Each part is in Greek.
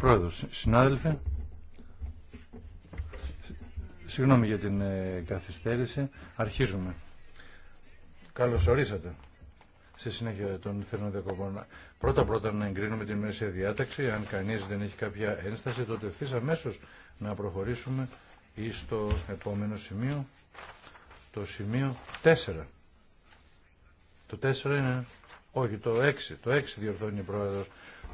Πρόεδρος, συνάδελφε, συγγνώμη για την ε, καθυστέρηση. Αρχίζουμε. Καλώς ορίσατε. Στη συνέχεια των θερμοδιακοπών. Πρώτα-πρώτα να εγκρίνουμε την μέση διάταξη. Αν κανείς δεν έχει κάποια ένσταση, τότε ευθύ αμέσω να προχωρήσουμε στο επόμενο σημείο, το σημείο 4. Το 4 είναι. Όχι, το 6. Το 6 διορθώνει η πρόεδρο.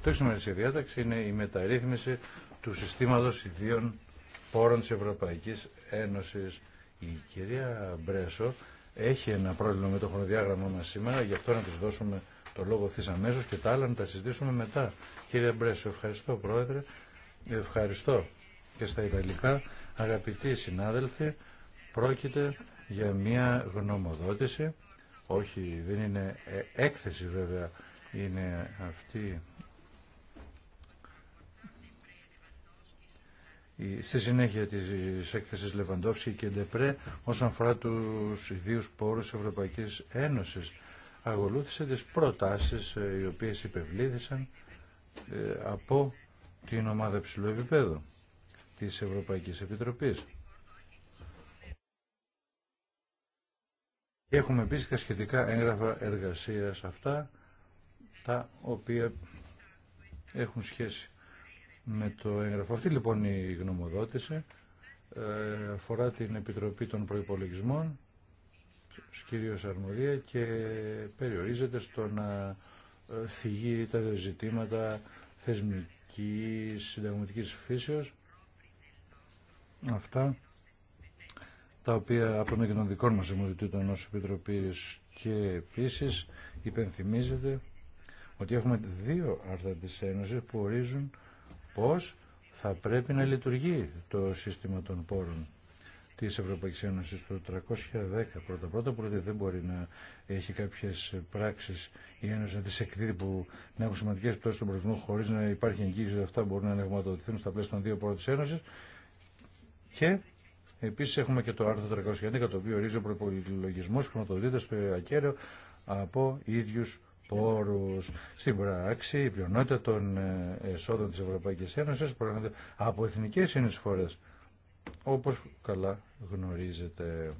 Το 6 διάταξη είναι η μεταρρύθμιση του συστήματο ιδίων πόρων τη Ευρωπαϊκή Ένωση. Η κυρία Μπρέσο έχει ένα πρόβλημα με το χρονοδιάγραμμα μα σήμερα, γι' αυτό να τη δώσουμε το λόγο ευθύ αμέσω και τα άλλα να τα συζητήσουμε μετά. Κύριε Μπρέσο, ευχαριστώ πρόεδρε. Ευχαριστώ και στα Ιταλικά. Αγαπητοί συνάδελφοι, πρόκειται για μια γνωμοδότηση όχι, δεν είναι ε, έκθεση βέβαια, είναι αυτή. Στη συνέχεια της έκθεσης Λεβαντόφσκι και Ντεπρέ όσον αφορά τους ιδίους πόρους Ευρωπαϊκής Ένωσης ακολούθησε τις προτάσεις ε, οι οποίες υπευλήθησαν ε, από την ομάδα ψηλού επίπεδου της Ευρωπαϊκής Επιτροπής. Έχουμε επίσης και σχετικά έγγραφα εργασίας αυτά, τα οποία έχουν σχέση με το έγγραφο. Αυτή λοιπόν η γνωμοδότηση ε, αφορά την Επιτροπή των Προϋπολογισμών, κυρίως αρμοδία, και περιορίζεται στο να ε, θυγεί τα ζητήματα θεσμικής, συνταγματικής φύσεως. Αυτά τα οποία από των δικών μας του ενός Επιτροπής και επίσης υπενθυμίζεται ότι έχουμε δύο άρθρα της Ένωσης που ορίζουν πώς θα πρέπει να λειτουργεί το σύστημα των πόρων της Ευρωπαϊκής Ένωσης το 310 πρώτα πρώτα που δεν μπορεί να έχει κάποιες πράξεις η Ένωση να τις εκδίδει που να έχουν σημαντικές πτώσεις στον προηγούμενο χωρίς να υπάρχει εγγύηση ότι αυτά μπορούν να ενεργοματοδοτηθούν στα πλαίσια των δύο πρώτων της Ένωσης και Επίσης έχουμε και το άρθρο 311 το οποίο ορίζει ο προπολογισμό χρηματοδότητα στο ακέραιο από ίδιους πόρους. Στην πράξη η πλειονότητα των ε, εσόδων της Ευρωπαϊκής Ένωσης προέρχονται από εθνικές συνεισφορές όπως καλά γνωρίζετε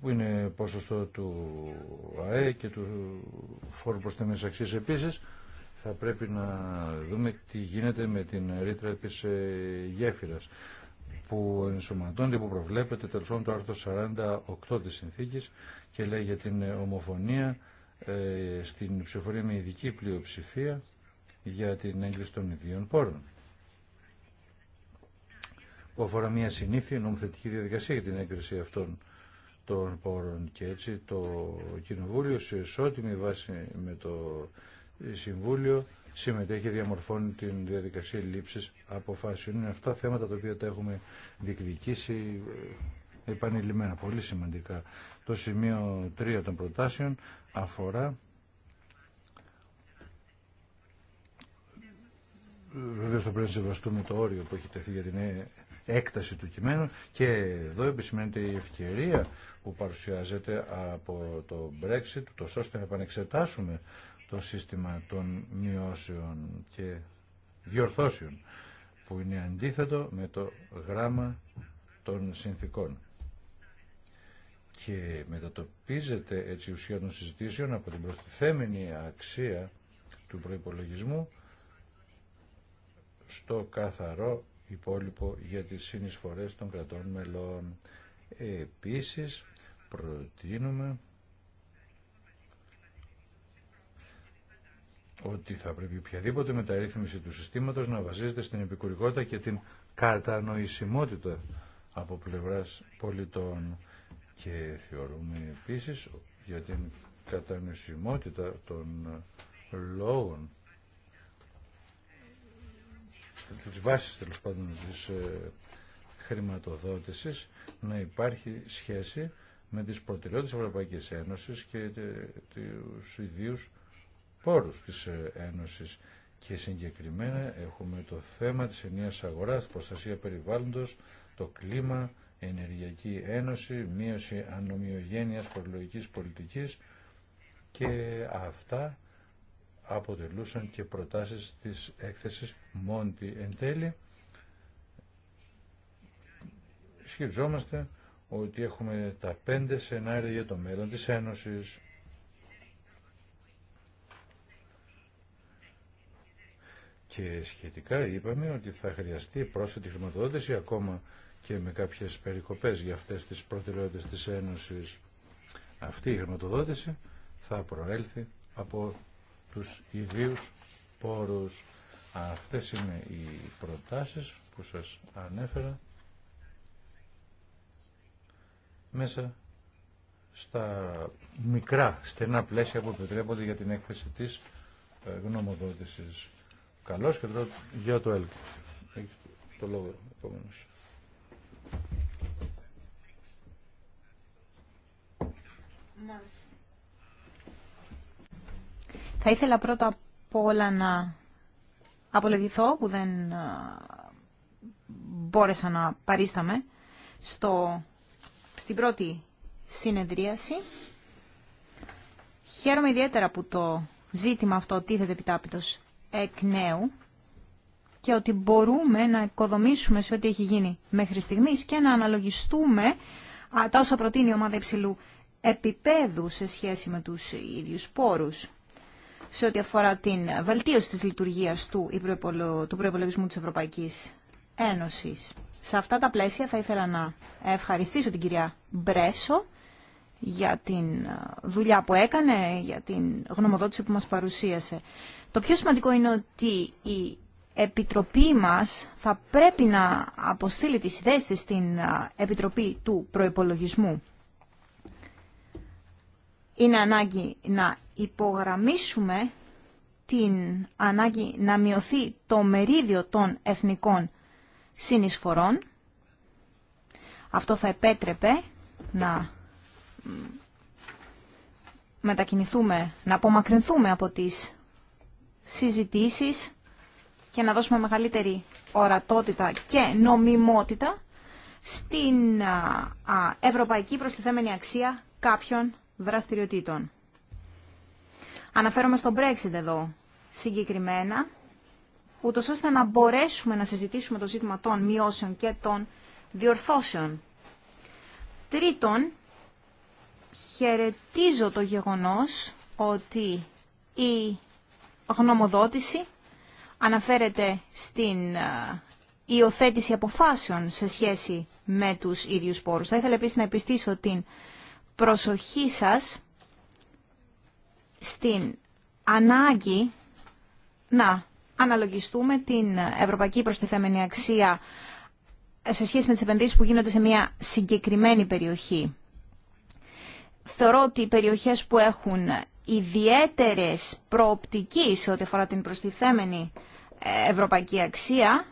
που είναι ποσοστό του ΑΕ και του φόρου προς αξίες επίσης θα πρέπει να δούμε τι γίνεται με την ρήτρα της ε, γέφυρας που ενσωματώνται, που προβλέπεται τέλο πάντων το άρθρο 48 τη συνθήκη και λέει για την ομοφωνία ε, στην ψηφοφορία με ειδική πλειοψηφία για την έγκριση των ιδίων πόρων που αφορά μια συνήθεια νομοθετική διαδικασία για την έγκριση αυτών των πόρων και έτσι το Κοινοβούλιο σε ισότιμη βάση με το Συμβούλιο συμμετέχει, διαμορφώνει την διαδικασία λήψης αποφάσεων. Είναι αυτά θέματα τα οποία τα έχουμε διεκδικήσει ε, επανειλημμένα, πολύ σημαντικά. Το σημείο 3 των προτάσεων αφορά Βέβαια θα πρέπει να σεβαστούμε το όριο που έχει τεθεί για την ε, έκταση του κειμένου και εδώ επισημαίνεται η ευκαιρία που παρουσιάζεται από το Brexit, το ώστε να επανεξετάσουμε το σύστημα των μειώσεων και διορθώσεων που είναι αντίθετο με το γράμμα των συνθήκων και μετατοπίζεται έτσι η ουσία των συζητήσεων από την προστιθέμενη αξία του προϋπολογισμού στο καθαρό υπόλοιπο για τις συνεισφορές των κρατών μελών. Επίσης, προτείνουμε ότι θα πρέπει οποιαδήποτε μεταρρύθμιση του συστήματος να βασίζεται στην επικουρικότητα και την κατανοησιμότητα από πλευράς πολιτών. Και θεωρούμε επίσης για την κατανοησιμότητα των λόγων της βάσης τέλο πάντων της ε, χρηματοδότησης να υπάρχει σχέση με τις προτεραιότητες Ευρωπαϊκής Ένωσης και ε, τους ιδίους πόρους της ε, Ένωσης και συγκεκριμένα έχουμε το θέμα της ενιαίας αγοράς, προστασία περιβάλλοντος, το κλίμα, ενεργειακή ένωση, μείωση ανομοιογένειας προλογικής πολιτικής και αυτά αποτελούσαν και προτάσεις της έκθεσης Μόντι εν τέλει. ότι έχουμε τα πέντε σενάρια για το μέλλον της Ένωσης. Και σχετικά είπαμε ότι θα χρειαστεί πρόσθετη χρηματοδότηση ακόμα και με κάποιες περικοπές για αυτές τις προτεραιότητες της Ένωσης. Αυτή η χρηματοδότηση θα προέλθει από τους ιδίους πόρους. Αυτές είναι οι προτάσεις που σας ανέφερα μέσα στα μικρά στενά πλαίσια που επιτρέπονται για την έκθεση της ε, γνωμοδότησης. Καλώς και τώρα για το ΕΛΚ. το λόγο Θα ήθελα πρώτα απ' όλα να απολογηθώ που δεν μπόρεσα να παρίσταμε στο, στην πρώτη συνεδρίαση. Χαίρομαι ιδιαίτερα που το ζήτημα αυτό τίθεται επιτάπητος εκ και ότι μπορούμε να οικοδομήσουμε σε ό,τι έχει γίνει μέχρι στιγμής και να αναλογιστούμε τα όσα προτείνει η ομάδα υψηλού επίπεδου σε σχέση με τους ίδιους πόρους σε ό,τι αφορά την βελτίωση της λειτουργίας του, του προϋπολογισμού της Ευρωπαϊκής Ένωσης. Σε αυτά τα πλαίσια θα ήθελα να ευχαριστήσω την κυρία Μπρέσο για την ε, δουλειά που έκανε, για την γνωμοδότηση που μας παρουσίασε. Το πιο σημαντικό είναι ότι η Επιτροπή μας θα πρέπει να αποστείλει τις ιδέες της στην ε, Επιτροπή του Προϋπολογισμού. Είναι ανάγκη να υπογραμμίσουμε την ανάγκη να μειωθεί το μερίδιο των εθνικών συνεισφορών. Αυτό θα επέτρεπε να μετακινηθούμε, να απομακρυνθούμε από τις συζητήσεις και να δώσουμε μεγαλύτερη ορατότητα και νομιμότητα στην ευρωπαϊκή προστιθέμενη αξία κάποιων δραστηριοτήτων. Αναφέρομαι στο Brexit εδώ συγκεκριμένα, ούτως ώστε να μπορέσουμε να συζητήσουμε το ζήτημα των μειώσεων και των διορθώσεων. Τρίτον, χαιρετίζω το γεγονός ότι η γνωμοδότηση αναφέρεται στην ε, υιοθέτηση αποφάσεων σε σχέση με τους ίδιους πόρους. Θα ήθελα επίσης να επιστήσω την προσοχή σας στην ανάγκη να αναλογιστούμε την ευρωπαϊκή προστιθέμενη αξία σε σχέση με τις επενδύσεις που γίνονται σε μια συγκεκριμένη περιοχή θεωρώ ότι οι περιοχές που έχουν ιδιαίτερες προοπτικής σε ό,τι αφορά την προστιθέμενη ε, ευρωπαϊκή αξία,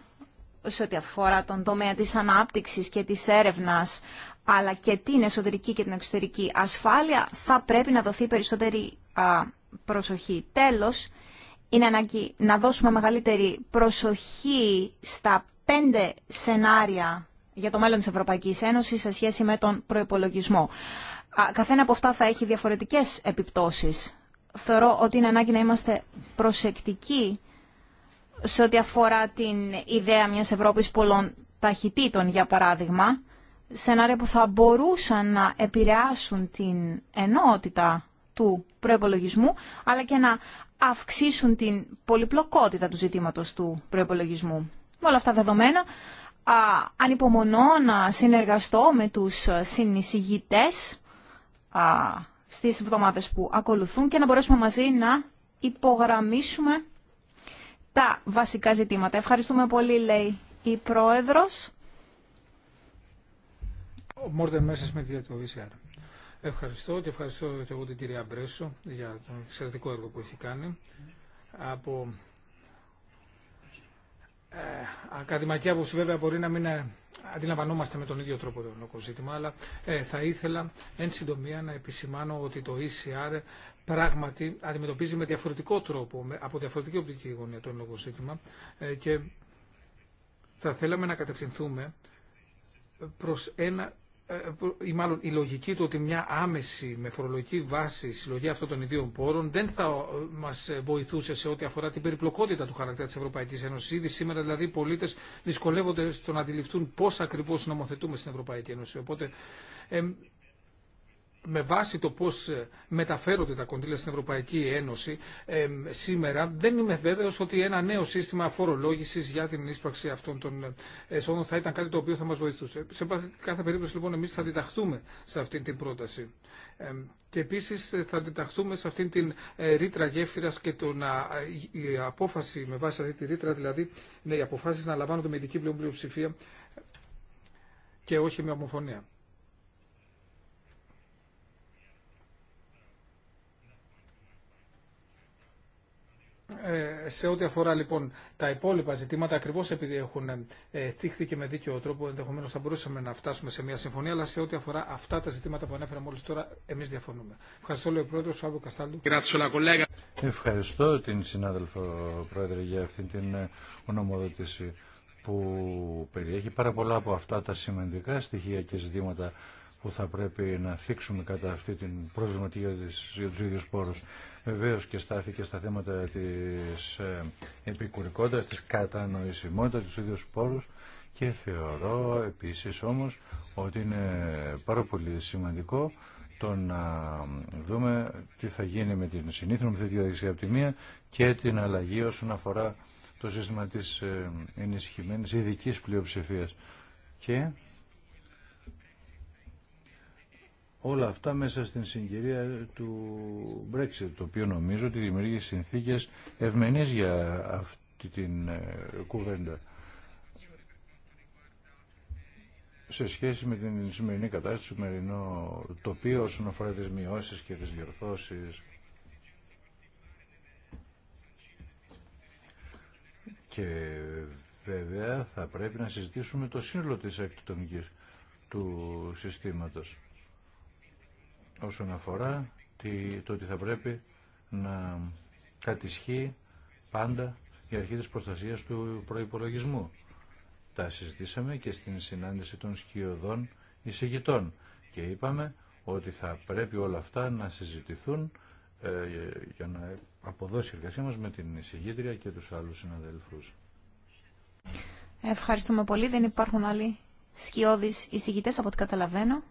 σε ό,τι αφορά τον τομέα της ανάπτυξης και της έρευνας, αλλά και την εσωτερική και την εξωτερική ασφάλεια, θα πρέπει να δοθεί περισσότερη προσοχή. Τέλος, είναι ανάγκη να δώσουμε μεγαλύτερη προσοχή στα πέντε σενάρια για το μέλλον της Ευρωπαϊκής Ένωσης σε σχέση με τον προϋπολογισμό καθένα από αυτά θα έχει διαφορετικές επιπτώσεις. Θεωρώ ότι είναι ανάγκη να είμαστε προσεκτικοί σε ό,τι αφορά την ιδέα μιας Ευρώπης πολλών ταχυτήτων, για παράδειγμα, σενάρια που θα μπορούσαν να επηρεάσουν την ενότητα του προϋπολογισμού, αλλά και να αυξήσουν την πολυπλοκότητα του ζητήματος του προϋπολογισμού. Με όλα αυτά δεδομένα, ανυπομονώ να συνεργαστώ με τους συνεισηγητές στις εβδομάδες που ακολουθούν και να μπορέσουμε μαζί να υπογραμμίσουμε τα βασικά ζητήματα. Ευχαριστούμε πολύ, λέει η Πρόεδρος. Μόρτε μέσα με τη το VCR. Ευχαριστώ και ευχαριστώ και εγώ την κυρία Μπρέσο για το εξαιρετικό έργο που έχει κάνει. Από ε, ακαδημαϊκή άποψη βέβαια μπορεί να μην είναι αντιλαμβανόμαστε με τον ίδιο τρόπο το ενόκο ζήτημα, αλλά ε, θα ήθελα εν συντομία να επισημάνω ότι το ECR πράγματι αντιμετωπίζει με διαφορετικό τρόπο, από διαφορετική οπτική γωνία το ενόκο ζήτημα ε, και θα θέλαμε να κατευθυνθούμε προς ένα ε, ε, ή μάλλον η λογική του ότι μια άμεση με φορολογική βάση η συλλογή φορολογικη βαση συλλογη αυτων των ιδίων πόρων δεν θα ε, μα βοηθούσε σε ό,τι αφορά την περιπλοκότητα του χαρακτήρα τη Ευρωπαϊκή Ένωση. Ήδη σήμερα δηλαδή οι πολίτε δυσκολεύονται στο να αντιληφθούν πώ ακριβώ νομοθετούμε στην Ευρωπαϊκή Ένωση. Οπότε με βάση το πώς ε, μεταφέρονται τα κονδύλια στην Ευρωπαϊκή Ένωση σήμερα, δεν είμαι βέβαιος ότι ένα νέο σύστημα φορολόγησης για την ίσπραξη αυτών των ε, εσόδων θα ήταν κάτι το οποίο θα μας βοηθούσε. Σε κάθε περίπτωση λοιπόν εμείς θα διταχθούμε σε αυτή την πρόταση. Και επίσης ε, θα διταχθούμε σε αυτή την ρήτρα γέφυρας και η απόφαση με βάση αυτή τη ρήτρα, δηλαδή ναι, οι αποφάσει να λαμβάνονται με ειδική πλειοψηφία και όχι με ομοφωνία. Ε, σε ό,τι αφορά λοιπόν τα υπόλοιπα ζητήματα, ακριβώ επειδή έχουν τύχθει ε, και με δίκαιο τρόπο, ενδεχομένω θα μπορούσαμε να φτάσουμε σε μια συμφωνία, αλλά σε ό,τι αφορά αυτά τα ζητήματα που ανέφερα μόλι τώρα, εμεί διαφωνούμε. Ευχαριστώ, λέει ο πρόεδρο Φάβου Καστάλλου. Ευχαριστώ την συνάδελφο πρόεδρε για αυτή την ε, ονομοδότηση που περιέχει πάρα πολλά από αυτά τα σημαντικά στοιχεία και ζητήματα που θα πρέπει να θίξουμε κατά αυτή την προβληματική για του ίδιου πόρου. Βεβαίω και στάθηκε στα θέματα τη ε, επικουρικότητα, τη κατανοησιμότητα του ίδιου πόρου. και θεωρώ επίση όμω ότι είναι πάρα πολύ σημαντικό το να δούμε τι θα γίνει με την συνήθεια θετική διαδικασία από τη μία και την αλλαγή όσον αφορά το σύστημα της ε, ενισχυμένης ειδική πλειοψηφίας. Και όλα αυτά μέσα στην συγκυρία του Brexit, το οποίο νομίζω ότι δημιουργεί συνθήκες ευμενείς για αυτή την ε, κουβέντα. Σε σχέση με την σημερινή κατάσταση, το σημερινό τοπίο όσον αφορά τις μειώσεις και τις διορθώσεις και βέβαια θα πρέπει να συζητήσουμε το σύνολο της ακτιτομικής του συστήματος όσον αφορά το ότι θα πρέπει να κατησχεί πάντα η αρχή της προστασίας του προϋπολογισμού. Τα συζητήσαμε και στην συνάντηση των σκιωδών εισηγητών και είπαμε ότι θα πρέπει όλα αυτά να συζητηθούν ε, για να αποδώσει η εργασία μας με την εισηγήτρια και τους άλλους συναδέλφους. Ευχαριστούμε πολύ. Δεν υπάρχουν άλλοι σκιώδεις εισηγητές από ό,τι καταλαβαίνω.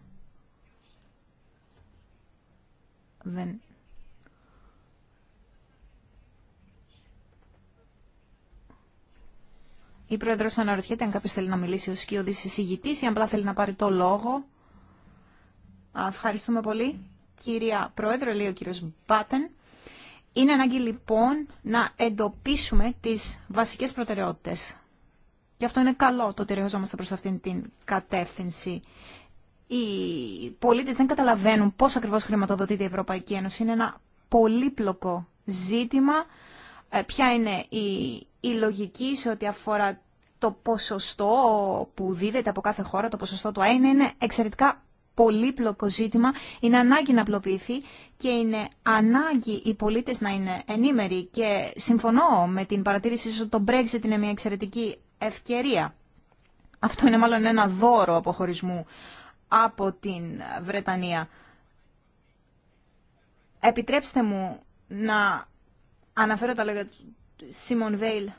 δεν Η πρόεδρο αναρωτιέται αν κάποιο θέλει να μιλήσει ω κοιοδή συζητητή ή απλά θέλει να πάρει το λόγο. Ευχαριστούμε πολύ. Κυρία Πρόεδρο, λέει ο κύριο Μπάτεν. Είναι ανάγκη λοιπόν να εντοπίσουμε τι βασικέ προτεραιότητε. Γι' αυτό είναι καλό το ότι προς προ αυτήν την κατεύθυνση οι πολίτες δεν καταλαβαίνουν πώς ακριβώς χρηματοδοτείται η Ευρωπαϊκή Ένωση. Είναι ένα πολύπλοκο ζήτημα. Ε, ποια είναι η, η λογική σε ό,τι αφορά το ποσοστό που δίδεται από κάθε χώρα, το ποσοστό του ΑΕΝ, είναι εξαιρετικά πολύπλοκο ζήτημα. Είναι ανάγκη να απλοποιηθεί και είναι ανάγκη οι πολίτες να είναι ενήμεροι. Και συμφωνώ με την παρατήρηση ότι το Brexit είναι μια εξαιρετική ευκαιρία. Αυτό είναι μάλλον ένα δώρο αποχωρισμού από την Βρετανία. Επιτρέψτε μου να αναφέρω τα λόγια του Σίμον Βέιλ.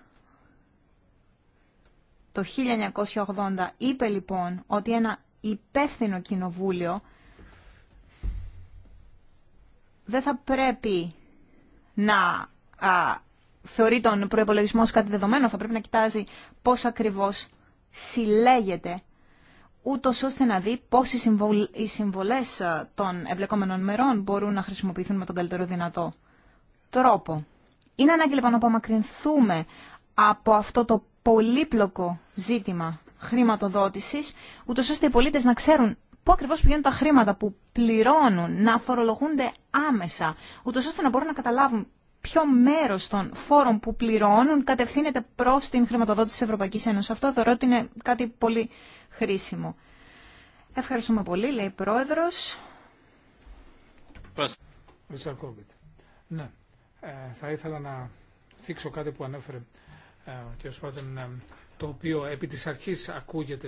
Το 1980 είπε λοιπόν ότι ένα υπεύθυνο κοινοβούλιο δεν θα πρέπει να α, θεωρεί τον προπολογισμό κάτι δεδομένο, θα πρέπει να κοιτάζει πώς ακριβώς συλλέγεται ούτως ώστε να δει πώς οι συμβολές ε, των εμπλεκόμενων μερών μπορούν να χρησιμοποιηθούν με τον καλύτερο δυνατό τρόπο. Είναι ανάγκη λοιπόν να απομακρυνθούμε από αυτό το πολύπλοκο ζήτημα χρηματοδότησης, ούτως ώστε οι πολίτες να ξέρουν πού ακριβώς πηγαίνουν τα χρήματα που πληρώνουν, να φορολογούνται άμεσα, ούτως ώστε να μπορούν να καταλάβουν ποιο μέρος των φόρων που πληρώνουν κατευθύνεται προς την χρηματοδότηση τη Ευρωπαϊκής Ένωσης. Αυτό θεωρώ ότι είναι κάτι πολύ χρήσιμο. Ευχαριστούμε πολύ, λέει η Πρόεδρος. Ναι, ε, θα ήθελα να θίξω κάτι που ανέφερε ε, ο κ. Σπάτεν, ε, το οποίο επί της αρχής ακούγεται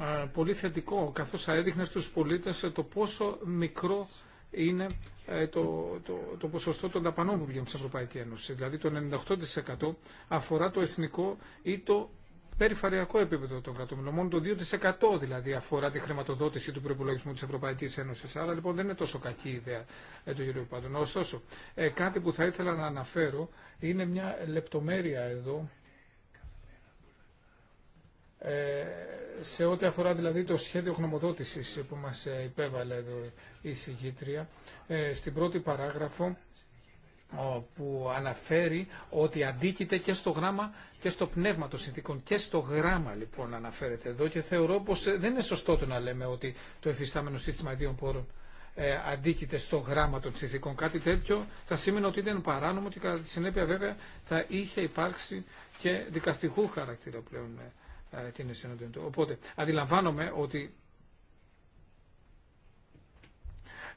ε, πολύ θετικό, καθώς θα έδειχνε στους πολίτες το πόσο μικρό είναι ε, το, το, το ποσοστό των δαπανών που πηγαίνουν στην Ευρωπαϊκή Ένωση. Δηλαδή το 98% αφορά το εθνικό ή το περιφερειακό επίπεδο των κρατών Μόνο το 2% δηλαδή αφορά τη χρηματοδότηση του προπολογισμού τη Ευρωπαϊκή Ένωση. Άρα λοιπόν δεν είναι τόσο κακή η ιδέα ε, του κ. Πάντων. Ωστόσο, ε, κάτι που θα ήθελα να αναφέρω είναι μια λεπτομέρεια εδώ ε, σε ό,τι αφορά δηλαδή το σχέδιο γνωμοδότηση που μας ε, υπέβαλε εδώ η συγκήτρια, ε, στην πρώτη παράγραφο που αναφέρει ότι αντίκειται και στο γράμμα και στο πνεύμα των συνθήκων. Και στο γράμμα λοιπόν αναφέρεται εδώ και θεωρώ πως δεν είναι σωστό το να λέμε ότι το εφιστάμενο σύστημα ιδίων πόρων ε, αντίκειται στο γράμμα των συνθήκων. Κάτι τέτοιο θα σήμαινε ότι ήταν παράνομο και κατά τη συνέπεια βέβαια θα είχε υπάρξει και δικαστικού χαρακτήρα πλέον ε, την του. Οπότε, αντιλαμβάνομαι ότι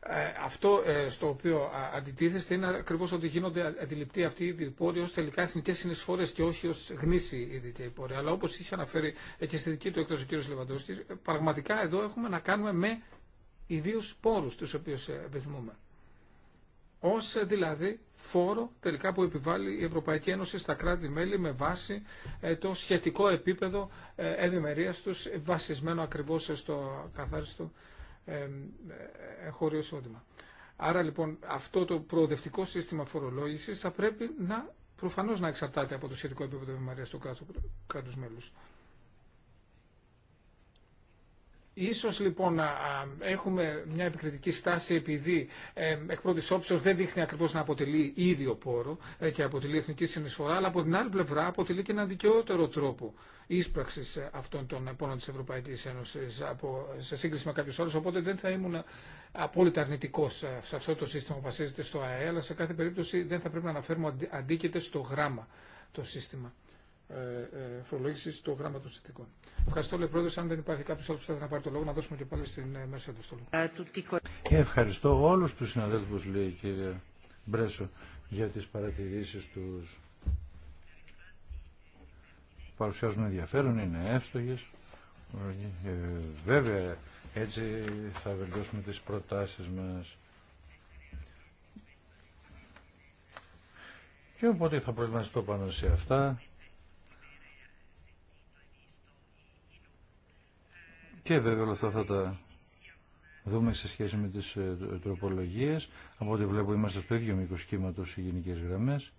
ε, αυτό ε, στο οποίο αντιτίθεστε είναι ακριβώ ότι γίνονται αντιληπτοί αυτοί οι διπόροι ω τελικά εθνικέ συνεισφορέ και όχι ω γνήσιοι οι διπόροι. Αλλά όπω είχε αναφέρει και στη δική του έκδοση ο κ. Λεβαντόσκη, πραγματικά εδώ έχουμε να κάνουμε με ιδίου πόρου του οποίου επιθυμούμε ως ε, δηλαδή φόρο τελικά που επιβάλλει η Ευρωπαϊκή Ένωση στα κράτη-μέλη με βάση ε, το σχετικό επίπεδο ε, ευημερίας τους βασισμένο ακριβώς στο καθάριστο χώριο εισόδημα. Άρα λοιπόν αυτό το προοδευτικό σύστημα φορολόγησης θα πρέπει να προφανώς να εξαρτάται από το σχετικό επίπεδο ευημερίας του κράτους μέλους. Ίσως λοιπόν έχουμε μια επικριτική στάση επειδή εκ πρώτη όψεως δεν δείχνει ακριβώς να αποτελεί ίδιο πόρο ε, και αποτελεί εθνική συνεισφορά, αλλά από την άλλη πλευρά αποτελεί και ένα δικαιότερο τρόπο ίσπραξης ε, αυτών των πόνων της Ευρωπαϊκής Ένωσης σε σύγκριση με κάποιους άλλους, οπότε δεν θα ήμουν ε, απόλυτα αρνητικός σε αυτό το σύστημα που βασίζεται στο ΑΕ, αλλά σε κάθε περίπτωση δεν θα πρέπει να αναφέρουμε αντίκειται στο γράμμα το σύστημα. Ε, ε, φορολόγηση του γράμματος συνθηκών. Ευχαριστώ, λέει Πρόεδρε. Αν δεν υπάρχει κάποιο άλλο που θα να πάρει το λόγο, να δώσουμε και πάλι στην ε, μέσα του λόγο. Ευχαριστώ όλου του συναδέλφου, λέει η κυρία Μπρέσο, για τι παρατηρήσει του. Παρουσιάζουν ενδιαφέρον, είναι εύστοχε. βέβαια, έτσι θα βελτιώσουμε τις προτάσεις μας. Και οπότε θα προετοιμαστώ πάνω σε αυτά. Και βέβαια όλα αυτά θα τα δούμε σε σχέση με τις ε, τροπολογίες. Από ό,τι βλέπω είμαστε στο ίδιο μήκος κύματος οι γενικές γραμμές.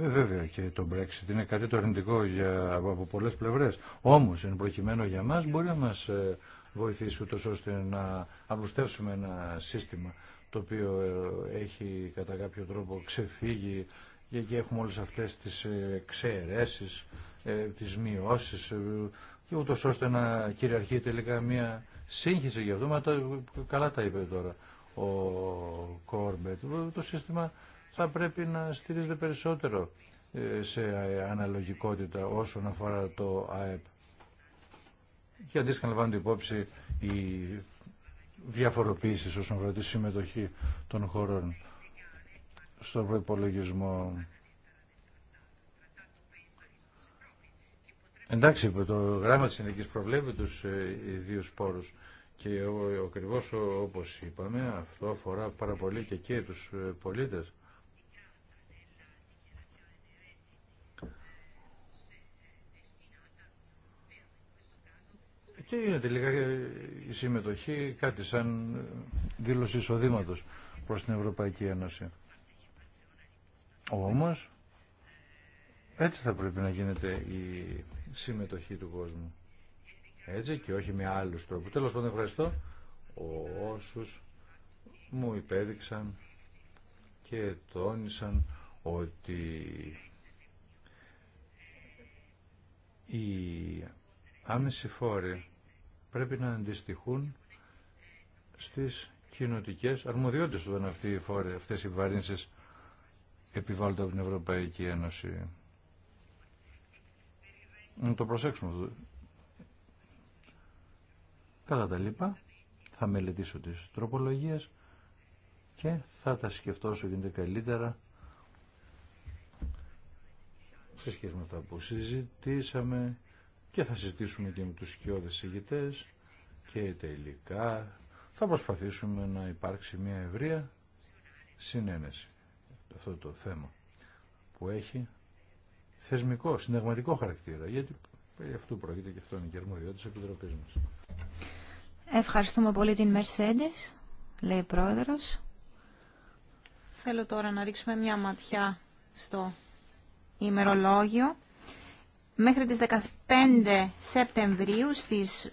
Ε, βέβαια και το Brexit είναι κάτι το αρνητικό για, από πολλές πλευρές. Όμως, εν προκειμένου για μας, μπορεί να μας ε, βοηθήσει ούτως ώστε να απλουστεύσουμε ένα σύστημα το οποίο έχει κατά κάποιο τρόπο ξεφύγει και εκεί έχουμε όλες αυτές τις ε, εξαιρέσεις, ε, τις μειώσεις ε, και ούτως ώστε να κυριαρχεί τελικά μια σύγχυση για αυτό, μα καλά τα είπε τώρα ο Κόρμπετ. Το σύστημα θα πρέπει να στηρίζεται περισσότερο σε αναλογικότητα όσον αφορά το ΑΕΠ. Και αντίστοιχα λαμβάνονται υπόψη οι διαφοροποίησεις όσον αφορά τη συμμετοχή των χωρών στον προπολογισμό. Εντάξει, το γράμμα της συνεχής προβλέπει τους ε, δύο σπόρους και ακριβώ όπως είπαμε αυτό αφορά πάρα πολύ και και τους ε, πολίτες. Και είναι τελικά η συμμετοχή κάτι σαν ε, δήλωση εισοδήματος προς την Ευρωπαϊκή Ένωση. Όμως, έτσι θα πρέπει να γίνεται η συμμετοχή του κόσμου. Έτσι και όχι με άλλους τρόπους. Τέλος πάντων ευχαριστώ όσους μου υπέδειξαν και τόνισαν ότι οι άμεση φόροι πρέπει να αντιστοιχούν στις κοινοτικές αρμοδιότητες όταν αυτοί οι αυτές οι βαρύνσεις Επιβάλλεται από την Ευρωπαϊκή Ένωση. Να το προσέξουμε αυτό. Κατά τα λοιπά, θα μελετήσω τις τροπολογίες και θα τα σκεφτώ όσο γίνεται καλύτερα σε σχέση με αυτά που συζητήσαμε και θα συζητήσουμε και με τους σκιώδες ηγητές και τελικά θα προσπαθήσουμε να υπάρξει μια ευρεία συνένεση αυτό το θέμα που έχει θεσμικό, συνταγματικό χαρακτήρα γιατί περί αυτού πρόκειται και αυτό είναι και αρμοδιότητα της Επιτροπής μας. Ευχαριστούμε πολύ την Mercedes, λέει ο Θέλω τώρα να ρίξουμε μια ματιά στο ημερολόγιο. Μέχρι τις 15 Σεπτεμβρίου στις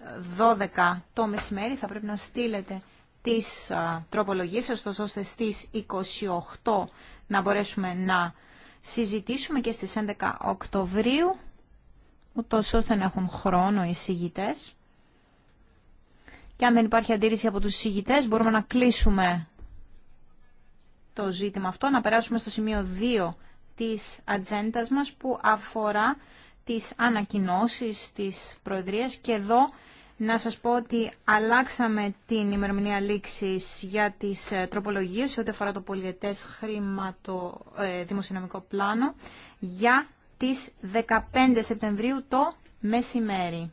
12 το μεσημέρι θα πρέπει να στείλετε τις τροπολογίες σας, ώστε στις 28 να μπορέσουμε να συζητήσουμε και στις 11 Οκτωβρίου, ούτως ώστε να έχουν χρόνο οι συγητές. Και αν δεν υπάρχει αντίρρηση από τους συγητές, μπορούμε να κλείσουμε το ζήτημα αυτό, να περάσουμε στο σημείο 2 της ατζέντα μας που αφορά τις ανακοινώσεις της Προεδρίας και εδώ να σας πω ότι αλλάξαμε την ημερομηνία λήξης για τις ε, τροπολογίες ό,τι αφορά το πολιετές χρήματο ε, δημοσιονομικό πλάνο για τις 15 Σεπτεμβρίου το μεσημέρι.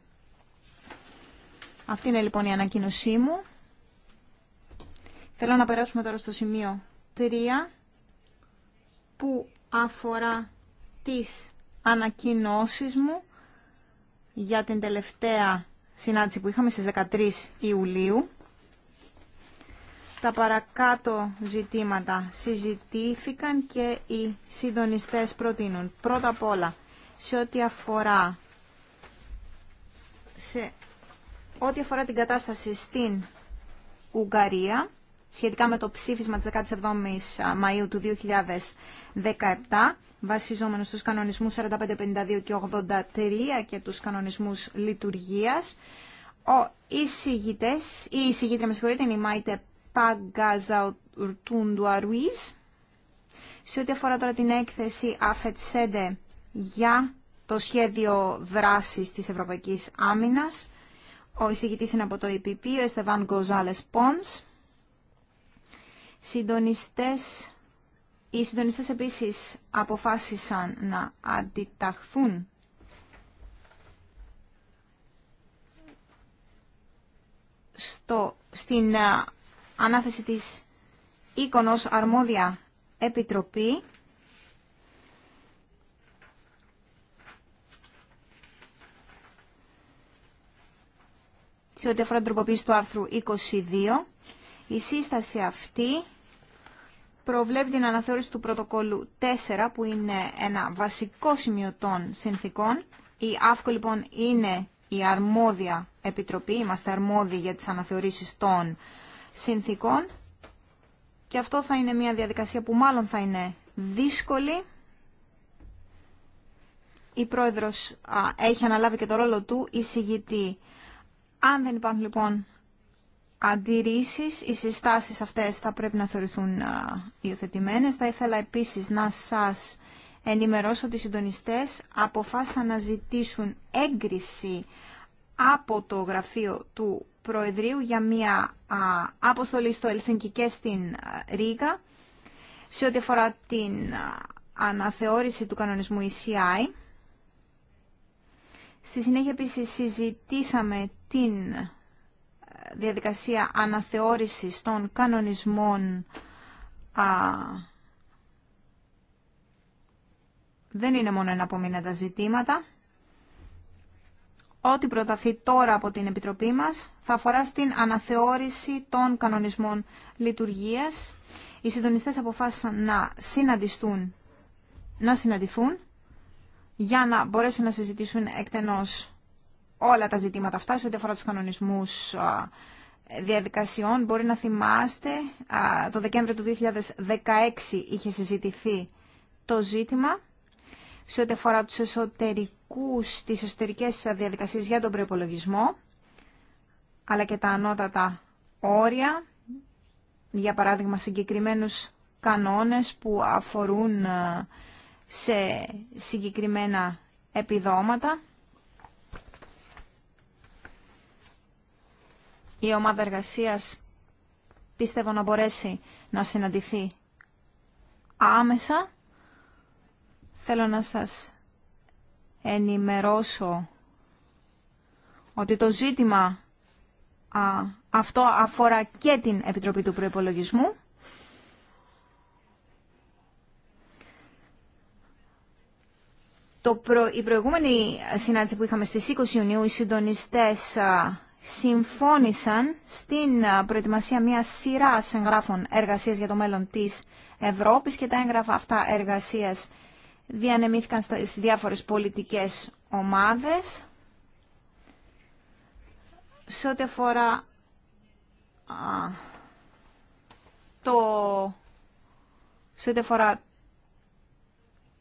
Αυτή είναι λοιπόν η ανακοίνωσή μου. Θέλω να περάσουμε τώρα στο σημείο 3 που αφορά τις ανακοινώσεις μου για την τελευταία συνάντηση που είχαμε στις 13 Ιουλίου. Τα παρακάτω ζητήματα συζητήθηκαν και οι συντονιστές προτείνουν. Πρώτα απ' όλα, σε ό,τι αφορά, σε ό,τι αφορά την κατάσταση στην Ουγγαρία, σχετικά με το ψήφισμα της 17ης Μαΐου του 2017, βασιζόμενο στους κανονισμούς 52 και 83 και τους κανονισμούς λειτουργίας. Ο εισηγητές, η εισηγήτρια με συγχωρείτε είναι η Μάιτε Παγκαζαουρτούντου Σε ό,τι αφορά τώρα την έκθεση ΑΦΕΤΣΕΝΤΕ για το σχέδιο δράσης της Ευρωπαϊκής Άμυνας, ο εισηγητής είναι από το ΕΠΠ, ο Εστεβάν Γκοζάλες Πόνς. Συντονιστές, οι συντονιστές επίσης αποφάσισαν να αντιταχθούν στο, στην ε, ανάθεση της Οίκονος Αρμόδια Επιτροπή σε ό,τι αφορά την τροποποίηση του άρθρου 22 η σύσταση αυτή προβλέπει την αναθεώρηση του πρωτοκόλου 4 που είναι ένα βασικό σημείο των συνθήκων. Η ΑΦΚΟ λοιπόν είναι η αρμόδια επιτροπή, είμαστε αρμόδιοι για τις αναθεωρήσεις των συνθήκων και αυτό θα είναι μια διαδικασία που μάλλον θα είναι δύσκολη. Η πρόεδρος έχει αναλάβει και το ρόλο του εισηγητή. Αν δεν υπάρχουν λοιπόν αντιρρήσεις, οι συστάσεις αυτές θα πρέπει να θεωρηθούν υιοθετημένες. Θα ήθελα επίσης να σας ενημερώσω ότι οι συντονιστές αποφάσισαν να ζητήσουν έγκριση από το γραφείο του Προεδρείου για μια αποστολή στο Ελσίνκι και στην Ρήγα σε ό,τι αφορά την αναθεώρηση του κανονισμού ECI. Στη συνέχεια επίσης συζητήσαμε την διαδικασία αναθεώρησης των κανονισμών α, δεν είναι μόνο ένα τα ζητήματα. Ό,τι προταθεί τώρα από την Επιτροπή μας θα αφορά στην αναθεώρηση των κανονισμών λειτουργίας. Οι συντονιστές αποφάσισαν να συναντηθούν, να συναντηθούν για να μπορέσουν να συζητήσουν εκτενώς όλα τα ζητήματα αυτά σε ό,τι αφορά τους κανονισμούς διαδικασιών. Μπορεί να θυμάστε, το Δεκέμβριο του 2016 είχε συζητηθεί το ζήτημα σε ό,τι αφορά τους εσωτερικούς, τις εσωτερικές διαδικασίες για τον προϋπολογισμό, αλλά και τα ανώτατα όρια, για παράδειγμα συγκεκριμένους κανόνες που αφορούν σε συγκεκριμένα επιδόματα η ομάδα εργασίας πίστευω να μπορέσει να συναντηθεί άμεσα. Θέλω να σας ενημερώσω ότι το ζήτημα αυτό αφορά και την Επιτροπή του Προϋπολογισμού. Το προ, η προηγούμενη συνάντηση που είχαμε στις 20 Ιουνίου, οι συντονιστές συμφώνησαν στην προετοιμασία μιας σειράς εγγράφων εργασίας για το μέλλον της Ευρώπης και τα έγγραφα αυτά εργασίας διανεμήθηκαν στις διάφορες πολιτικές ομάδες. Σε ό,τι αφορά το... Σε ό,τι αφορά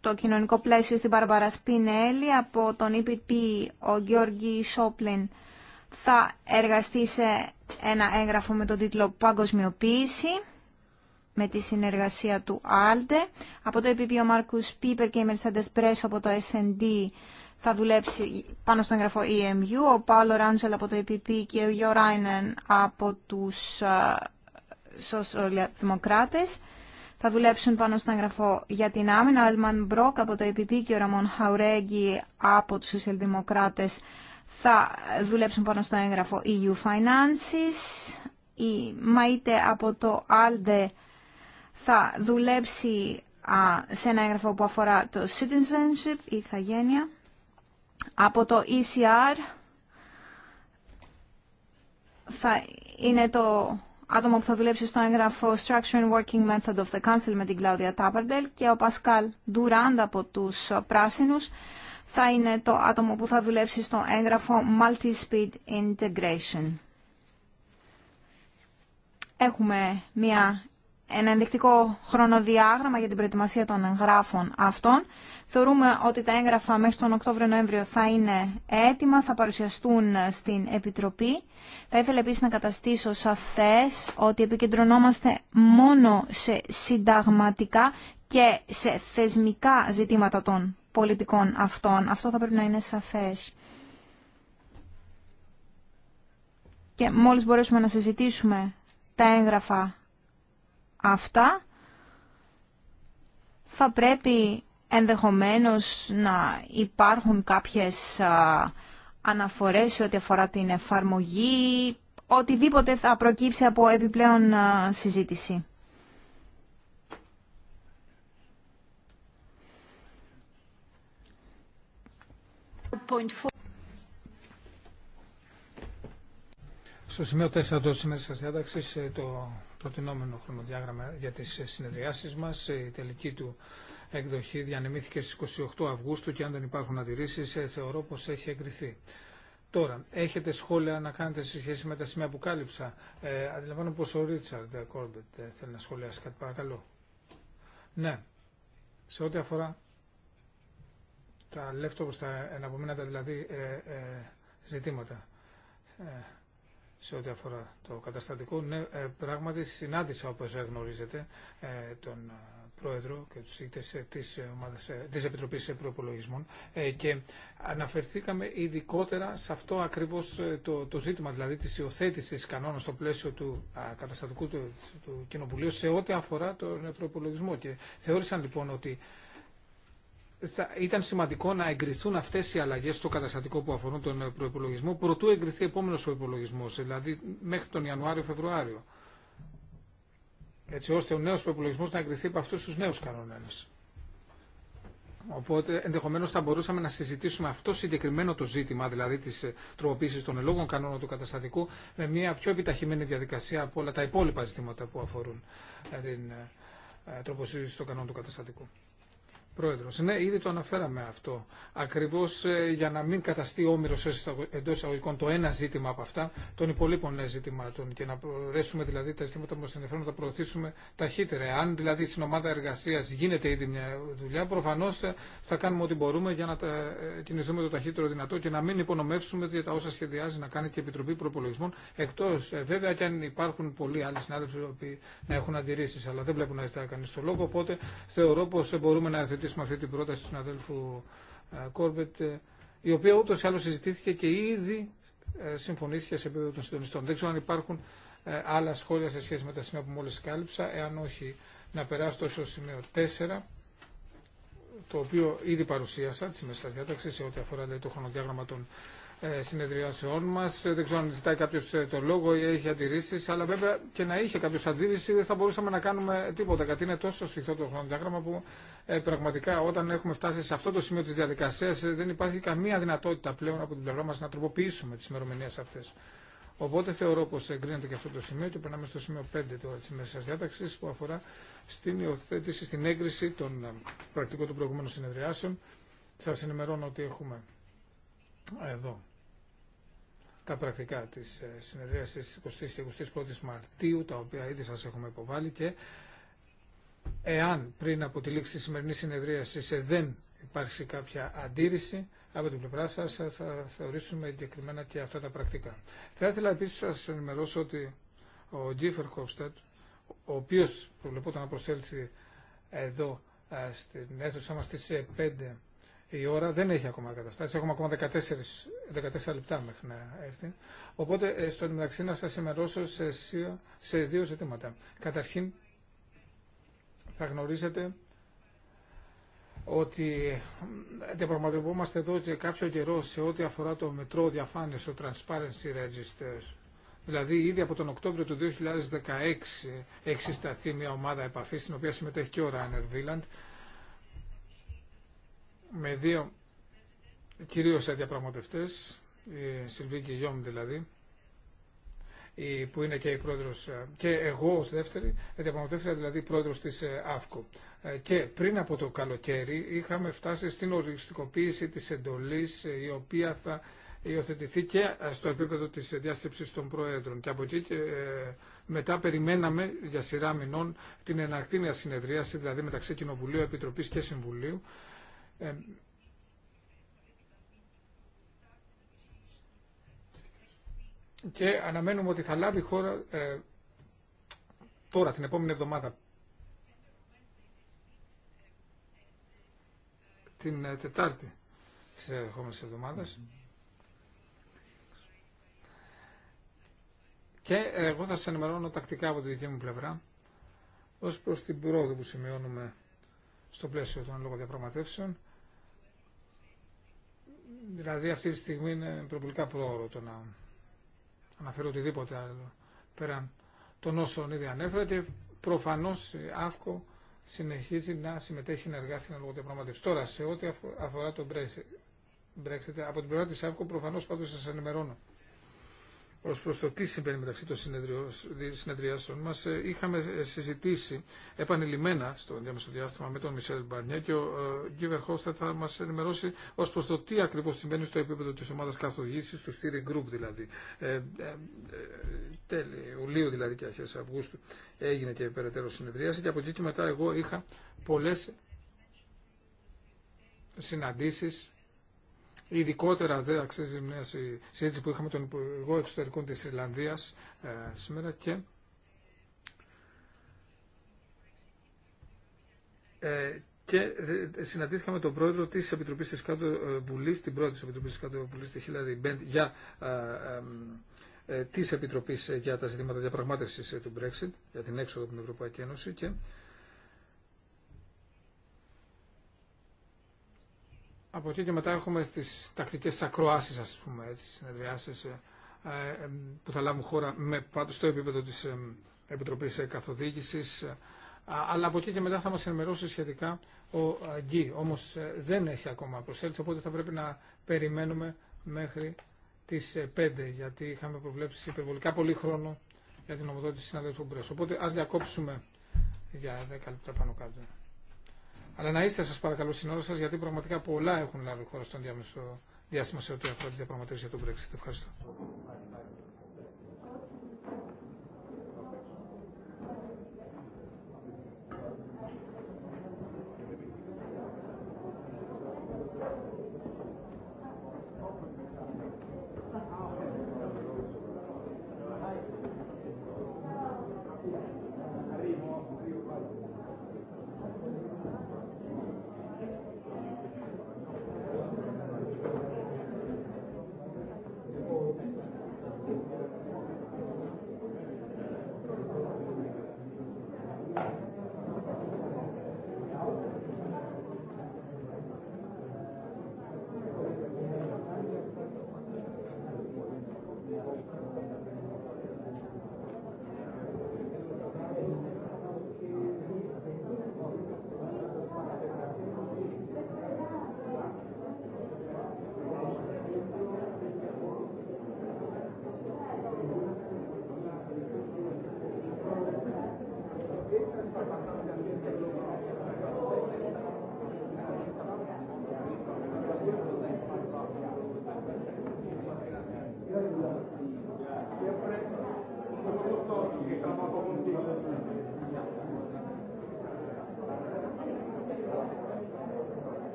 το κοινωνικό πλαίσιο στην Σπινέλη από τον EPP ο Γιώργη Σόπλεν θα εργαστεί σε ένα έγγραφο με τον τίτλο «Παγκοσμιοποίηση» με τη συνεργασία του ΑΛΤΕ. Από το επίπεδο ο Μάρκους Πίπερ και η Mercedes Πρέσο από το S&D θα δουλέψει πάνω στον εγγραφό EMU, ο Πάολο Ράντζελ από το ΕΠΠ και ο Γιώ Ράινεν από τους ε, σοσιαλδημοκράτες. Θα δουλέψουν πάνω στον εγγραφό για την άμυνα, ο Έλμαν Μπρόκ από το ΕΠΠ και ο Ραμόν Χαουρέγγι από τους Σοσιαλδημοκράτε θα δουλέψουν πάνω στο έγγραφο EU Finances, η Μαΐτε από το ALDE θα δουλέψει σε ένα έγγραφο που αφορά το citizenship, η Θαγένια Από το ECR θα είναι το άτομο που θα δουλέψει στο έγγραφο Structure and Working Method of the Council με την Κλάουδια Τάπαρντελ και ο Πασκάλ Ντουράντ από τους Πράσινους θα είναι το άτομο που θα δουλεύσει στο έγγραφο Multi-Speed Integration. Έχουμε μια, ένα ενδεικτικό χρονοδιάγραμμα για την προετοιμασία των εγγράφων αυτών. Θεωρούμε ότι τα έγγραφα μέχρι τον Οκτώβριο-Νοέμβριο θα είναι έτοιμα, θα παρουσιαστούν στην Επιτροπή. Θα ήθελα επίσης να καταστήσω σαφές ότι επικεντρωνόμαστε μόνο σε συνταγματικά και σε θεσμικά ζητήματα των πολιτικών αυτών. Αυτό θα πρέπει να είναι σαφές. Και μόλις μπορέσουμε να συζητήσουμε τα έγγραφα αυτά, θα πρέπει ενδεχομένως να υπάρχουν κάποιες αναφορές ό,τι αφορά την εφαρμογή, οτιδήποτε θα προκύψει από επιπλέον συζήτηση. Στο σημείο 4 το σήμερα σας διάταξης ε, το προτινόμενο χρονοδιάγραμμα για τις ε, συνεδριάσεις μας. Ε, η τελική του εκδοχή διανεμήθηκε στις 28 Αυγούστου και αν δεν υπάρχουν αντιρρήσεις θεωρώ πως έχει εγκριθεί. Τώρα, έχετε σχόλια να κάνετε σε σχέση με τα σημεία που κάλυψα. Ε, αντιλαμβάνω πως ο Ρίτσαρντ Κόρμπετ θέλει να σχολιάσει κάτι παρακαλώ. Ναι, σε ό,τι αφορά τα leftovers, τα εναπομείναντα δηλαδή ε, ε, ζητήματα ε, σε ό,τι αφορά το καταστατικό. Ναι, ε, πράγματι συνάντησα όπως γνωρίζετε ε, τον Πρόεδρο και τους ηγητές της, ομάδας, της Επιτροπής Προπολογισμών και αναφερθήκαμε ειδικότερα σε αυτό ακριβώς το, το ζήτημα, δηλαδή της υιοθέτηση κανόνων στο πλαίσιο του καταστατικού του, του Κοινοβουλίου σε ό,τι αφορά τον προπολογισμό. Και θεώρησαν λοιπόν ότι ήταν σημαντικό να εγκριθούν αυτέ οι αλλαγέ στο καταστατικό που αφορούν τον προπολογισμό, προτού εγκριθεί επόμενο προπολογισμό, δηλαδή μέχρι τον Ιανουάριο-Φεβρουάριο. Έτσι ώστε ο νέο προπολογισμό να εγκριθεί από αυτού του νέου κανόνε. Οπότε ενδεχομένω θα μπορούσαμε να συζητήσουμε αυτό συγκεκριμένο το ζήτημα, δηλαδή τη τροποποίηση των ελόγων κανόνων του καταστατικού, με μια πιο επιταχυμένη διαδικασία από όλα τα υπόλοιπα ζητήματα που αφορούν ε, την ε, τροποποίηση των κανόνων του καταστατικού. Πρόεδρος. Ναι, ήδη το αναφέραμε αυτό. Ακριβώς ε, για να μην καταστεί όμοιρος εντό εισαγωγικών το ένα ζήτημα από αυτά των υπολείπων ζητημάτων και να μπορέσουμε δηλαδή τα ζητήματα που μας ενδιαφέρουν να τα προωθήσουμε ταχύτερα. Αν δηλαδή στην ομάδα εργασίας γίνεται ήδη μια δουλειά, προφανώς ε, θα κάνουμε ό,τι μπορούμε για να τα ε, κινηθούμε το ταχύτερο δυνατό και να μην υπονομεύσουμε για τα όσα σχεδιάζει να κάνει και η Επιτροπή Προπολογισμών, εκτός βέβαια και αν υπάρχουν πολλοί άλλοι συνάδελφοι που να έχουν αντιρρήσεις, αλλά δεν βλέπουν να ζητάει κανείς το λόγο, οπότε θεωρώ πως μπορούμε να συζητήσουμε αυτή την πρόταση του συναδέλφου ε, Κόρμπετ, ε, η οποία ούτως ή άλλως συζητήθηκε και ήδη ε, συμφωνήθηκε σε επίπεδο των συντονιστών. Δεν ξέρω αν υπάρχουν άλλα σχόλια σε σχέση με τα σημεία που μόλις κάλυψα. Εάν όχι, να περάσω τόσο σημείο 4 το οποίο ήδη παρουσίασα τη μεσά διάταξη σε ό,τι αφορά λέει, το χρονοδιάγραμμα των ε, συνεδριάσεών μα. Ε, δεν ξέρω αν ζητάει κάποιο ε, το λόγο ή έχει αντιρρήσει, αλλά βέβαια και να είχε κάποιο αντίρρηση δεν θα μπορούσαμε να κάνουμε τίποτα, γιατί είναι τόσο σφιχτό το χρονοδιάγραμμα που πραγματικά όταν έχουμε φτάσει σε αυτό το σημείο τη διαδικασία δεν υπάρχει καμία δυνατότητα πλέον από την πλευρά μα να τροποποιήσουμε τι ημερομηνίε αυτέ. Οπότε θεωρώ πω εγκρίνεται και αυτό το σημείο και περνάμε στο σημείο 5 τώρα τη ημερησία διάταξη που αφορά στην υιοθέτηση, στην έγκριση των πρακτικών των προηγούμενων συνεδριάσεων. Σα ενημερώνω ότι έχουμε εδώ τα πρακτικά τη ε, συνεδρία τη 20 και 21 Μαρτίου, τα οποία ήδη σα έχουμε υποβάλει και εάν πριν από τη λήξη τη σημερινής συνεδρίασης ε, δεν υπάρξει κάποια αντίρρηση από την πλευρά σα ε, θα θεωρήσουμε εγκεκριμένα και αυτά τα πρακτικά. Θα ήθελα επίση να σα ενημερώσω ότι ο Γκίφερ Χόφστατ, ο οποίο προβλεπόταν να προσέλθει εδώ στην αίθουσά μα στι 5 η ώρα δεν έχει ακόμα καταστάσει. Έχουμε ακόμα 14, 14 λεπτά μέχρι να έρθει. Οπότε ε, στο μεταξύ να σας ενημερώσω σε, σε δύο ζητήματα. Καταρχήν θα γνωρίζετε ότι ε, διαπραγματευόμαστε εδώ και κάποιο καιρό σε ό,τι αφορά το μετρό διαφάνεια το Transparency Register. Δηλαδή, ήδη από τον Οκτώβριο του 2016 έχει συσταθεί μια ομάδα επαφή στην οποία συμμετέχει και ο Ράινερ Βίλαντ, με δύο κυρίω διαπραγματευτές, η Σιλβή και Γιώμη δηλαδή, που είναι και η πρόεδρος, ε, και εγώ ω δεύτερη, ε, διαπραγματεύτηκα δηλαδή πρόεδρος τη ε, ΑΦΚΟ. Και πριν από το καλοκαίρι είχαμε φτάσει στην οριστικοποίηση τη εντολή, η οποία θα υιοθετηθεί και στο επίπεδο της διάσκεψης των Προέδρων. Και από εκεί και μετά περιμέναμε για σειρά μηνών την εναρκτήνια συνεδρίαση, δηλαδή μεταξύ Κοινοβουλίου, Επιτροπής και Συμβουλίου, και αναμένουμε ότι θα λάβει χώρα ε, τώρα, την επόμενη εβδομάδα. Την ε, Τετάρτη της ερχόμενης εβδομάδας. Και ε, εγώ θα σας ενημερώνω τακτικά από τη δική μου πλευρά ως προς την πρόοδο που σημειώνουμε στο πλαίσιο των λόγω διαπραγματεύσεων Δηλαδή αυτή τη στιγμή είναι προβολικά πρόωρο το να αναφέρω οτιδήποτε άλλο πέραν των όσων ήδη ανέφερα και προφανώς η ΑΦΚΟ συνεχίζει να συμμετέχει ενεργά στην αλλογοδιαπραγματεύση. Τώρα, σε ό,τι αφορά το Brexit, από την πλευρά της ΑΦΚΟ προφανώς πάντως σας ενημερώνω ω προ το τι συμβαίνει μεταξύ των συνεδριάσεων μα, ε, είχαμε ε, συζητήσει επανειλημμένα στο διάμεσο διάστημα με τον Μισελ Μπαρνιέ και ο ε, Γκίβερ Χώστα θα μα ενημερώσει ω προ το τι ακριβώ συμβαίνει στο επίπεδο τη ομάδα καθοδήγηση, του steering group δηλαδή. Ε, τέλη Ιουλίου δηλαδή και αρχέ Αυγούστου έγινε και περαιτέρω συνεδρίαση και από εκεί και μετά εγώ είχα πολλέ συναντήσει. Ειδικότερα δε αξίζει μια συζήτηση που είχαμε τον Υπουργό Εξωτερικών της Ιρλανδίας ε, σήμερα και ε, και ε, συναντήθηκα με τον πρόεδρο της Επιτροπής της Κάτω Βουλής, την πρώτη της Επιτροπής της Κάτω Βουλής, τη Χίλαρη Μπέντ, για ε, ε, της Επιτροπής για τα ζητήματα διαπραγμάτευσης του Brexit, για την έξοδο από την Ευρωπαϊκή Ένωση και από εκεί και μετά έχουμε τις τακτικές ακροάσεις, ας πούμε, έτσι, συνεδριάσεις ε, ε, που θα λάβουν χώρα με, στο επίπεδο της ε, Επιτροπής Καθοδήγησης, αλλά από εκεί και μετά θα μας ενημερώσει σχετικά ο Γκί. Όμως δεν έχει ακόμα προσέλθει, οπότε θα πρέπει να περιμένουμε μέχρι τις 5, γιατί είχαμε προβλέψει υπερβολικά πολύ χρόνο για την ομοδότηση συναδέλφου Μπρέσου. Οπότε ας διακόψουμε για 10 λεπτά πάνω κάτω. Αλλά να είστε σα παρακαλώ στην ώρα σα, γιατί πραγματικά πολλά έχουν λάβει χώρα στον διάμεσο διάστημα σε ό,τι αφορά τι διαπραγματεύσει για τον Brexit. Ευχαριστώ.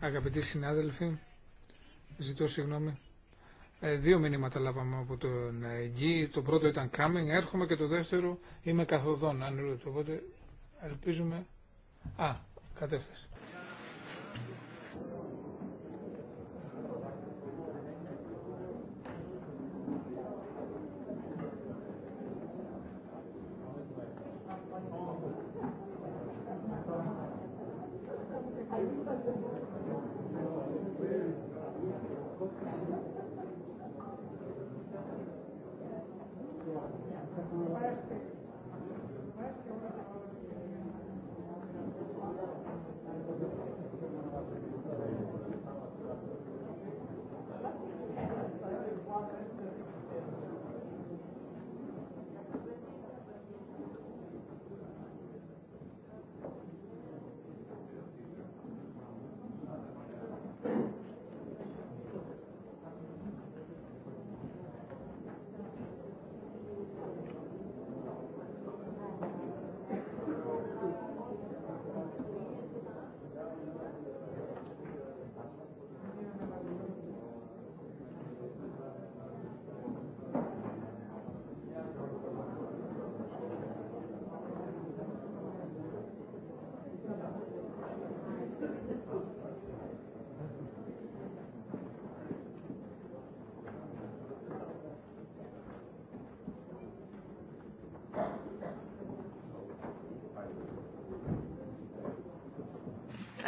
Αγαπητοί συνάδελφοι, ζητώ συγγνώμη. Ε, δύο μηνύματα λάβαμε από τον Αιγύη. Το πρώτο ήταν coming, έρχομαι και το δεύτερο είμαι καθοδόν. Αν οπότε ελπίζουμε... Α, κατεύθυνση.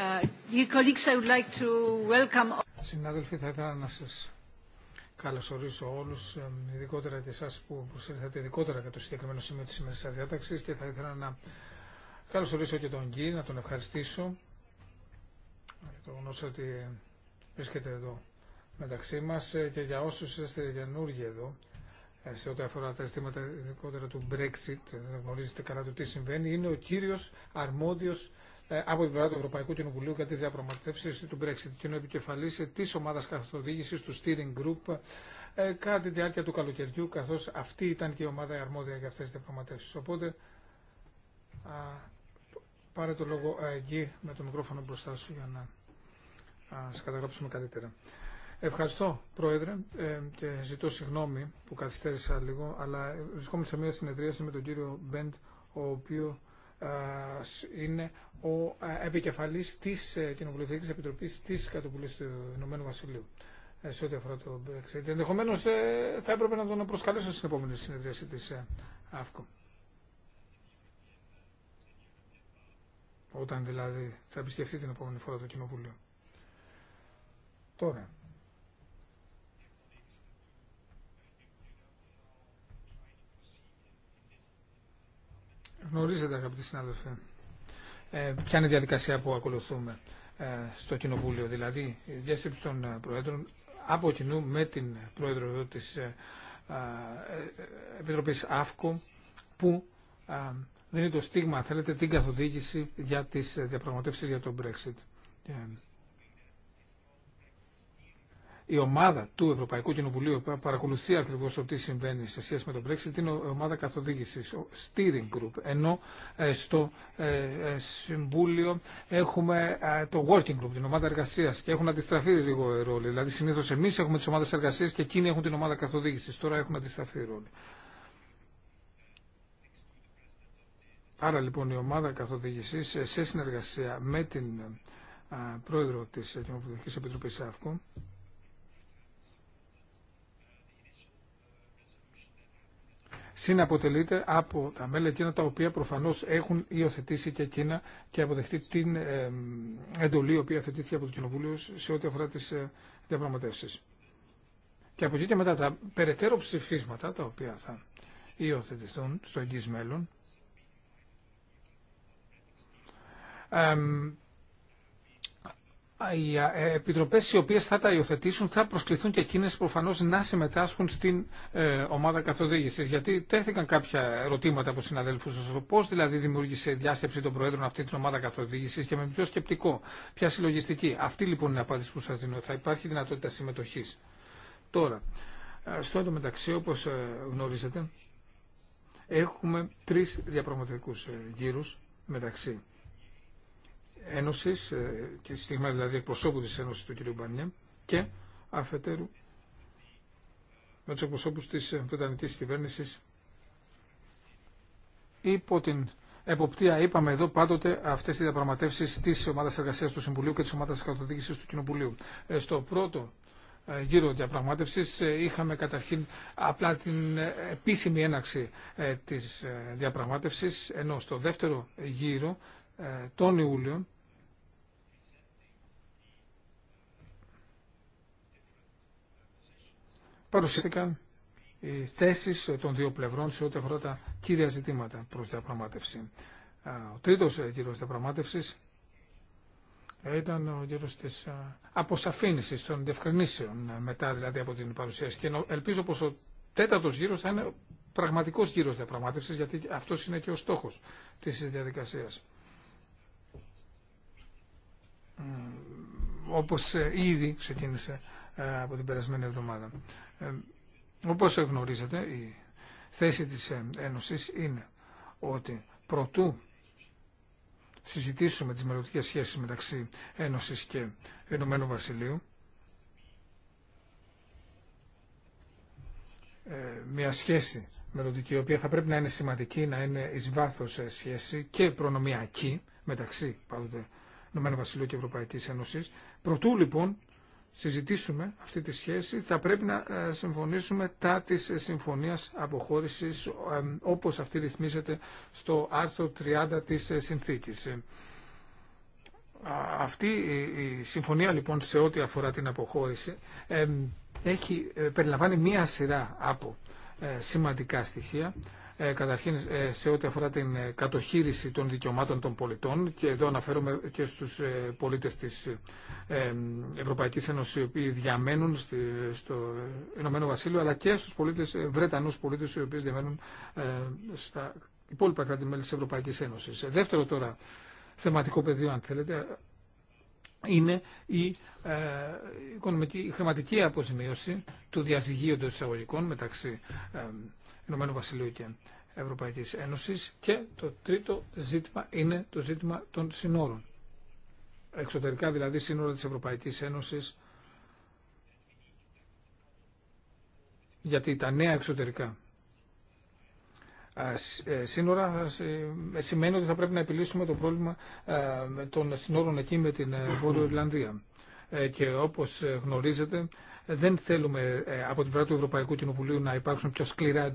Uh, Συνάδελφοι, θα ήθελα να σας καλωσορίσω όλους, ειδικότερα και εσάς που προσέλθατε ειδικότερα για το συγκεκριμένο σημείο της σημερινής σας διάταξης και θα ήθελα να καλωσορίσω και τον Γκί, να τον ευχαριστήσω για το γνώσο ότι βρίσκεται εδώ μεταξύ μας ε, και για όσους είστε καινούργοι εδώ ε, σε ό,τι αφορά τα αισθήματα ειδικότερα του Brexit, ε, γνωρίζετε καλά το τι συμβαίνει, είναι ο κύριος αρμόδιος ε, από την πλευρά του Ευρωπαϊκού Κοινοβουλίου για τι διαπραγματεύσει του Brexit και είναι επικεφαλή ε, τη ομάδα καθοδήγηση του Steering Group ε, κατά τη διάρκεια του καλοκαιριού, καθώ αυτή ήταν και η ομάδα αρμόδια για αυτέ τι διαπραγματεύσει. Οπότε, α, πάρε το λόγο εκεί με το μικρόφωνο μπροστά σου για να σε καταγράψουμε καλύτερα. Ευχαριστώ, Πρόεδρε, και ζητώ συγγνώμη που καθυστέρησα λίγο, αλλά βρισκόμουν σε μια συνεδρίαση με τον κύριο Μπεντ, ο οποίο είναι ο επικεφαλής της ε, Κοινοβουλευτικής Επιτροπής της Κατοπουλής του Ηνωμένου Βασιλείου ε, σε ό,τι αφορά το Brexit. Ενδεχομένω ε, θα έπρεπε να τον προσκαλέσω στην επόμενη συνεδρίαση τη ΑΦΚΟ. Όταν δηλαδή θα επισκεφθεί την επόμενη φορά το Κοινοβούλιο. Τώρα, Γνωρίζετε αγαπητοί συνάδελφοι ε, ποια είναι η διαδικασία που ακολουθούμε ε, στο Κοινοβούλιο. Δηλαδή η διάσκεψη των ε, Προέδρων από κοινού με την Πρόεδρο εδώ της Επιτροπής ΑΦΚΟ που δίνει το στίγμα, θέλετε, την καθοδήγηση για τις διαπραγματεύσεις για τον Brexit η ομάδα του Ευρωπαϊκού Κοινοβουλίου που παρακολουθεί ακριβώ το τι συμβαίνει σε σχέση με το Brexit είναι η ομάδα καθοδήγηση, ο steering group. Ενώ ε, στο ε, ε, Συμβούλιο έχουμε το working group, την ομάδα εργασία και έχουν αντιστραφεί λίγο οι ρόλοι. Δηλαδή συνήθω εμεί έχουμε τι ομάδε εργασία και εκείνοι έχουν την ομάδα καθοδήγηση. Τώρα έχουν αντιστραφεί οι ρόλοι. Άρα λοιπόν η ομάδα καθοδήγηση σε συνεργασία με την πρόεδρο της Κοινοβουλευτικής Επιτροπής ΑΦΚΟ συναποτελείται από τα μέλη εκείνα τα οποία προφανώς έχουν υιοθετήσει και εκείνα και αποδεχτεί την εντολή η οποία θετήθηκε από το Κοινοβούλιο σε ό,τι αφορά τις ε, διαπραγματεύσεις. Και από εκεί και μετά τα περαιτέρω ψηφίσματα τα οποία θα υιοθετηθούν στο εγγύς μέλλον οι ε, επιτροπέ οι οποίε θα τα υιοθετήσουν θα προσκληθούν και εκείνε προφανώ να συμμετάσχουν στην ε, ομάδα καθοδήγηση. Γιατί τέθηκαν κάποια ερωτήματα από συναδέλφους σας. πώ δηλαδή δημιούργησε η διάσκεψη των Προέδρων αυτή την ομάδα καθοδήγηση και με ποιο σκεπτικό, ποια συλλογιστική. Αυτή λοιπόν είναι η απάντηση που σα δίνω. Θα υπάρχει δυνατότητα συμμετοχή. Τώρα, ε, στο εντωμεταξύ όπως γνωρίζετε έχουμε τρεις διαπραγματευτικούς γύρου μεταξύ Ένωση, ε, και στιγμή δηλαδή εκπροσώπου τη Ένωση του κ. Μπανιέ και αφετέρου με του εκπροσώπου τη ε, βρετανική κυβέρνηση, υπό την εποπτεία είπαμε εδώ πάντοτε αυτέ οι διαπραγματεύσει τη ομάδα εργασία του Συμβουλίου και τη ομάδα Κατοδίκηση του Κοινοβουλίου. Ε, στο πρώτο γύρο διαπραγμάτευσης είχαμε καταρχήν απλά την επίσημη έναξη της διαπραγμάτευσης ενώ στο δεύτερο γύρο τον Ιούλιο παρουσιάστηκαν οι θέσει των δύο πλευρών σε ό,τι αφορά τα κύρια ζητήματα προ διαπραγμάτευση. Ο τρίτο ε, γύρο διαπραγμάτευση ήταν ο γύρο τη αποσαφήνιση των διευκρινήσεων ε, μετά δηλαδή από την παρουσίαση. Και ελπίζω πω ο τέταρτο γύρο θα είναι πραγματικό γύρο διαπραγμάτευση, γιατί αυτό είναι και ο στόχο τη διαδικασία. Όπω ε, ήδη ξεκίνησε ε, από την περασμένη εβδομάδα. Ε, όπως γνωρίζετε, η θέση της ε, Ένωσης είναι ότι προτού συζητήσουμε τις μελλοντικές σχέσεις μεταξύ Ένωσης και Ενωμένου Βασιλείου, μια σχέση μελλοντική, η οποία θα πρέπει να είναι σημαντική, να είναι εις βάθος σχέση και προνομιακή μεταξύ πάντοτε Ηνωμένου Βασιλείου και Ευρωπαϊκής Ένωσης. Προτού λοιπόν συζητήσουμε αυτή τη σχέση θα πρέπει να ε, συμφωνήσουμε τα της συμφωνίας αποχώρησης ε, όπως αυτή ρυθμίζεται στο άρθρο 30 της ε, συνθήκης. Αυτή η συμφωνία λοιπόν σε ό,τι αφορά την αποχώρηση έχει, περιλαμβάνει μία σειρά από σημαντικά στοιχεία ε, καταρχήν ε, σε ό,τι αφορά την ε, κατοχήρηση των δικαιωμάτων των πολιτών και εδώ αναφέρομαι και στους πολίτες της Ευρωπαϊκής Ένωσης οι οποίοι διαμένουν στο Ηνωμένο Βασίλειο αλλά και στους πολίτες, Βρετανούς πολίτες οι οποίοι διαμένουν στα υπόλοιπα κράτη-μέλη της Ευρωπαϊκής Ένωσης. Δεύτερο τώρα θεματικό πεδίο αν θέλετε είναι η, ε, οικονομική, χρηματική αποζημίωση του διαζυγίου των εισαγωγικών μεταξύ ε, Ηνωμένου Βασιλείου και Ευρωπαϊκής Ένωσης και το τρίτο ζήτημα είναι το ζήτημα των συνόρων. Εξωτερικά δηλαδή σύνορα της Ευρωπαϊκής Ένωσης γιατί τα νέα εξωτερικά ε, σύνορα ε, σημαίνει ότι θα πρέπει να επιλύσουμε το πρόβλημα ε, των σύνορων εκεί με την Βόρεια Ιρλανδία. Και όπως γνωρίζετε δεν θέλουμε από την πλευρά του Ευρωπαϊκού Κοινοβουλίου να υπάρξουν πιο σκληρά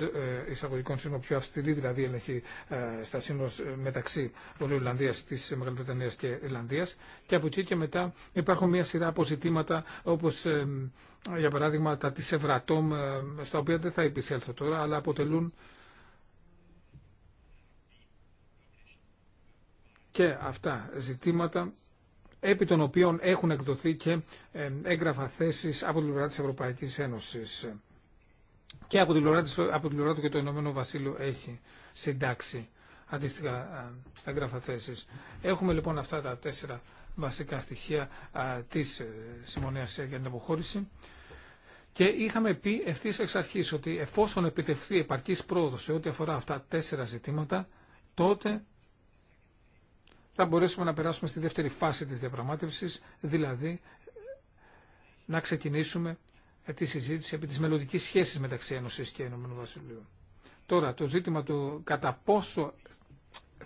εισαγωγικών σύνορων, πιο αυστηρή δηλαδή έλεγχη στα σύνορα μεταξύ Ιρλανδία, τη Μεγάλη και Ιρλανδία. Και από εκεί και μετά υπάρχουν μια σειρά αποζητήματα όπω για παράδειγμα τα τη Ευρατόμ, στα οποία δεν θα επισέλθω τώρα, αλλά αποτελούν και αυτά ζητήματα επί των οποίων έχουν εκδοθεί και ε, έγγραφα θέσεις από την πλευρά της Ευρωπαϊκής Ένωσης και από την πλευρά, από την του και το Ηνωμένο Βασίλειο έχει συντάξει αντίστοιχα ε, έγγραφα θέσεις. Έχουμε λοιπόν αυτά τα τέσσερα βασικά στοιχεία ε, της Συμφωνίας για την αποχώρηση. Και είχαμε πει ευθύ εξ αρχή ότι εφόσον επιτευχθεί επαρκή πρόοδο σε ό,τι αφορά αυτά τέσσερα ζητήματα, τότε θα μπορέσουμε να περάσουμε στη δεύτερη φάση της διαπραγμάτευσης, δηλαδή να ξεκινήσουμε τη συζήτηση επί της μελλοντικής σχέσης μεταξύ Ένωσης και Ενωμένου Βασιλείου. Τώρα, το ζήτημα του κατά πόσο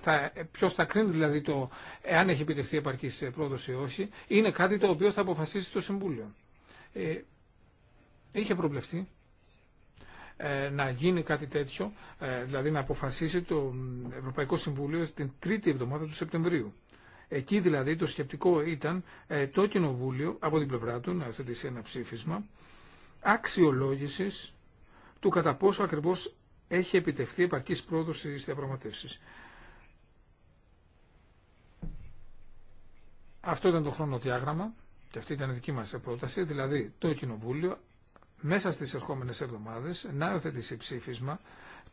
θα, ποιος θα κρίνει δηλαδή το εάν έχει επιτευχθεί σε πρόοδος ή όχι, είναι κάτι το οποίο θα αποφασίσει το Συμβούλιο. Ε, είχε προβλεφθεί ε, να γίνει κάτι τέτοιο, ε, δηλαδή να αποφασίσει το Ευρωπαϊκό Συμβούλιο την τρίτη εβδομάδα του Σεπτεμβρίου. Εκεί δηλαδή το σκεπτικό ήταν ε, το Κοινοβούλιο από την πλευρά του να θετήσει ένα ψήφισμα αξιολόγησης του κατά πόσο ακριβώς έχει επιτευχθεί επαρκής πρόοδος στις διαπραγματεύσεις. Αυτό ήταν το χρονοδιάγραμμα και αυτή ήταν η δική μας πρόταση, δηλαδή το Κοινοβούλιο μέσα στις ερχόμενες εβδομάδες να υιοθετήσει ψήφισμα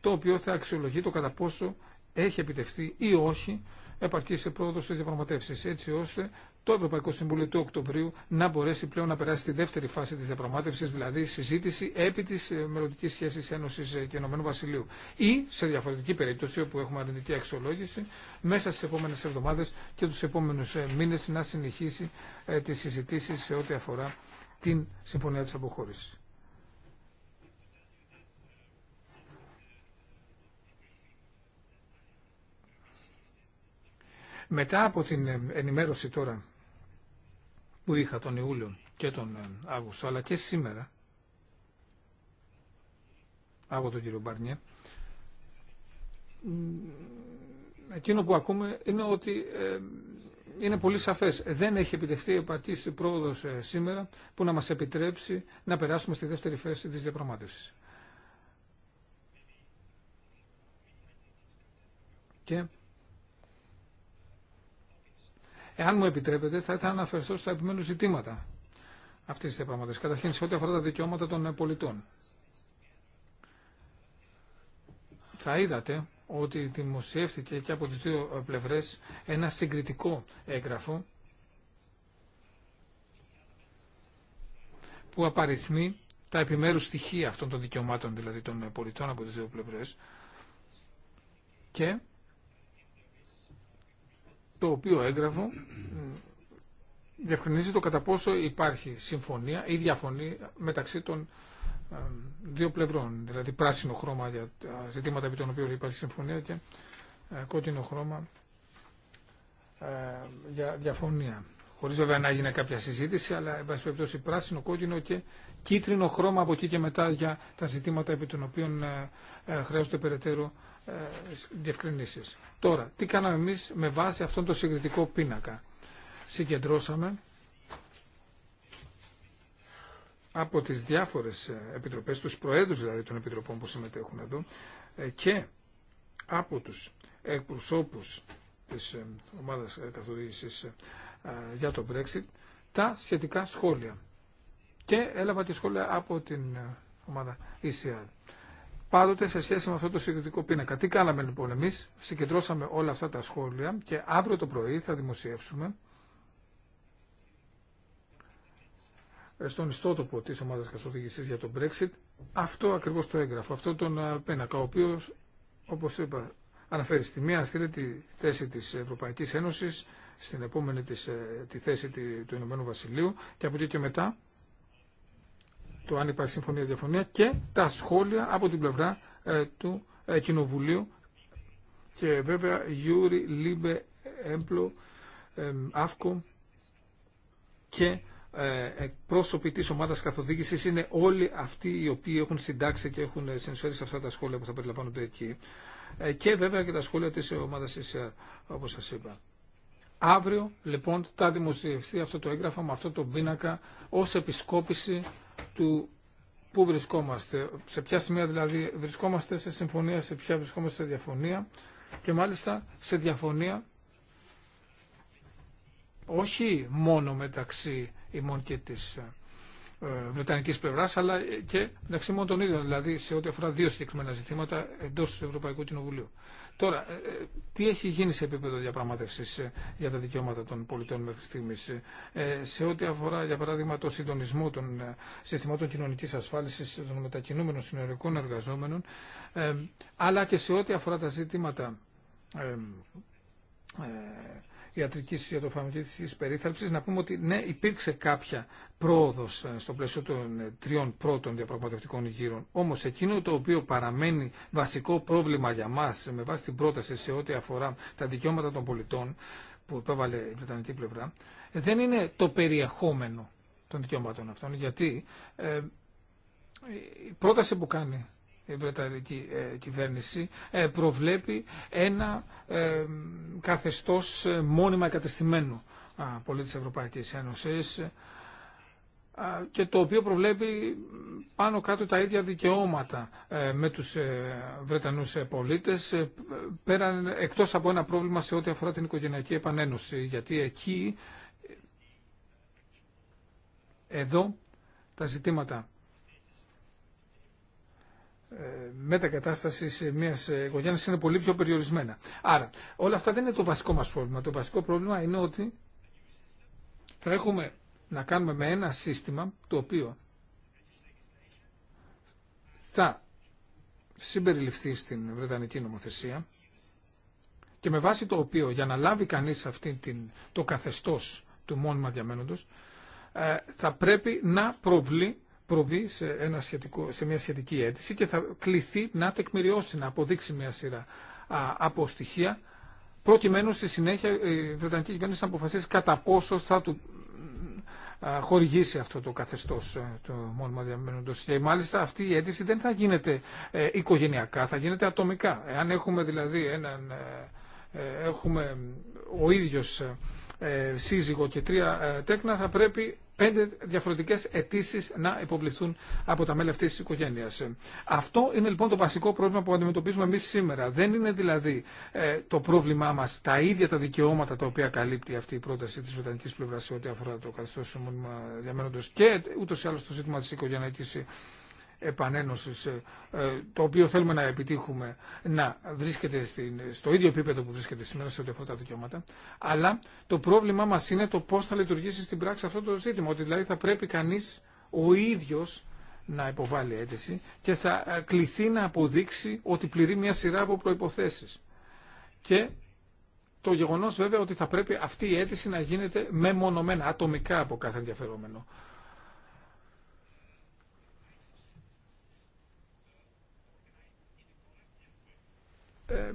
το οποίο θα αξιολογεί το κατά πόσο έχει επιτευχθεί ή όχι επαρκή σε πρόοδο στις διαπραγματεύσεις έτσι ώστε το Ευρωπαϊκό Συμβούλιο του Οκτωβρίου να μπορέσει πλέον να περάσει στη δεύτερη φάση τη διαπραγμάτευση, δηλαδή συζήτηση επί τη ε, μελλοντική σχέση Ένωση ε, και Ενωμένου Βασιλείου. Ή, σε διαφορετική περίπτωση, όπου έχουμε αρνητική αξιολόγηση, μέσα στι επόμενε εβδομάδε και του επόμενου ε, μήνε να συνεχίσει τι συζητήσει σε ό,τι αφορά την Συμφωνία τη Αποχώρηση. Μετά από την ενημέρωση τώρα που είχα τον Ιούλιο και τον Αύγουστο, αλλά και σήμερα από τον κύριο Μπαρνιέ, εκείνο που ακούμε είναι ότι είναι πολύ σαφές. Δεν έχει επιτευχθεί επαρτήση πρόοδος ε, σήμερα που να μας επιτρέψει να περάσουμε στη δεύτερη φάση της διαπραγμάτευσης. Και Εάν μου επιτρέπετε, θα ήθελα να αναφερθώ στα επιμένου ζητήματα αυτή τη διαπραγματεύση. Καταρχήν, σε ό,τι αφορά τα δικαιώματα των ε, πολιτών. Θα είδατε ότι δημοσίευθηκε και από τις δύο ε, πλευρές ένα συγκριτικό έγγραφο που απαριθμεί τα επιμέρους στοιχεία αυτών των δικαιωμάτων δηλαδή των ε, πολιτών από τις δύο πλευρές και το οποίο έγγραφο ε, διευκρινίζει το κατά πόσο υπάρχει συμφωνία ή διαφωνία μεταξύ των ε, δύο πλευρών. Δηλαδή πράσινο χρώμα για τα ζητήματα επί των οποίων υπάρχει συμφωνία και ε, κόκκινο χρώμα για διαφωνία. Χωρί βέβαια να έγινε κάποια συζήτηση, αλλά εν πάση περιπτώσει πράσινο, κόκκινο και κίτρινο χρώμα από εκεί και μετά για τα ζητήματα επί των οποίων χρειάζονται περαιτέρω ε, διευκρινήσει. Τώρα, τι κάναμε εμεί με βάση αυτόν τον συγκριτικό πίνακα. Συγκεντρώσαμε από τις διάφορες ε, επιτροπές, τους προέδρους δηλαδή των επιτροπών που συμμετέχουν εδώ ε, και από τους εκπροσώπους της ομάδας καθοδήγησης για το Brexit τα σχετικά σχόλια. Και έλαβα και σχόλια από την ομάδα ECR πάντοτε σε σχέση με αυτό το συγκριτικό πίνακα. Τι κάναμε λοιπόν εμείς, συγκεντρώσαμε όλα αυτά τα σχόλια και αύριο το πρωί θα δημοσιεύσουμε στον ιστότοπο τη Ομάδα καθοδήγηση για το Brexit αυτό ακριβώς το έγγραφο, αυτό τον ε, πίνακα, ο οποίος, όπως είπα, αναφέρει στη μία στήλη τη θέση της Ευρωπαϊκής Ένωση στην επόμενη της, ε, τη θέση του Ηνωμένου Βασιλείου και από εκεί και μετά το αν υπάρχει συμφωνία διαφωνία και τα σχόλια από την πλευρά ε, του ε, Κοινοβουλίου και βέβαια Γιούρι, Λίμπε, Έμπλο, ε, Αύκο και εκπρόσωποι της ομάδας καθοδήγησης είναι όλοι αυτοί οι οποίοι έχουν συντάξει και έχουν συνεισφέρει σε αυτά τα σχόλια που θα περιλαμβάνονται εκεί και βέβαια και τα σχόλια της ομάδας ΕΣΙΑ όπως σας είπα. Αύριο λοιπόν θα δημοσιευθεί αυτό το έγγραφο με αυτό το πίνακα ως επισκόπηση του πού βρισκόμαστε, σε ποια σημεία δηλαδή βρισκόμαστε σε συμφωνία, σε ποια βρισκόμαστε σε διαφωνία και μάλιστα σε διαφωνία όχι μόνο μεταξύ ημών και της ε, Βρετανικής πλευράς αλλά και μεταξύ μόνο των ίδιων, δηλαδή σε ό,τι αφορά δύο συγκεκριμένα ζητήματα εντός του Ευρωπαϊκού Κοινοβουλίου. Τώρα, ε, ε, τι έχει γίνει σε επίπεδο διαπραγματεύση ε, για τα δικαιώματα των πολιτών μέχρι στιγμή, σε ό,τι αφορά, για παράδειγμα, το συντονισμό των συστημάτων κοινωνική ασφάλιση των μετακινούμενων συνολικών εργαζόμενων, αλλά και σε ό,τι αφορά τα ζήτηματα ιατρικής ιατροφαρμακευτικής περίθαλψη, να πούμε ότι ναι υπήρξε κάποια πρόοδο ε, στο πλαίσιο των ε, τριών πρώτων διαπραγματευτικών γύρων. Όμω εκείνο το οποίο παραμένει βασικό πρόβλημα για μα με βάση την πρόταση σε ό,τι αφορά τα δικαιώματα των πολιτών που επέβαλε η Βρετανική πλευρά ε, δεν είναι το περιεχόμενο των δικαιωμάτων αυτών γιατί η πρόταση που κάνει η Βρετανική ε, κυβέρνηση ε, προβλέπει ένα ε, καθεστώς μόνιμα εγκατεστημένου πολίτη της Ευρωπαϊκής Ένωσης και το οποίο προβλέπει πάνω κάτω τα ίδια δικαιώματα με τους Βρετανούς πολίτες πέραν, εκτός από ένα πρόβλημα σε ό,τι αφορά την οικογενειακή επανένωση γιατί εκεί εδώ τα ζητήματα μετακατάσταση μια οικογένεια είναι πολύ πιο περιορισμένα. Άρα, όλα αυτά δεν είναι το βασικό μα πρόβλημα. Το βασικό πρόβλημα είναι ότι θα έχουμε να κάνουμε με ένα σύστημα το οποίο θα συμπεριληφθεί στην Βρετανική νομοθεσία και με βάση το οποίο για να λάβει κανείς αυτή την, το καθεστώς του μόνιμα διαμένοντος ε, θα πρέπει να προβλεί προβεί σε, ένα σχετικό, σε μια σχετική αίτηση και θα κληθεί να τεκμηριώσει, να αποδείξει μια σειρά από στοιχεία, προκειμένου στη συνέχεια η Βρετανική κυβέρνηση να αποφασίσει κατά πόσο θα του χορηγήσει αυτό το καθεστώ ε, το μόνιμα διαμένοντο. Και μάλιστα αυτή η αίτηση δεν θα γίνεται ε, οικογενειακά, θα γίνεται ατομικά. Εάν έχουμε δηλαδή έναν. Ε, έχουμε ο ίδιος ε, σύζυγο και τρία ε, τέκνα θα πρέπει πέντε διαφορετικέ αιτήσει να υποβληθούν από τα μέλη αυτή τη οικογένεια. Αυτό είναι λοιπόν το βασικό πρόβλημα που αντιμετωπίζουμε εμεί σήμερα. Δεν είναι δηλαδή ε, το πρόβλημά μα τα ίδια τα δικαιώματα τα οποία καλύπτει αυτή η πρόταση τη Βρετανική πλευρά σε ό,τι αφορά το καθεστώ του και ούτω ή άλλω το ζήτημα τη οικογενειακή επανένωσης, ε, ε, το οποίο θέλουμε να επιτύχουμε να βρίσκεται στο ίδιο επίπεδο που βρίσκεται σήμερα σε ό,τι αφορά τα δικαιώματα, αλλά το πρόβλημά μας είναι το πώς θα λειτουργήσει στην πράξη αυτό το ζήτημα, ότι δηλαδή θα πρέπει κανείς ο ίδιος να υποβάλει αίτηση και θα ε, κληθεί να αποδείξει ότι πληρεί μια σειρά από προϋποθέσεις. Και το γεγονός βέβαια ότι θα πρέπει αυτή η αίτηση να γίνεται μεμονωμένα, ατομικά από κάθε ενδιαφερόμενο. Ε,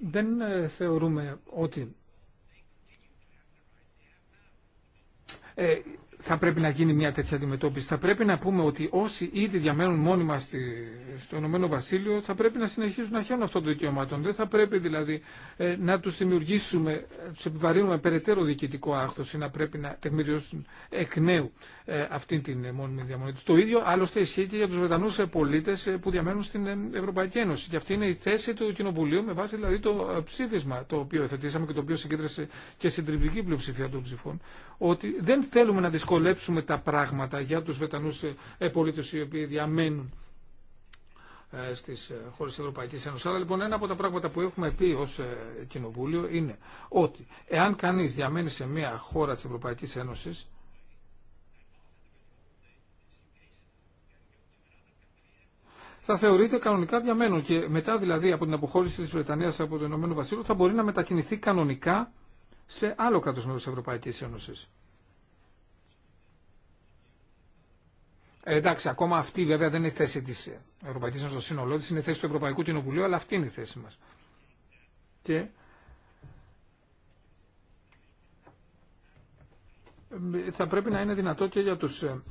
δεν ε, θεωρούμε ότι ε, θα πρέπει να γίνει μια τέτοια αντιμετώπιση. Θα πρέπει να πούμε ότι όσοι ήδη διαμένουν μόνιμα στη, στο Ηνωμένο Βασίλειο θα πρέπει να συνεχίσουν να χαίρουν αυτών των δικαιωμάτων. Δεν θα πρέπει δηλαδή ε, να τους δημιουργήσουμε, τους επιβαρύνουμε περαιτέρω διοικητικό άκτο ή να πρέπει να τεκμηριώσουν εκ νέου ε, αυτή την μόνιμη διαμονή τους. Το ίδιο άλλωστε ισχύει και για τους Βρετανούς ε, πολίτες που διαμένουν στην Ευρωπαϊκή Ένωση. Και αυτή είναι η θέση του Κοινοβουλίου με βάση δηλαδή το ψήφισμα το οποίο εθετήσαμε και το οποίο συγκέντρωσε και συντριπτική πλειοψηφία των ψηφών ότι δεν θέλουμε να δυσκολέψουμε τα πράγματα για τους Βρετανούς ε, πολίτες οι οποίοι διαμένουν ε, στι ε, χώρε τη Ευρωπαϊκή Ένωση. Αλλά λοιπόν ένα από τα πράγματα που έχουμε πει ω Κοινοβούλιο είναι ότι εάν κανεί διαμένει σε μια χώρα τη Ευρωπαϊκή Ένωση, θα θεωρείται κανονικά διαμένων και μετά δηλαδή από την αποχώρηση της Βρετανίας από το Ηνωμένο Βασίλειο θα μπορεί να μετακινηθεί κανονικά σε άλλο κράτος Ευρωπαϊκή Ευρωπαϊκής Ένωσης. Ε, εντάξει, ακόμα αυτή βέβαια δεν είναι η θέση της Ευρωπαϊκή Ένωση στο σύνολό είναι η θέση του Ευρωπαϊκού Κοινοβουλίου, αλλά αυτή είναι η θέση μας. Και ε, θα πρέπει να είναι δυνατό και για τους ε,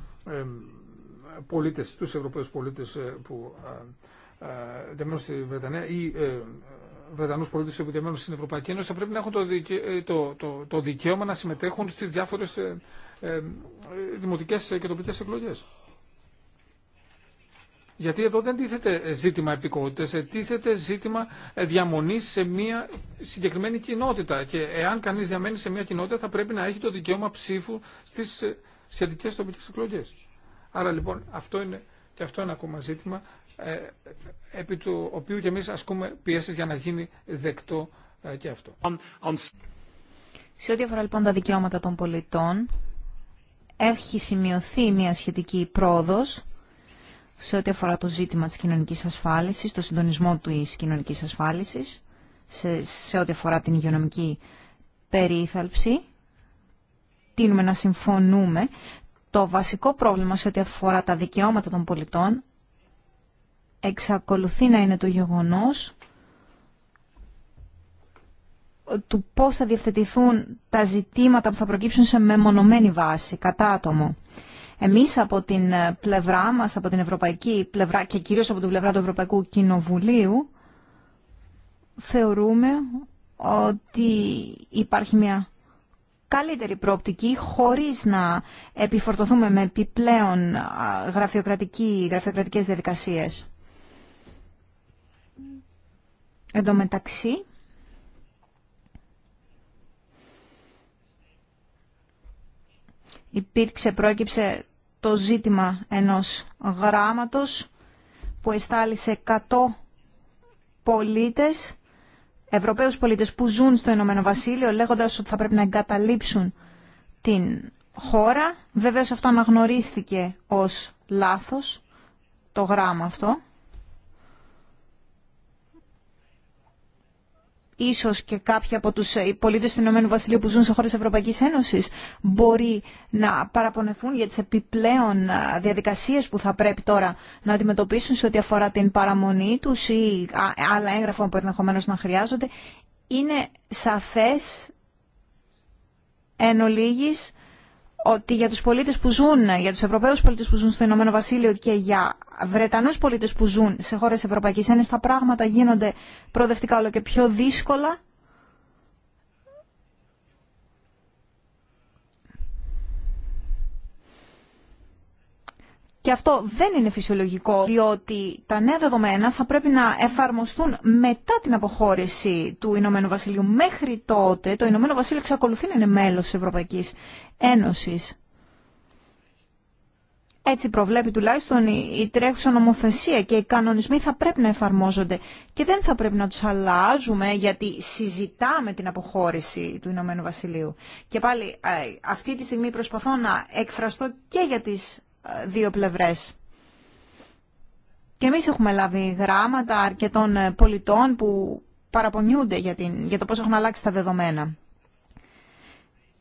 πολίτες, τους Ευρωπαίους πολίτες που δεν στη Βρετανία ή Βρετανού πολίτε που διαμένουν στην Ευρωπαϊκή Ένωση θα πρέπει να έχουν το, ε, το, το, δικαίωμα να συμμετέχουν στι διάφορε ε, ε δημοτικέ και τοπικέ εκλογέ. Γιατί εδώ δεν τίθεται ζήτημα επικότητα, ε, τίθεται ζήτημα διαμονή σε μια συγκεκριμένη κοινότητα. Και εάν κανεί διαμένει σε μια κοινότητα, θα πρέπει να έχει το δικαίωμα ψήφου στι σχετικέ τοπικέ εκλογέ. Άρα λοιπόν αυτό είναι και αυτό είναι ακόμα ζήτημα ε, επί του οποίου και εμείς ασκούμε πιέσεις για να γίνει δεκτό ε, και αυτό. Σε ό,τι αφορά λοιπόν τα δικαιώματα των πολιτών, έχει σημειωθεί μια σχετική πρόοδος σε ό,τι αφορά το ζήτημα της κοινωνικής ασφάλισης, το συντονισμό της κοινωνικής ασφάλισης, σε, σε ό,τι αφορά την υγειονομική περίθαλψη. Τίνουμε να συμφωνούμε το βασικό πρόβλημα σε ό,τι αφορά τα δικαιώματα των πολιτών εξακολουθεί να είναι το γεγονός του πώς θα διευθετηθούν τα ζητήματα που θα προκύψουν σε μεμονωμένη βάση, κατά άτομο. Εμείς από την πλευρά μας, από την ευρωπαϊκή πλευρά και κυρίως από την πλευρά του Ευρωπαϊκού Κοινοβουλίου, θεωρούμε ότι υπάρχει μια καλύτερη προοπτική χωρίς να επιφορτωθούμε με επιπλέον γραφειοκρατικές διαδικασίες. Εν τω μεταξύ, υπήρξε, πρόκυψε το ζήτημα ενός γράμματος που εστάλησε 100 πολίτες Ευρωπαίους πολίτες που ζουν στο Ηνωμένο Βασίλειο λέγοντας ότι θα πρέπει να εγκαταλείψουν την χώρα. Βέβαια αυτό αναγνωρίστηκε ως λάθος, το γράμμα αυτό. ίσως και κάποιοι από τους ε, πολίτες του Ηνωμένου Βασιλείου που ζουν σε χώρες Ευρωπαϊκής Ένωσης μπορεί να παραπονεθούν για τις επιπλέον ε, διαδικασίες που θα πρέπει τώρα να αντιμετωπίσουν σε ό,τι αφορά την παραμονή τους ή άλλα έγγραφα που ενδεχομένω να χρειάζονται. Είναι σαφές εν ολίγης ότι για τους πολίτες που ζουν, για τους Ευρωπαίους πολίτες που ζουν στο Ηνωμένο Βασίλειο και για Βρετανούς πολίτες που ζουν σε χώρες Ευρωπαϊκής Ένωσης, τα πράγματα γίνονται προοδευτικά όλο και πιο δύσκολα Και αυτό δεν είναι φυσιολογικό, διότι τα νέα δεδομένα θα πρέπει να εφαρμοστούν μετά την αποχώρηση του Ηνωμένου Βασιλείου. Μέχρι τότε το Ηνωμένο Βασίλειο εξακολουθεί να είναι μέλος της Ευρωπαϊκής Ένωσης. Έτσι προβλέπει τουλάχιστον η τρέχουσα νομοθεσία και οι κανονισμοί θα πρέπει να εφαρμόζονται και δεν θα πρέπει να τους αλλάζουμε γιατί συζητάμε την αποχώρηση του Ηνωμένου Βασιλείου. Και πάλι ε, αυτή τη στιγμή προσπαθώ να εκφραστώ και για τις δύο πλευρές. Και εμείς έχουμε λάβει γράμματα αρκετών ε, πολιτών που παραπονιούνται για, την, για το πώς έχουν αλλάξει τα δεδομένα.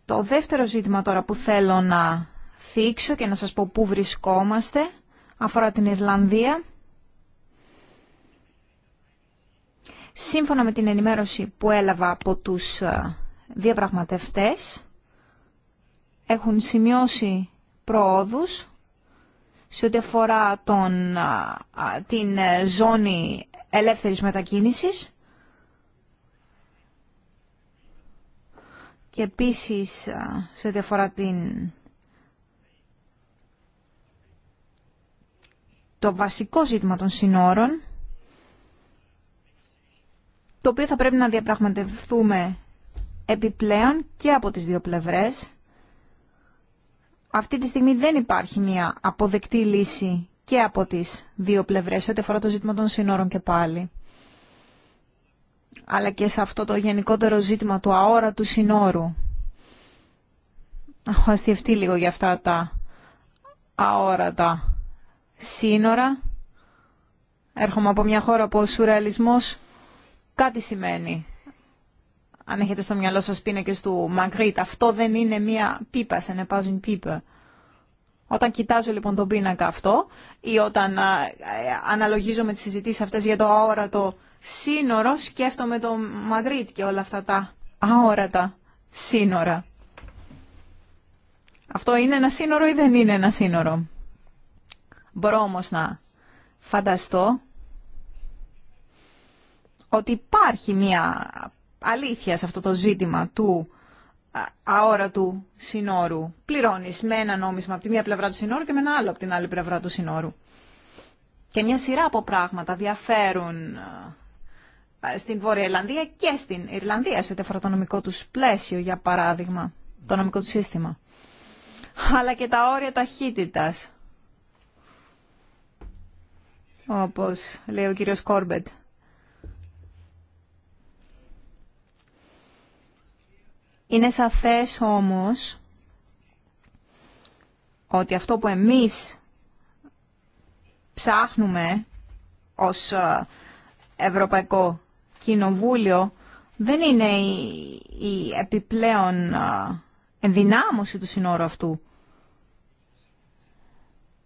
Το δεύτερο ζήτημα τώρα που θέλω να θίξω και να σας πω πού βρισκόμαστε αφορά την Ιρλανδία. Σύμφωνα με την ενημέρωση που έλαβα από τους ε, διαπραγματευτές, έχουν σημειώσει προόδους σε ό,τι αφορά τον, την ε, ζώνη ελεύθερης μετακίνησης. Και επίσης σε ό,τι αφορά την... το βασικό ζήτημα των συνόρων, το οποίο θα πρέπει να διαπραγματευτούμε επιπλέον και από τις δύο πλευρές αυτή τη στιγμή δεν υπάρχει μια αποδεκτή λύση και από τις δύο πλευρές, ό,τι αφορά το ζήτημα των σύνορων και πάλι. Αλλά και σε αυτό το γενικότερο ζήτημα του αόρατου συνόρου. Έχω αστιευτεί λίγο για αυτά τα αόρατα σύνορα. Έρχομαι από μια χώρα που ο σουρεαλισμός κάτι σημαίνει αν έχετε στο μυαλό σας πίνακες του Μαγκρίτ. Αυτό δεν είναι μία πίπα, σε πάζιν πίπα. Όταν κοιτάζω λοιπόν τον πίνακα αυτό ή όταν α, ε, αναλογίζω με τις συζητήσεις αυτές για το αόρατο σύνορο, σκέφτομαι το Μαγκρίτ και όλα αυτά τα αόρατα σύνορα. Αυτό είναι ένα σύνορο ή δεν είναι ένα σύνορο. Μπορώ όμως να φανταστώ ότι υπάρχει μια αλήθεια σε αυτό το ζήτημα του αόρατου συνόρου. Πληρώνεις με ένα νόμισμα από τη μία πλευρά του συνόρου και με ένα άλλο από την άλλη πλευρά του συνόρου. Και μια σειρά από πράγματα διαφέρουν στην Βόρεια Ιρλανδία και στην Ιρλανδία, σε ό,τι αφορά το νομικό τους πλαίσιο, για παράδειγμα, το νομικό του σύστημα. Αλλά και τα όρια ταχύτητας, όπως λέει ο κύριος Κόρμπετ. Είναι σαφές όμως ότι αυτό που εμείς ψάχνουμε ως ε, Ευρωπαϊκό Κοινοβούλιο δεν είναι η, επιπλέον ε, ενδυνάμωση του συνόρου αυτού.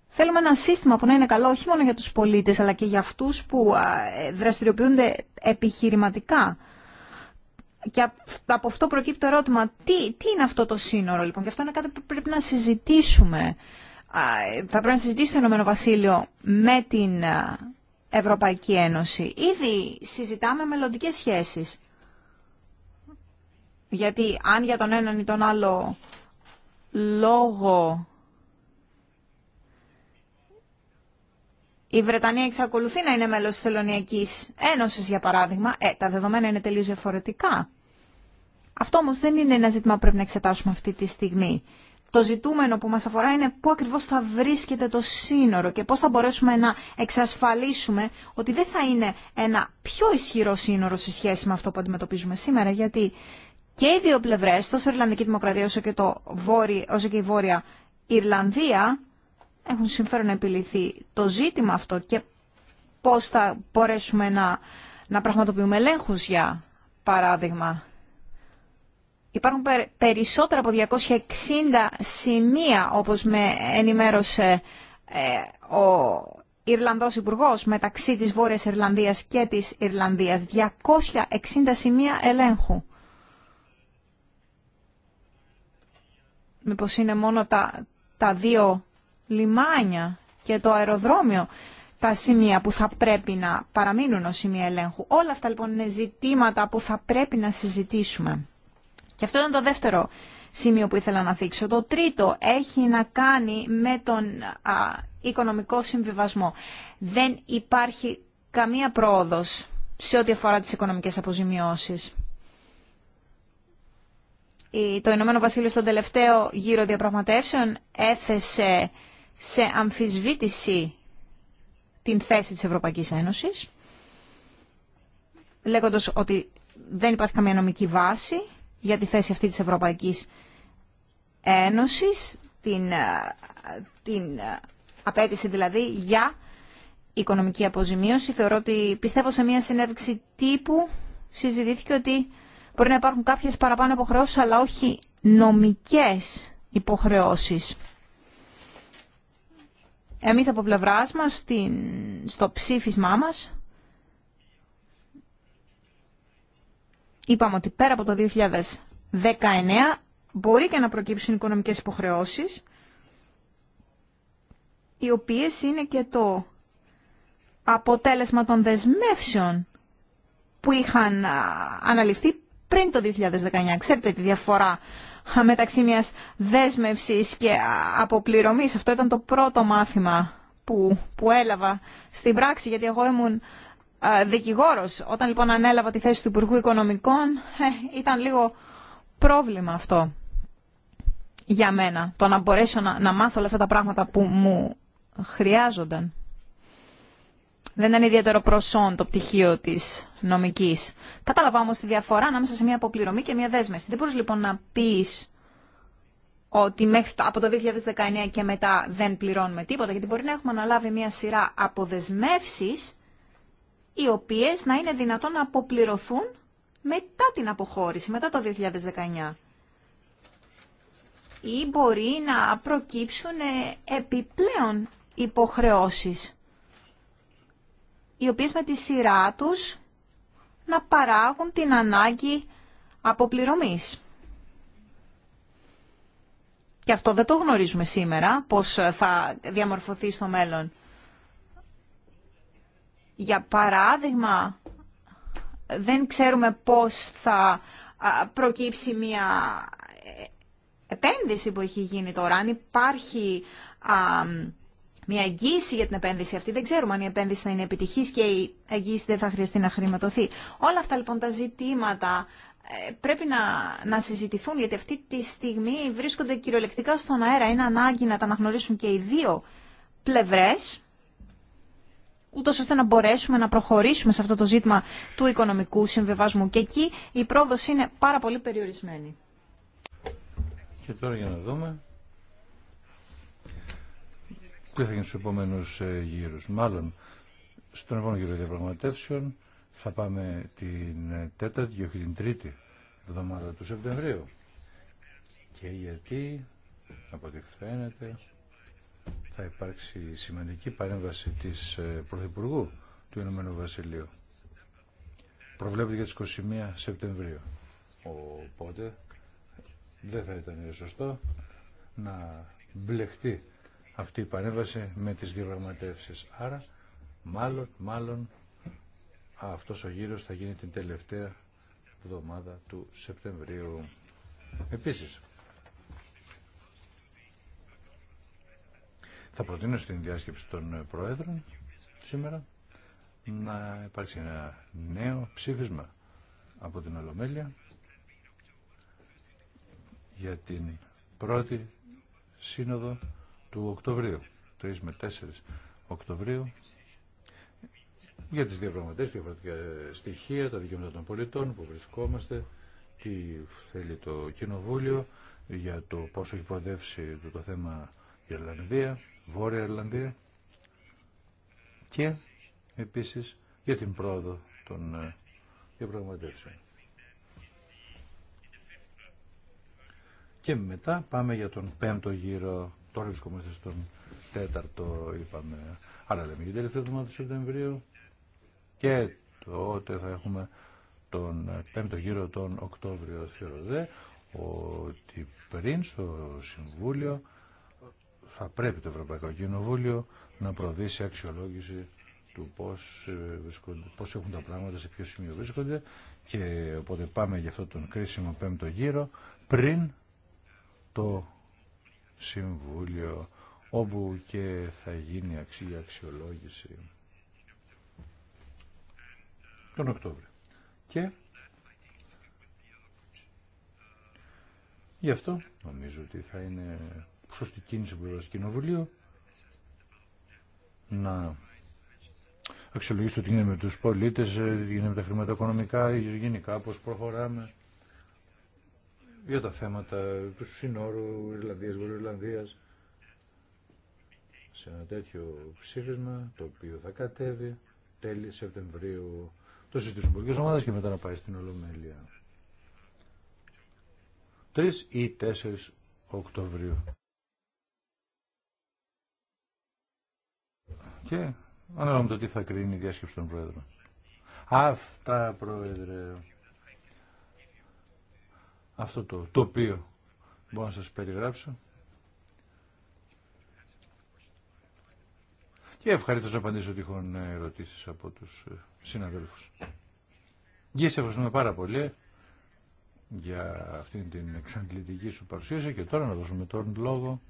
Θέλουμε ένα σύστημα που να είναι καλό όχι μόνο για τους πολίτες αλλά και για αυτούς που ε, δραστηριοποιούνται επιχειρηματικά και από αυτό προκύπτει το ερώτημα, τι, τι είναι αυτό το σύνορο λοιπόν, και αυτό είναι κάτι που πρέπει να συζητήσουμε. Θα πρέπει να συζητήσει το Ηνωμένο Βασίλειο με την Ευρωπαϊκή Ένωση. Ήδη συζητάμε μελλοντικέ σχέσεις. Γιατί αν για τον έναν ή τον άλλο λόγο η Βρετανία εξακολουθεί να είναι μέλος της Θελωνιακής Ένωσης, για παράδειγμα, ε, τα δεδομένα είναι τελείως διαφορετικά. Αυτό όμω δεν είναι ένα ζήτημα που πρέπει να εξετάσουμε αυτή τη στιγμή. Το ζητούμενο που μα αφορά είναι πού ακριβώ θα βρίσκεται το σύνορο και πώ θα μπορέσουμε να εξασφαλίσουμε ότι δεν θα είναι ένα πιο ισχυρό σύνορο σε σχέση με αυτό που αντιμετωπίζουμε σήμερα, γιατί και οι δύο πλευρέ, τόσο η Ιρλανδική Δημοκρατία όσο και, το βόρει, όσο η Βόρεια Ιρλανδία, έχουν συμφέρον να επιληθεί το ζήτημα αυτό και πώς θα μπορέσουμε να, να πραγματοποιούμε ελέγχου για παράδειγμα Υπάρχουν περισσότερα από 260 σημεία, όπως με ενημέρωσε ε, ο Ιρλανδός Υπουργό μεταξύ της Βόρειας Ιρλανδίας και της Ιρλανδίας. 260 σημεία ελέγχου. Μήπως είναι μόνο τα, τα δύο λιμάνια και το αεροδρόμιο τα σημεία που θα πρέπει να παραμείνουν ως σημεία ελέγχου. Όλα αυτά λοιπόν είναι ζητήματα που θα πρέπει να συζητήσουμε. Και αυτό ήταν το δεύτερο σημείο που ήθελα να δείξω. Το τρίτο έχει να κάνει με τον οικονομικό συμβιβασμό. Δεν υπάρχει καμία πρόοδος σε ό,τι αφορά τις οικονομικές αποζημιώσεις. Το Ηνωμένο Βασίλειο στον τελευταίο γύρο διαπραγματεύσεων έθεσε σε αμφισβήτηση την θέση της Ευρωπαϊκής Ένωσης, λέγοντας ότι δεν υπάρχει καμία νομική βάση για τη θέση αυτή της Ευρωπαϊκής Ένωσης, την, ε, την ε, απέτηση δηλαδή για οικονομική αποζημίωση. Θεωρώ ότι πιστεύω σε μια συνέντευξη τύπου συζητήθηκε ότι μπορεί να υπάρχουν κάποιες παραπάνω υποχρεώσεις αλλά όχι νομικές υποχρεώσεις. Εμείς από πλευράς μας στο ψήφισμά μας είπαμε ότι πέρα από το 2019 μπορεί και να προκύψουν οικονομικές υποχρεώσεις, οι οποίες είναι και το αποτέλεσμα των δεσμεύσεων που είχαν αναλυφθεί πριν το 2019. Ξέρετε τη διαφορά μεταξύ μιας δέσμευσης και αποπληρωμής. Αυτό ήταν το πρώτο μάθημα που, που έλαβα στην πράξη, γιατί εγώ ήμουν δικηγόρος. Όταν λοιπόν ανέλαβα τη θέση του Υπουργού Οικονομικών ε, ήταν λίγο πρόβλημα αυτό για μένα. Το να μπορέσω να, μάθω όλα αυτά τα πράγματα που μου χρειάζονταν. Δεν ήταν ιδιαίτερο προσόν το πτυχίο τη νομική. Κατάλαβα όμω τη διαφορά ανάμεσα σε μια αποπληρωμή και μια δέσμευση. Δεν μπορεί λοιπόν να πει ότι μέχρι από το 2019 και μετά δεν πληρώνουμε τίποτα, γιατί μπορεί να έχουμε αναλάβει μια σειρά αποδεσμεύσει, οι οποίες να είναι δυνατόν να αποπληρωθούν μετά την αποχώρηση, μετά το 2019. Ή μπορεί να προκύψουν ε, επιπλέον υποχρεώσεις, οι οποίες με τη σειρά τους να παράγουν την ανάγκη αποπληρωμής. Και αυτό δεν το γνωρίζουμε σήμερα, πώς ε, θα διαμορφωθεί στο μέλλον. Για παράδειγμα, δεν ξέρουμε πώς θα προκύψει μια ε, επένδυση που έχει γίνει τώρα. Αν υπάρχει μια εγγύηση για την επένδυση αυτή, δεν ξέρουμε αν η επένδυση θα είναι επιτυχής και η εγγύηση δεν θα χρειαστεί να χρηματοθεί. Όλα αυτά λοιπόν τα ζητήματα ε, πρέπει να, να συζητηθούν, γιατί αυτή τη στιγμή βρίσκονται κυριολεκτικά στον αέρα. Είναι ανάγκη να τα αναγνωρίσουν και οι δύο πλευρές ούτω ώστε να μπορέσουμε να προχωρήσουμε σε αυτό το ζήτημα του οικονομικού συμβιβασμού. Και εκεί η πρόοδο είναι πάρα πολύ περιορισμένη. Και τώρα για να δούμε. Τι θα γίνει στου επόμενου ε, γύρου. Μάλλον στον επόμενο γύρο διαπραγματεύσεων θα πάμε την ε, τέταρτη και όχι την τρίτη εβδομάδα του Σεπτεμβρίου. Και γιατί, από ό,τι φαίνεται, θα υπάρξει σημαντική παρέμβαση της ε, Πρωθυπουργού του Ηνωμένου Βασιλείου. Προβλέπεται για τις 21 Σεπτεμβρίου. Οπότε δεν θα ήταν σωστό να μπλεχτεί αυτή η παρέμβαση με τις διαπραγματεύσεις. Άρα μάλλον, μάλλον αυτός ο γύρος θα γίνει την τελευταία εβδομάδα του Σεπτεμβρίου. Επίσης, Θα προτείνω στην διάσκεψη των ε, Προέδρων σήμερα να υπάρξει ένα νέο ψήφισμα από την Ολομέλεια για την πρώτη σύνοδο του Οκτωβρίου, 3 με 4 Οκτωβρίου, για τις διαπραγματεύσεις, διαφορετικά στοιχεία, τα δικαιώματα των πολιτών που βρισκόμαστε, τι θέλει το Κοινοβούλιο για το πόσο έχει το, το θέμα Ιρλανδία, Βόρεια Ιρλανδία και επίσης για την πρόοδο των ε, διαπραγματεύσεων. Και μετά πάμε για τον πέμπτο γύρο. Τώρα βρισκόμαστε στον τέταρτο, είπαμε. Άρα λέμε για την τελευταία εβδομάδα του Σεπτεμβρίου. Και τότε θα έχουμε τον ε, πέμπτο γύρο τον Οκτώβριο. Θεωρώ δε ότι πριν στο Συμβούλιο θα πρέπει το Ευρωπαϊκό Κοινοβούλιο να προβεί αξιολόγηση του πώς, ε, πώς έχουν τα πράγματα, σε ποιο σημείο βρίσκονται και οπότε πάμε για αυτό τον κρίσιμο πέμπτο γύρο πριν το Συμβούλιο όπου και θα γίνει αξία αξιολόγηση τον Οκτώβριο. Και γι' αυτό νομίζω ότι θα είναι σωστή κίνηση από το Κοινοβουλίο να αξιολογήσει το τι γίνεται με τους πολίτες, ε, τι γίνεται με τα χρήματα οικονομικά, ε, γενικά πώς προχωράμε για τα θέματα του συνόρου Ιρλανδίας, Βορειοϊρλανδίας σε ένα τέτοιο ψήφισμα το οποίο θα κατέβει τέλη Σεπτεμβρίου το συζητήσουν πολιτικές ομάδες και μετά να πάει στην Ολομέλεια. 3 ή 4 Οκτωβρίου. Και ανάλογα με το τι θα κρίνει η διάσκεψη των Πρόεδρων. Αυτά, Πρόεδρε, αυτό το τοπίο μπορώ να σας περιγράψω. Και ευχαριστώ να απαντήσω τυχόν ερωτήσεις από τους ε, συναδέλφους. Γεια σε ευχαριστούμε πάρα πολύ για αυτήν την εξαντλητική σου παρουσίαση και τώρα να δώσουμε τον λόγο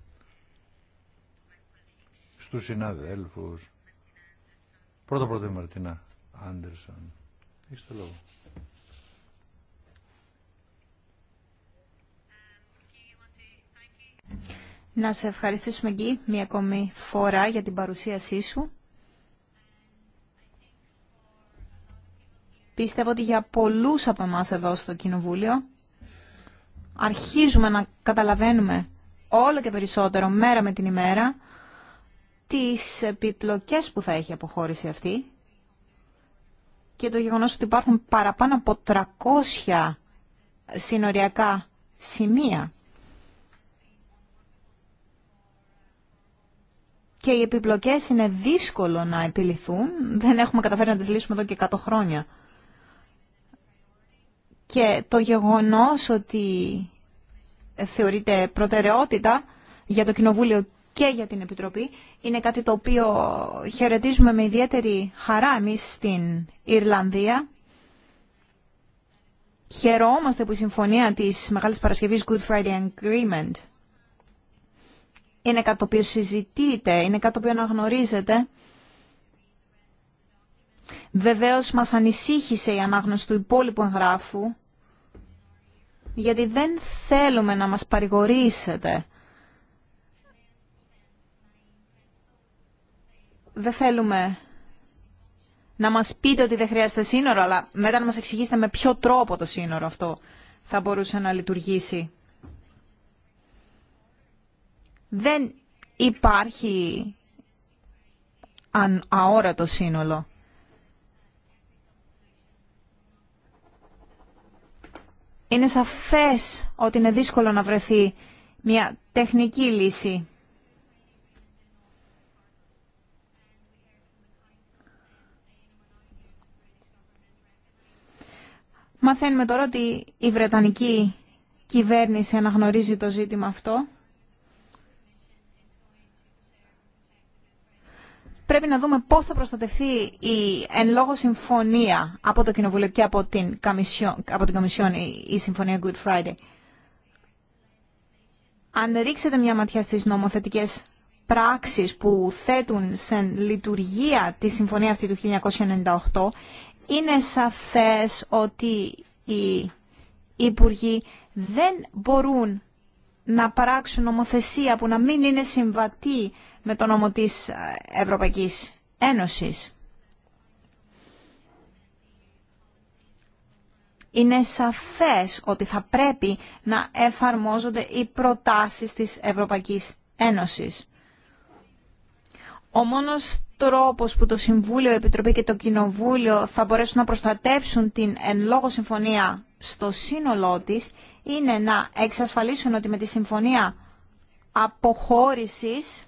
στους συναδέλφους. Πρώτα πρώτα η Μαρτίνα Άντερσον. Είστε Να σε ευχαριστήσουμε εκεί μία ακόμη φορά για την παρουσίασή σου. Πίστευω ότι για πολλούς από εμά εδώ στο Κοινοβούλιο αρχίζουμε να καταλαβαίνουμε όλο και περισσότερο μέρα με την ημέρα τις επιπλοκές που θα έχει αποχώρηση αυτή και το γεγονός ότι υπάρχουν παραπάνω από 300 συνοριακά σημεία. Και οι επιπλοκές είναι δύσκολο να επιληθούν. Δεν έχουμε καταφέρει να τις λύσουμε εδώ και 100 χρόνια. Και το γεγονός ότι θεωρείται προτεραιότητα για το Κοινοβούλιο και για την Επιτροπή. Είναι κάτι το οποίο χαιρετίζουμε με ιδιαίτερη χαρά εμείς στην Ιρλανδία. Χαιρόμαστε που η συμφωνία της Μεγάλης Παρασκευής Good Friday Agreement είναι κάτι το οποίο συζητείται, είναι κάτι το οποίο αναγνωρίζεται. Βεβαίως μας ανησύχησε η ανάγνωση του υπόλοιπου εγγράφου, γιατί δεν θέλουμε να μας παρηγορήσετε δεν θέλουμε να μας πείτε ότι δεν χρειάζεται σύνορο, αλλά μετά να μας εξηγήσετε με ποιο τρόπο το σύνορο αυτό θα μπορούσε να λειτουργήσει. Δεν υπάρχει αν αόρατο σύνολο. Είναι σαφές ότι είναι δύσκολο να βρεθεί μια τεχνική λύση Μαθαίνουμε τώρα ότι η Βρετανική κυβέρνηση αναγνωρίζει το ζήτημα αυτό. Πρέπει να δούμε πώς θα προστατευτεί η εν λόγω συμφωνία από το Κοινοβούλιο και από την Καμισιόν, από την η συμφωνία Good Friday. Αν ρίξετε μια ματιά στις νομοθετικές πράξεις που θέτουν σε λειτουργία τη συμφωνία αυτή του 1998, είναι σαφές ότι οι υπουργοί δεν μπορούν να παράξουν νομοθεσία που να μην είναι συμβατή με τον νόμο της Ευρωπαϊκής Ένωσης. Είναι σαφές ότι θα πρέπει να εφαρμόζονται οι προτάσεις της Ευρωπαϊκής Ένωσης. Ο μόνος τρόπος που το Συμβούλιο, η Επιτροπή και το Κοινοβούλιο θα μπορέσουν να προστατέψουν την εν λόγω συμφωνία στο σύνολό της είναι να εξασφαλίσουν ότι με τη συμφωνία αποχώρησης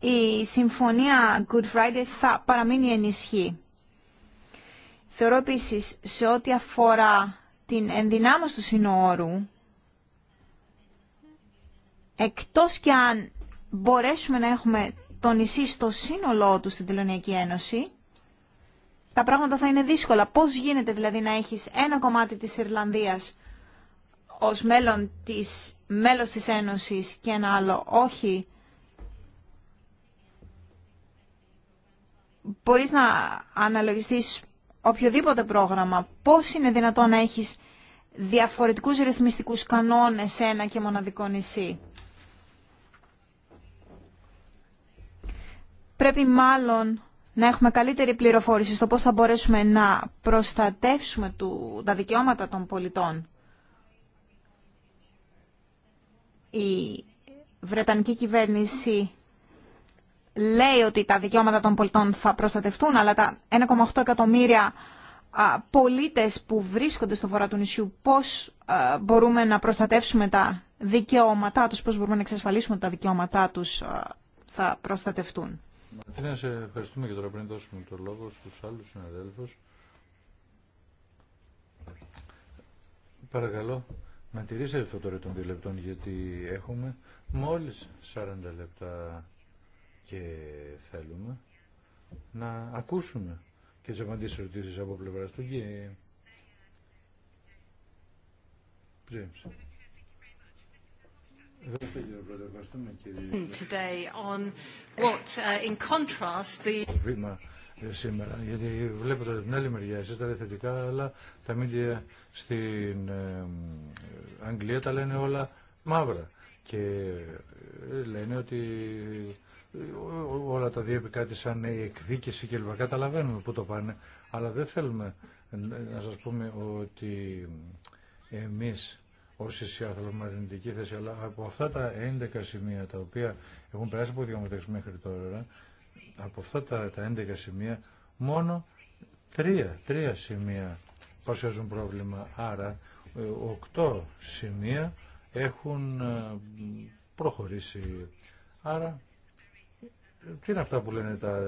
η συμφωνία Good Friday θα παραμείνει ενισχύ. Θεωρώ επίση, σε ό,τι αφορά την ενδυνάμωση του συνόρου, εκτός και αν μπορέσουμε να έχουμε το νησί στο σύνολό του στην Τελωνιακή Ένωση, τα πράγματα θα είναι δύσκολα. Πώς γίνεται δηλαδή να έχεις ένα κομμάτι της Ιρλανδίας ως μέλλον της, μέλος της Ένωσης και ένα άλλο όχι. Μπορείς να αναλογιστείς οποιοδήποτε πρόγραμμα. Πώς είναι δυνατόν να έχεις διαφορετικούς ρυθμιστικούς κανόνες σε ένα και μοναδικό νησί. Πρέπει μάλλον να έχουμε καλύτερη πληροφόρηση στο πώς θα μπορέσουμε να προστατεύσουμε του, τα δικαιώματα των πολιτών. Η Βρετανική κυβέρνηση λέει ότι τα δικαιώματα των πολιτών θα προστατευτούν, αλλά τα 1,8 εκατομμύρια πολίτες που βρίσκονται στο βορρά του νησιού, πώς μπορούμε να προστατεύσουμε τα δικαιώματά τους, πώς μπορούμε να εξασφαλίσουμε τα δικαιώματά τους θα προστατευτούν. Ματίνα, σε ευχαριστούμε και τώρα πριν δώσουμε το λόγο στους άλλους συναδέλφους. Παρακαλώ να τηρήσετε αυτό το των δύο λεπτών γιατί έχουμε μόλις 40 λεπτά και θέλουμε να ακούσουμε και τι απαντήσει ερωτήσει από πλευρά του και... Mm, today on what, uh, in contrast, the... Ε, σήμερα, γιατί βλέπετε από την άλλη μεριά εσείς τα θετικά, αλλά τα μίντια στην ε, Αγγλία τα λένε όλα μαύρα και ε, λένε ότι όλα τα διέπει κάτι σαν η εκδίκηση και λοιπά. Καταλαβαίνουμε πού το πάνε, αλλά δεν θέλουμε να σας πούμε ότι εμείς ως εσύ θέλουμε αρνητική θέση, αλλά από αυτά τα 11 σημεία τα οποία έχουν περάσει από διαμεταξύ μέχρι τώρα, από αυτά τα, τα 11 σημεία, μόνο τρία, τρία σημεία παρουσιάζουν πρόβλημα. Άρα, ε, οκτώ σημεία έχουν ε, προχωρήσει. Άρα, τι είναι αυτά που λένε τα,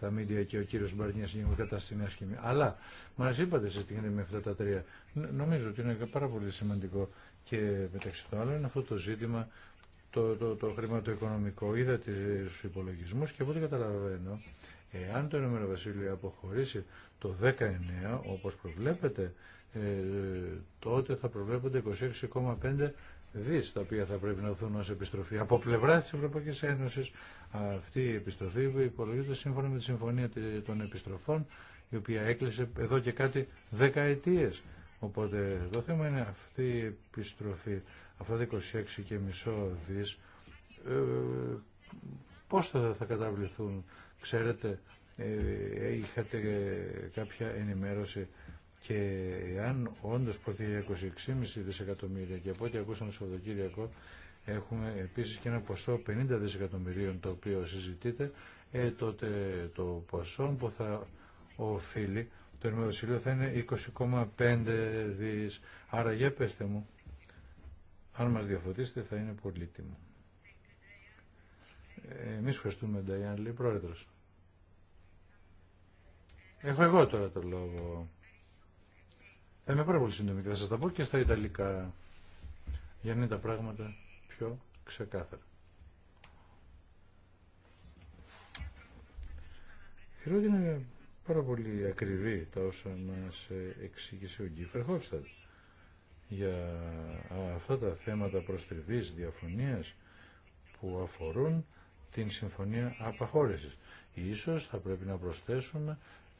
τα, τα και ο κύριο Μπαρνιέ γενικότερα στην κατάστημα σκηνή. Αλλά μα είπατε σε τι γίνεται με αυτά τα τρία. Νομίζω ότι είναι πάρα πολύ σημαντικό και μεταξύ των άλλων είναι αυτό το ζήτημα το, το, το χρηματοοικονομικό. Είδα του υπολογισμού και από ό,τι καταλαβαίνω, εάν το Ηνωμένο Βασίλειο αποχωρήσει το 19, όπω προβλέπετε, ε, τότε θα προβλέπονται 26,5 δις τα οποία θα πρέπει να δοθούν ως επιστροφή. Από πλευρά της Ευρωπαϊκής Ένωσης αυτή η επιστροφή υπολογίζεται σύμφωνα με τη Συμφωνία των Επιστροφών η οποία έκλεισε εδώ και κάτι δεκαετίες. Οπότε το θέμα είναι αυτή η επιστροφή, αυτά τα 26 και μισό δις, ε, πώς θα, θα καταβληθούν. Ξέρετε, ε, είχατε κάποια ενημέρωση και αν όντως προτείνει 26,5 δισεκατομμύρια και από ό,τι ακούσαμε στο Σαββατοκύριακο έχουμε επίσης και ένα ποσό 50 δισεκατομμυρίων το οποίο συζητείτε ε, τότε το ποσό που θα οφείλει το Ηνωμένο θα είναι 20,5 δις. Άρα για πέστε μου, αν μας διαφωτίσετε θα είναι πολύτιμο. Εμείς ευχαριστούμε, Νταϊάν, λέει πρόεδρος. Έχω εγώ τώρα το λόγο. Θα είμαι πάρα πολύ σύντομη και θα σας τα πω και στα Ιταλικά για να είναι τα πράγματα πιο ξεκάθαρα. Θεωρώ πάρα πολύ ακριβή τα όσα μας εξήγησε ο Γκίφερ Χόφστατ για αυτά τα θέματα προστριβής διαφωνίας που αφορούν την Συμφωνία Απαχώρησης. Ίσως θα πρέπει να προσθέσουμε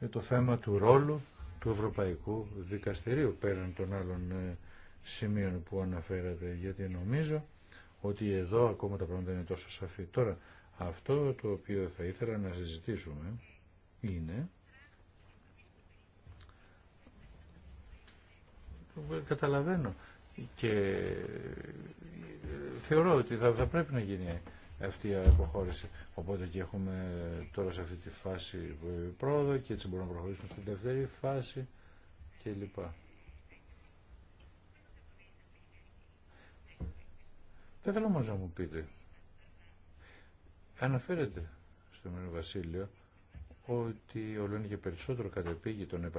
το θέμα του ρόλου του Ευρωπαϊκού Δικαστηρίου πέραν των άλλων ε, σημείων που αναφέρατε γιατί νομίζω ότι εδώ ακόμα τα πράγματα είναι τόσο σαφή. Τώρα αυτό το οποίο θα ήθελα να συζητήσουμε είναι καταλαβαίνω και ε, θεωρώ ότι θα, πρέπει να γίνει αυτή η αποχώρηση. Οπότε και έχουμε ε, τώρα σε αυτή τη φάση ε, πρόοδο και έτσι μπορούμε να προχωρήσουμε στην δεύτερη φάση κλπ. Δεν θέλω όμως να μου πείτε. Αναφέρεται στο Μενού Βασίλειο ότι όλο και περισσότερο κατεπήγει τον με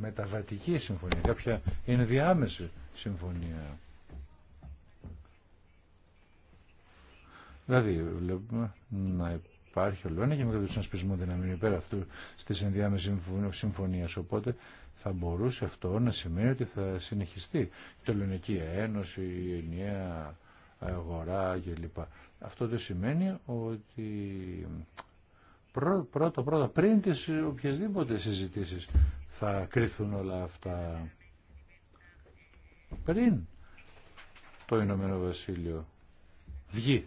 μεταβατική συμφωνία, κάποια ενδιάμεση συμφωνία. Δηλαδή, βλέπουμε να υπάρχει ολόνα και μεγάλο συνασπισμό δυναμίου πέρα αυτού στη συνδιάμεση συμφωνία, Οπότε θα μπορούσε αυτό να σημαίνει ότι θα συνεχιστεί η Τελωνική Ένωση, η ενιαία αγορά κλπ. Αυτό δεν σημαίνει ότι πρώτα, πρώτα, πριν τις οποιασδήποτε συζητήσεις θα κρυφθούν όλα αυτά. Πριν το Ηνωμένο Βασίλειο βγει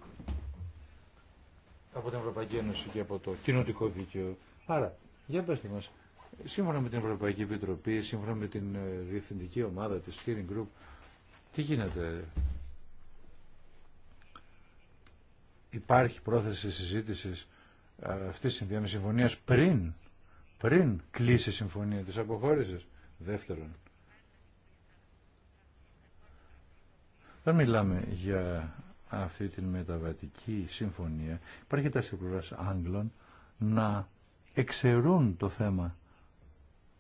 από την Ευρωπαϊκή Ένωση και από το κοινωτικό δίκαιο. Άρα, για πέστε μας, σύμφωνα με την Ευρωπαϊκή Επιτροπή, σύμφωνα με την ε, διευθυντική ομάδα της Steering Group, τι γίνεται. Υπάρχει πρόθεση συζήτησης αυτή τη συνδιάμεση συμφωνία πριν, πριν κλείσει η συμφωνία της αποχώρηση Δεύτερον, δεν μιλάμε για αυτή την μεταβατική συμφωνία. Υπάρχει τα Άγγλων να εξαιρούν το θέμα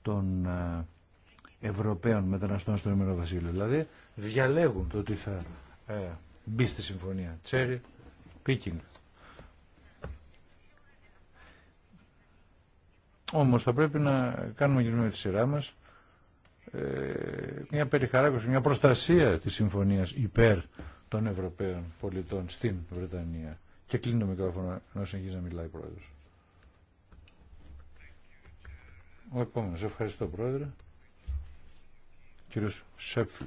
των ε, Ευρωπαίων μεταναστών στο Ηνωμένο Βασίλειο. Δηλαδή διαλέγουν το ότι θα ε, μπει στη συμφωνία. Τσέρι, Πίκινγκ. Όμως θα πρέπει να κάνουμε και με τη σειρά μας ε, μια περιχαράκωση, μια προστασία της συμφωνίας υπέρ των Ευρωπαίων πολιτών στην Βρετανία. Και κλείνει το μικρόφωνο να συνεχίζει να μιλάει πρόεδρος. Ο επόμενος. Ευχαριστώ πρόεδρε. Κύριος Σέπφλ.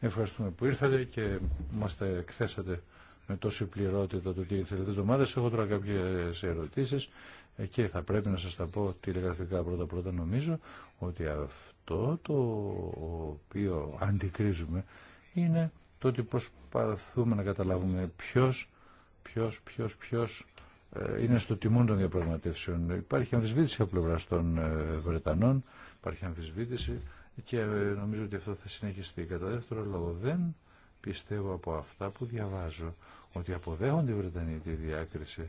Ευχαριστούμε που ήρθατε και μας τα εκθέσατε με τόση πληρότητα το τι ήθελε τις εβδομάδες. Έχω τώρα κάποιες ερωτήσεις και θα πρέπει να σας τα πω τηλεγραφικά πρώτα πρώτα νομίζω ότι αυτό το οποίο αντικρίζουμε είναι το ότι προσπαθούμε να καταλάβουμε ποιος, ποιος, ποιος, ποιος ε, είναι στο τιμόν των διαπραγματεύσεων. Υπάρχει αμφισβήτηση από πλευρά των ε, Βρετανών, υπάρχει αμφισβήτηση και ε, νομίζω ότι αυτό θα συνεχιστεί. Κατά δεύτερο λόγο δεν πιστεύω από αυτά που διαβάζω ότι αποδέχονται οι Βρετανοί τη διάκριση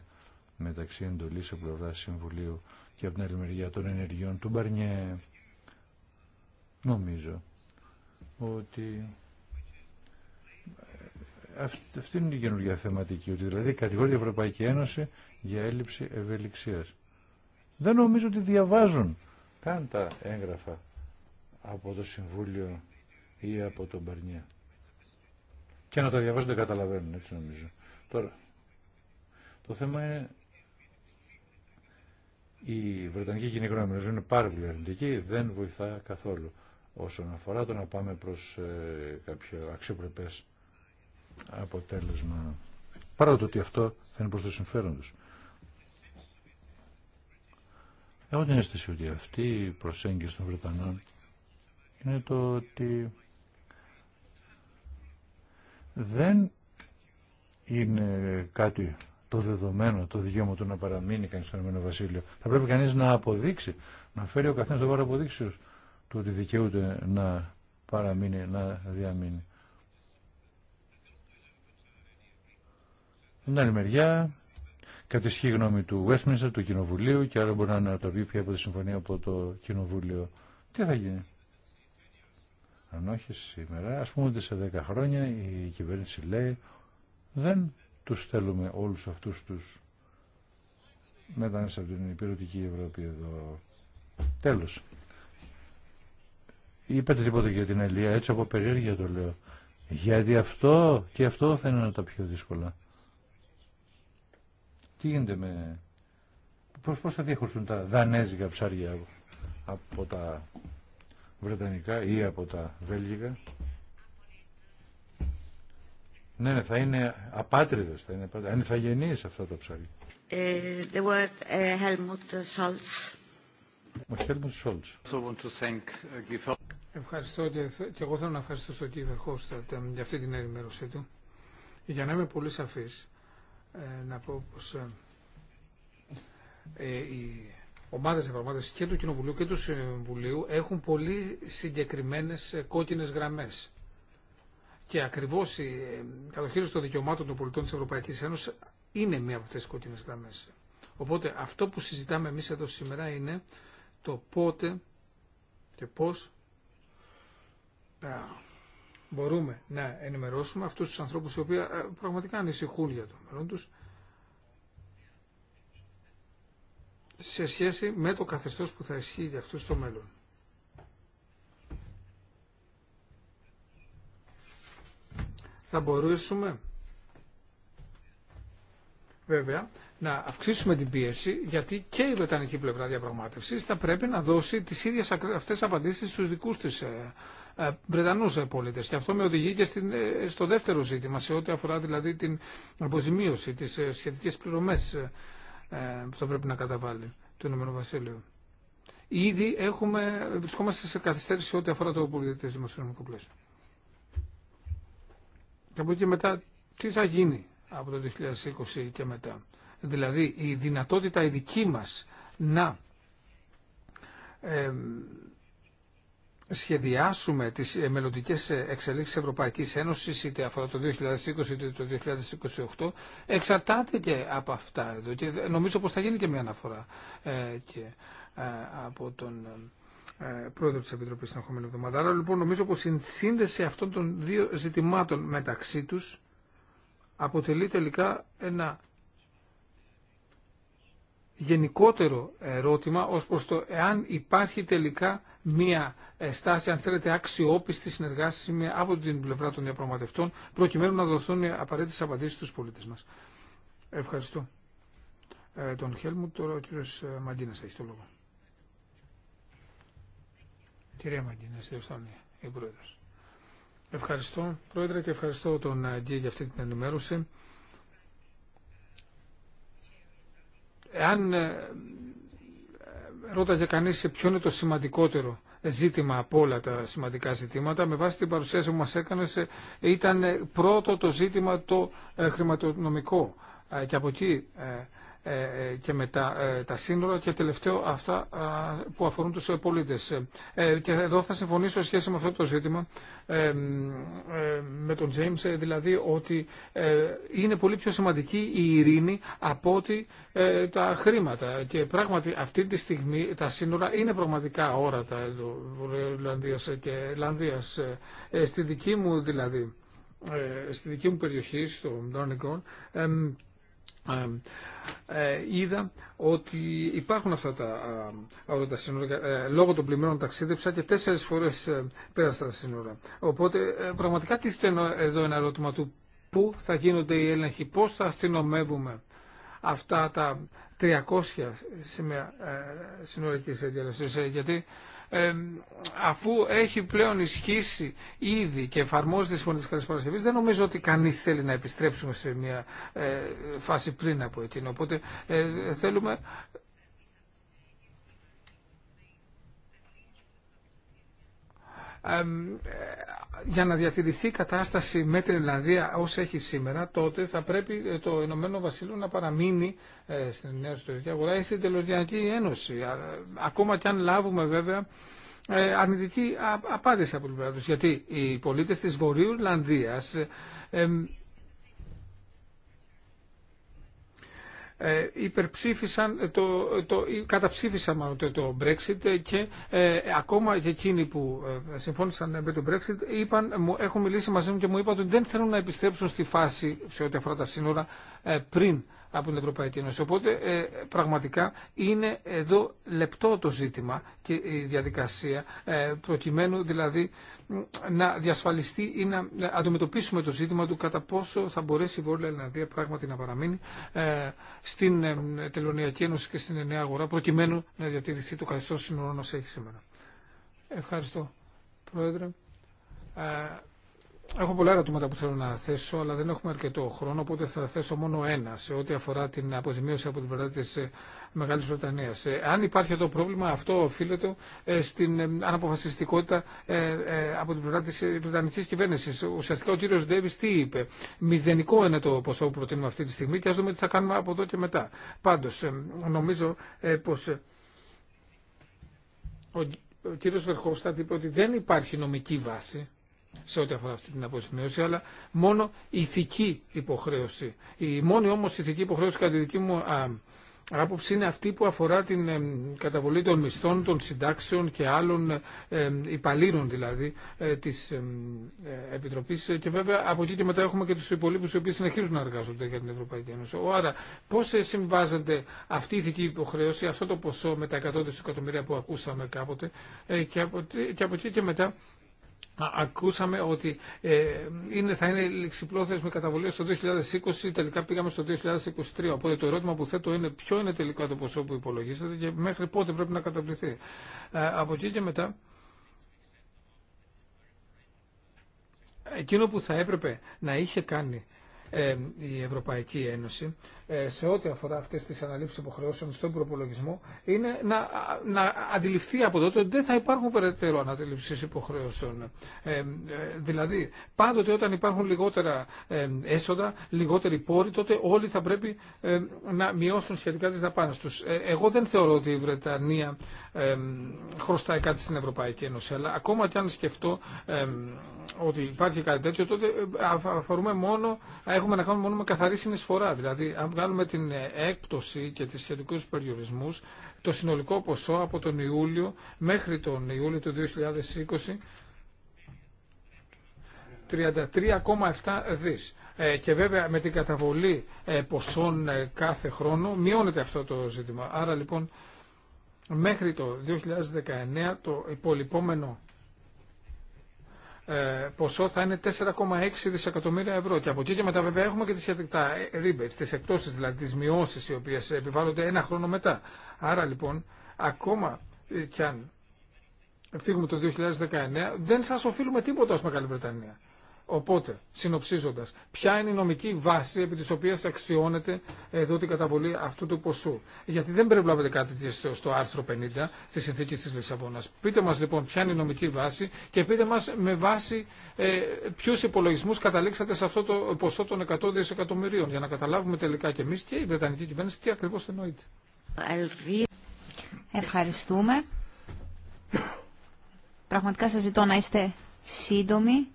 μεταξύ εντολή σε πλευρά Συμβουλίου και από την άλλη μεριά των ενεργειών του Μπαρνιέ. Νομίζω ότι ε, αυτή είναι η καινούργια θεματική, ότι δηλαδή κατηγορεί η Ευρωπαϊκή Ένωση για έλλειψη ευελιξίας. Δεν νομίζω ότι διαβάζουν καν τα έγγραφα από το Συμβούλιο ή από τον Μπαρνιέ. Και να τα διαβάζουν δεν καταλαβαίνουν, έτσι νομίζω. Τώρα, το θέμα είναι η Βρετανική κοινή γνώμη είναι πάρα πολύ αρνητική, δεν βοηθά καθόλου όσον αφορά το να πάμε προς ε, κάποιο αξιοπρεπές αποτέλεσμα. Παρά το ότι αυτό θα είναι προς το συμφέρον τους. Έχω την αίσθηση ότι αυτή η προσέγγιση των Βρετανών είναι το ότι δεν είναι κάτι το δεδομένο, το δικαίωμα του να παραμείνει κανεί στο Ηνωμένο Βασίλειο. Θα πρέπει κανεί να αποδείξει, να φέρει ο καθένα το βάρο αποδείξεω του ότι δικαιούται να παραμείνει, να διαμείνει. την άλλη μεριά, κατησχύει γνώμη του Westminster, του Κοινοβουλίου, και άλλο μπορεί να ανατολεί πια από τη συμφωνία από το Κοινοβούλιο. Τι θα γίνει. Αν όχι σήμερα, ας πούμε ότι σε 10 χρόνια η κυβέρνηση λέει δεν τους στέλνουμε όλους αυτούς τους μετανάστες από την υπηρετική Ευρώπη εδώ. Τέλος. Είπατε τίποτα για την Ελία, έτσι από περίεργεια το λέω. Γιατί αυτό και αυτό θα είναι τα πιο δύσκολα. Τι γίνεται με... Πώς, πώς θα διαχωριστούν τα δανέζικα ψάρια από τα βρετανικά ή από τα βέλγικα. Ναι, ναι, θα είναι απάτριδες, θα είναι ανηθαγενείς αυτά τα ψάρια. Ευχαριστώ και, και εγώ θέλω να ευχαριστώ τον κύριο Χόφστατ για αυτή την ενημέρωσή του. Για να είμαι πολύ σαφής, ε, να πω πως ε, ε, οι ομάδες διαπραγμάτευσης και του Κοινοβουλίου και του Συμβουλίου έχουν πολύ συγκεκριμένες κόκκινες γραμμές και ακριβώ η ε, κατοχήρωση των δικαιωμάτων των πολιτών τη Ευρωπαϊκή Ένωση είναι μία από αυτέ τι κόκκινε γραμμέ. Οπότε αυτό που συζητάμε εμεί εδώ σήμερα είναι το πότε και πώ μπορούμε να ενημερώσουμε αυτού του ανθρώπου οι οποίοι ε, πραγματικά ανησυχούν για το μέλλον του σε σχέση με το καθεστώ που θα ισχύει για αυτού στο μέλλον. θα μπορούσαμε βέβαια να αυξήσουμε την πίεση, γιατί και η Βρετανική πλευρά διαπραγμάτευση θα πρέπει να δώσει τι ίδιε αυτέ απαντήσει στου δικού τη ε, ε, Βρετανού ε, πολίτε. Και αυτό με οδηγεί και στο δεύτερο ζήτημα, σε ό,τι αφορά δηλαδή την αποζημίωση, τι σχετικέ πληρωμέ που θα πρέπει να καταβάλει το Ηνωμένο Βασίλειο. Ήδη έχουμε, βρισκόμαστε σε καθυστέρηση σε ό,τι αφορά το πολιτικό δημοσιονομικό πλαίσιο. Και από εκεί και μετά τι θα γίνει από το 2020 και μετά. Δηλαδή η δυνατότητα η δική μας να σχεδιάσουμε τις ε, μελλοντικέ ε, εξελίξεις Ευρωπαϊκής Ένωσης είτε αφορά το 2020 είτε το 2028 εξαρτάται και από αυτά εδώ και νομίζω πως θα γίνει και μια αναφορά ε, και, από τον ε, πρόεδρο τη Επιτροπή την ερχόμενη εβδομάδα. Άρα λοιπόν νομίζω πως η σύνδεση αυτών των δύο ζητημάτων μεταξύ τους αποτελεί τελικά ένα γενικότερο ερώτημα ως προς το εάν υπάρχει τελικά μία ε, στάση, αν θέλετε, αξιόπιστη με από την πλευρά των διαπραγματευτών, προκειμένου να δοθούν οι απαραίτητες απαντήσεις στους πολίτες μας. Ευχαριστώ. Ε, τον Χέλμου, τώρα ο κύριος ε, Μαντίνας έχει το λόγο. Κυρία Μαγκίνα, η Ευχαριστώ, Πρόεδρε, και ευχαριστώ τον Αγγί για αυτή την ενημέρωση. Εάν ε, ε, ρώταγε κανείς ποιο είναι το σημαντικότερο ζήτημα από όλα τα σημαντικά ζητήματα. Με βάση την παρουσίαση που μας έκανε ήταν πρώτο το ζήτημα το ε, χρηματονομικό και από εκεί ε, ε, και μετά τα, ε, τα σύνορα και τελευταίο αυτά που αφορούν τους πολίτες. Και εδώ θα συμφωνήσω σχέση με αυτό το ζήτημα με τον James, δηλαδή ότι είναι πολύ πιο σημαντική η ειρήνη από ότι τα χρήματα. Και πράγματι αυτή τη στιγμή τα σύνορα είναι πραγματικά όρατα εδώ, και Λανδίας. Στη δική μου δηλαδή, στη δική μου περιοχή, στο Ντόνικον, ε, είδα ότι υπάρχουν αυτά τα τα σύνορα. Ε, λόγω των πλημμύρων ταξίδεψα και τέσσερις φορές ε, πέρασα τα σύνορα. Οπότε πραγματικά τίθεται εδώ ένα ερώτημα του πού θα γίνονται οι έλεγχοι, πώς θα αστυνομεύουμε αυτά τα 300 σημεία συνορικής γιατί αφού έχει πλέον ισχύσει ήδη και εφαρμόζεται η Συμφωνία της Παρασκευής, δεν νομίζω ότι κανείς θέλει να επιστρέψουμε σε μια ε, φάση πριν από εκείνο. Οπότε ε, θέλουμε Ε, για να διατηρηθεί η κατάσταση με την Ιρλανδία όσο έχει σήμερα, τότε θα πρέπει ε, το Ηνωμένο Βασίλειο να παραμείνει ε, στην νέα Ιστορική αγορά ή στην τελωνιακή ένωση. Ακόμα και αν λάβουμε βέβαια αρνητική απάντηση από την πλευρά του. Γιατί οι πολίτε τη Βορείου Ιρλανδία Ε, υπερψήφισαν, ε, το, το, ε, καταψήφισαν το, το Brexit και ακόμα και εκείνοι που συμφώνησαν με το Brexit είπαν, μου, έχουν μιλήσει μαζί μου και μου είπαν ότι δεν θέλουν να επιστρέψουν στη φάση σε ό,τι αφορά τα σύνορα πριν από την Ευρωπαϊκή Ένωση. Οπότε ε, πραγματικά είναι εδώ λεπτό το ζήτημα και η διαδικασία ε, προκειμένου δηλαδή να διασφαλιστεί ή να αντιμετωπίσουμε το ζήτημα του κατά πόσο θα μπορέσει η Βόρεια Ελληναδία πράγματι να παραμείνει ε, στην Τελωνιακή Ένωση και στην Εννέα Αγορά προκειμένου να διατηρηθεί το καθεστώς σύνορων όσο έχει σήμερα. Ευχαριστώ, Πρόεδρε. Έχω πολλά ερωτήματα που θέλω να θέσω, αλλά δεν έχουμε αρκετό χρόνο, οπότε θα θέσω μόνο ένα σε ό,τι αφορά την αποζημίωση από την πλευρά τη ε, Μεγάλη Βρετανία. Ε, αν υπάρχει εδώ πρόβλημα, αυτό οφείλεται ε, στην αναποφασιστικότητα από την πλευρά τη Βρετανική κυβέρνηση. Ουσιαστικά ο κύριο Ντέβι τι είπε. Μηδενικό είναι το ποσό που προτείνουμε αυτή τη στιγμή και α δούμε τι θα κάνουμε από εδώ και μετά. Πάντω, νομίζω πω. Ο κύριος Βερχόφστατ είπε ότι δεν υπάρχει νομική βάση σε ό,τι αφορά αυτή την αποζημίωση, αλλά μόνο ηθική υποχρέωση. Η μόνη όμως ηθική υποχρέωση κατά τη δική μου άποψη είναι αυτή που αφορά την καταβολή των μισθών, των συντάξεων και άλλων υπαλλήλων δηλαδή ε, της ε, Επιτροπής ε, και βέβαια από εκεί και μετά έχουμε και τους υπολείπους οι οποίοι συνεχίζουν να εργάζονται για την Ευρωπαϊκή Ένωση. Άρα πώς συμβάζεται αυτή η ηθική υποχρέωση, αυτό το ποσό με τα 100 εκατομμυρία που ακούσαμε κάποτε και από εκεί και μετά ακούσαμε ότι ε, είναι, θα είναι με καταβολή στο 2020, τελικά πήγαμε στο 2023. Οπότε το ερώτημα που θέτω είναι ποιο είναι τελικά το ποσό που υπολογίζεται και μέχρι πότε πρέπει να καταβληθεί. Ε, από εκεί και μετά, εκείνο που θα έπρεπε να είχε κάνει ε, η Ευρωπαϊκή Ένωση σε ό,τι αφορά αυτέ τι αναλήψει υποχρεώσεων στον προπολογισμό είναι να, να αντιληφθεί από τότε ότι δεν θα υπάρχουν περαιτέρω αναλήψει υποχρεώσεων. Ε, δηλαδή, πάντοτε όταν υπάρχουν λιγότερα έσοδα, λιγότεροι πόροι, τότε όλοι θα πρέπει να μειώσουν σχετικά τι δαπάνε του. εγώ δεν θεωρώ ότι η Βρετανία χρωστάει κάτι στην Ευρωπαϊκή Ένωση, αλλά ακόμα και αν σκεφτώ ότι υπάρχει κάτι τέτοιο, τότε αφορούμε μόνο, έχουμε να κάνουμε μόνο με καθαρή συνεισφορά. Δηλαδή, βγάλουμε την ε, έκπτωση και τις σχετικούς περιορισμούς, το συνολικό ποσό από τον Ιούλιο μέχρι τον Ιούλιο του 2020 33,7 δις. Ε, και βέβαια με την καταβολή ε, ποσών κάθε χρόνο μειώνεται αυτό το ζήτημα. Άρα λοιπόν μέχρι το 2019 το υπολοιπόμενο ε, ποσό θα είναι 4,6 δισεκατομμύρια ευρώ. Και από εκεί και μετά βέβαια έχουμε και τις σχετικά rebates, τις εκτόσεις, δηλαδή τις μειώσεις οι οποίες επιβάλλονται ένα χρόνο μετά. Άρα λοιπόν, ακόμα ε, κι αν φύγουμε το 2019, δεν σας οφείλουμε τίποτα ως Μεγάλη Βρετανία. Οπότε, συνοψίζοντα, ποια είναι η νομική βάση επί τη οποία αξιώνεται εδώ την καταβολή αυτού του ποσού. Γιατί δεν περιβλάβεται κάτι στο άρθρο 50 τη συνθήκη τη Λισαβόνα. Πείτε μα λοιπόν ποια είναι η νομική βάση και πείτε μα με βάση ε, ποιου υπολογισμού καταλήξατε σε αυτό το ποσό των 100 δισεκατομμυρίων. Για να καταλάβουμε τελικά και εμεί και η Βρετανική κυβέρνηση τι ακριβώ εννοείται. Ευχαριστούμε. Πραγματικά σα ζητώ να είστε σύντομοι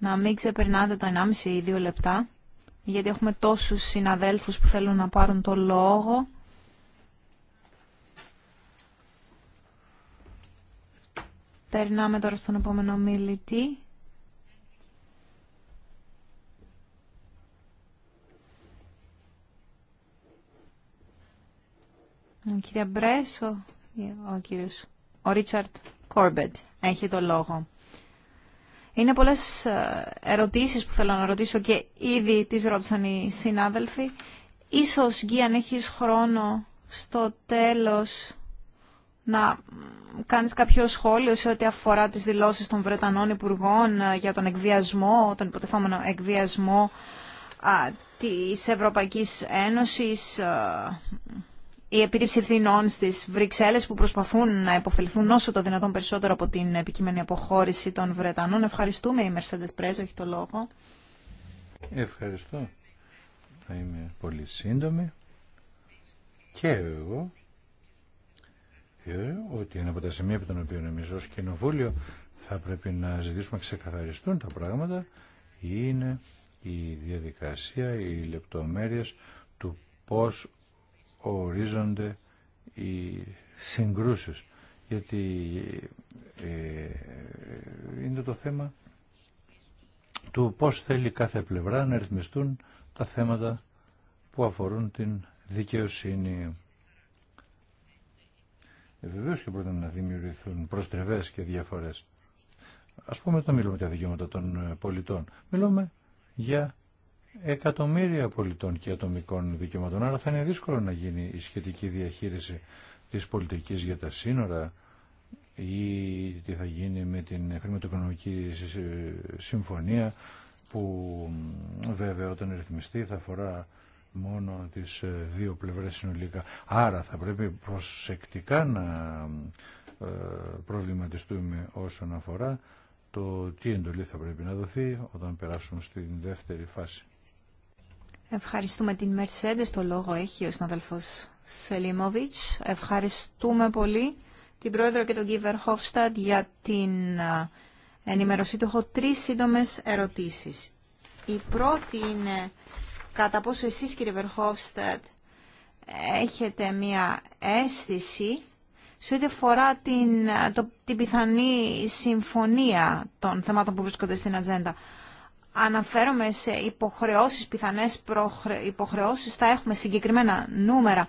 να μην ξεπερνάτε το 1,5 ή 2 λεπτά, γιατί έχουμε τόσους συναδέλφους που θέλουν να πάρουν το λόγο. Περνάμε τώρα στον επόμενο μιλητή. Ο κύριε Μπρέσο, ο κύριος, ο Ρίτσαρτ Κόρμπετ, έχει το λόγο. Είναι πολλές ε, ερωτήσεις που θέλω να ρωτήσω και ήδη τις ρώτησαν οι συνάδελφοι. Ίσως, Γκί, αν έχεις χρόνο στο τέλος να κάνεις κάποιο σχόλιο σε ό,τι αφορά τις δηλώσεις των Βρετανών Υπουργών ε, για τον εκβιασμό, τον υποτεθόμενο εκβιασμό α, της Ευρωπαϊκής Ένωσης ε, η επίρρηψη ευθυνών στι Βρυξέλλε που προσπαθούν να υποφεληθούν όσο το δυνατόν περισσότερο από την επικείμενη αποχώρηση των Βρετανών. Ευχαριστούμε η Mercedes Πρέζο έχει το λόγο. Ευχαριστώ. Θα είμαι πολύ σύντομη. Και εγώ θεωρώ ότι είναι από τα σημεία από τον οποία νομίζω ως κοινοβούλιο θα πρέπει να ζητήσουμε να ξεκαθαριστούν τα πράγματα είναι η διαδικασία, οι λεπτομέρειες του πώς ορίζονται οι συγκρούσεις γιατί ε, είναι το θέμα του πώς θέλει κάθε πλευρά να ρυθμιστούν τα θέματα που αφορούν την δικαιοσύνη. Ε, Βεβαίω και πρέπει να δημιουργηθούν προστρεβές και διαφορές. Ας πούμε, όταν μιλούμε για δικαιώματα των ε, πολιτών, μιλούμε για εκατομμύρια πολιτών και ατομικών δικαιωμάτων. Άρα θα είναι δύσκολο να γίνει η σχετική διαχείριση της πολιτικής για τα σύνορα ή τι θα γίνει με την χρηματοοικονομική ε, συμφωνία που βέβαια όταν ρυθμιστεί θα αφορά μόνο τις ε, δύο πλευρές συνολικά. Άρα θα πρέπει προσεκτικά να ε, προβληματιστούμε όσον αφορά το τι εντολή θα πρέπει να δοθεί όταν περάσουμε στην δεύτερη φάση. Ευχαριστούμε την Mercedes το λόγο έχει ο συναδελφός Σελίμωβιτς. Ευχαριστούμε πολύ την Πρόεδρο και τον Κίβερ για την ενημερωσή του. Έχω τρεις σύντομες ερωτήσεις. Η πρώτη είναι κατά πόσο εσείς κύριε Βερχόφστατ έχετε μία αίσθηση σε ό,τι αφορά την, το, την πιθανή συμφωνία των θεμάτων που βρίσκονται στην ατζέντα αναφέρομαι σε υποχρεώσεις, πιθανές υποχρεώσεις, θα έχουμε συγκεκριμένα νούμερα,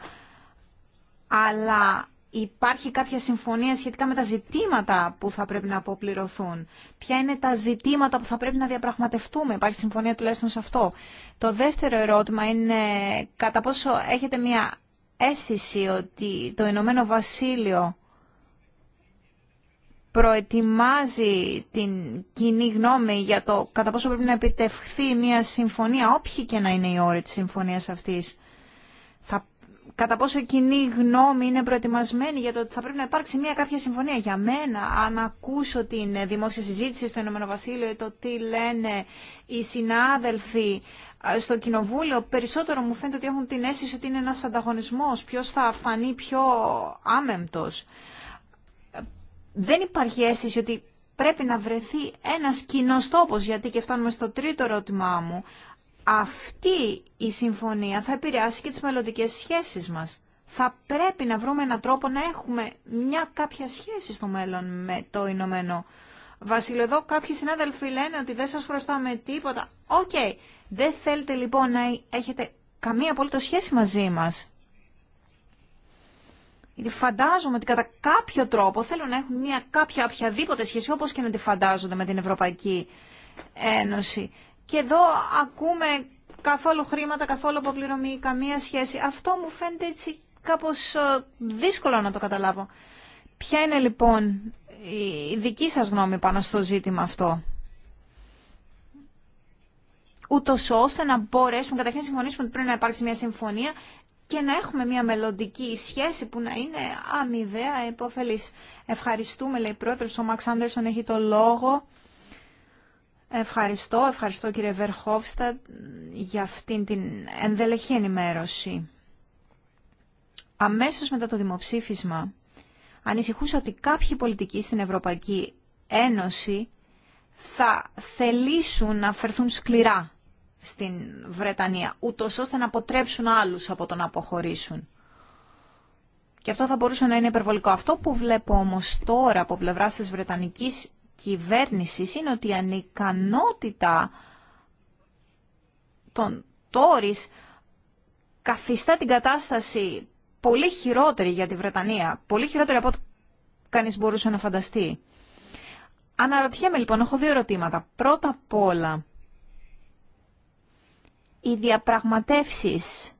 αλλά υπάρχει κάποια συμφωνία σχετικά με τα ζητήματα που θα πρέπει να αποπληρωθούν. Ποια είναι τα ζητήματα που θα πρέπει να διαπραγματευτούμε. Υπάρχει συμφωνία τουλάχιστον σε αυτό. Το δεύτερο ερώτημα είναι κατά πόσο έχετε μια αίσθηση ότι το Ηνωμένο Βασίλειο προετοιμάζει την κοινή γνώμη για το κατά πόσο πρέπει να επιτευχθεί μια συμφωνία, όποιοι και να είναι οι όροι της συμφωνίας αυτής, θα, κατά πόσο η κοινή γνώμη είναι προετοιμασμένη για το ότι θα πρέπει να υπάρξει μια κάποια συμφωνία. Για μένα, αν ακούσω την δημόσια συζήτηση στο Ηνωμένο Βασίλειο, το τι λένε οι συνάδελφοι, στο κοινοβούλιο περισσότερο μου φαίνεται ότι έχουν την αίσθηση ότι είναι ένας ανταγωνισμός, ποιος θα φανεί πιο άμεμπτος δεν υπάρχει αίσθηση ότι πρέπει να βρεθεί ένας κοινό τόπος, γιατί και φτάνουμε στο τρίτο ερώτημά μου. Αυτή η συμφωνία θα επηρεάσει και τις μελλοντικέ σχέσεις μας. Θα πρέπει να βρούμε έναν τρόπο να έχουμε μια κάποια σχέση στο μέλλον με το Ηνωμένο Βασίλειο. Εδώ κάποιοι συνάδελφοι λένε ότι δεν σας χρωστάμε τίποτα. Οκ, δεν θέλετε λοιπόν να έχετε καμία απολύτω σχέση μαζί μας. Γιατί φαντάζομαι ότι κατά κάποιο τρόπο θέλουν να έχουν μια κάποια οποιαδήποτε σχέση, όπως και να τη φαντάζονται με την Ευρωπαϊκή Ένωση. Και εδώ ακούμε καθόλου χρήματα, καθόλου αποπληρωμή, καμία σχέση. Αυτό μου φαίνεται έτσι κάπως ε, δύσκολο να το καταλάβω. Ποια είναι λοιπόν η δική σας γνώμη πάνω στο ζήτημα αυτό. Ούτω ώστε να μπορέσουμε καταρχήν να συμφωνήσουμε ότι πρέπει να υπάρξει μια συμφωνία και να έχουμε μια μελλοντική σχέση που να είναι αμοιβαία υπόφελης. Ευχαριστούμε, λέει πρόεδρος, ο Μαξ Άντερσον έχει το λόγο. Ευχαριστώ, ευχαριστώ κύριε Βερχόφστα για αυτήν την ενδελεχή ενημέρωση. Αμέσως μετά το δημοψήφισμα ανησυχούσα ότι κάποιοι πολιτικοί στην Ευρωπαϊκή Ένωση θα θελήσουν να φερθούν σκληρά στην Βρετανία, ούτω ώστε να αποτρέψουν άλλους από το να αποχωρήσουν. Και αυτό θα μπορούσε να είναι υπερβολικό. Αυτό που βλέπω όμως τώρα από πλευρά της Βρετανικής κυβέρνησης είναι ότι η ανικανότητα των Τόρις καθιστά την κατάσταση πολύ χειρότερη για τη Βρετανία, πολύ χειρότερη από ό,τι κανείς μπορούσε να φανταστεί. Αναρωτιέμαι λοιπόν, έχω δύο ερωτήματα. Πρώτα απ' όλα, οι διαπραγματεύσεις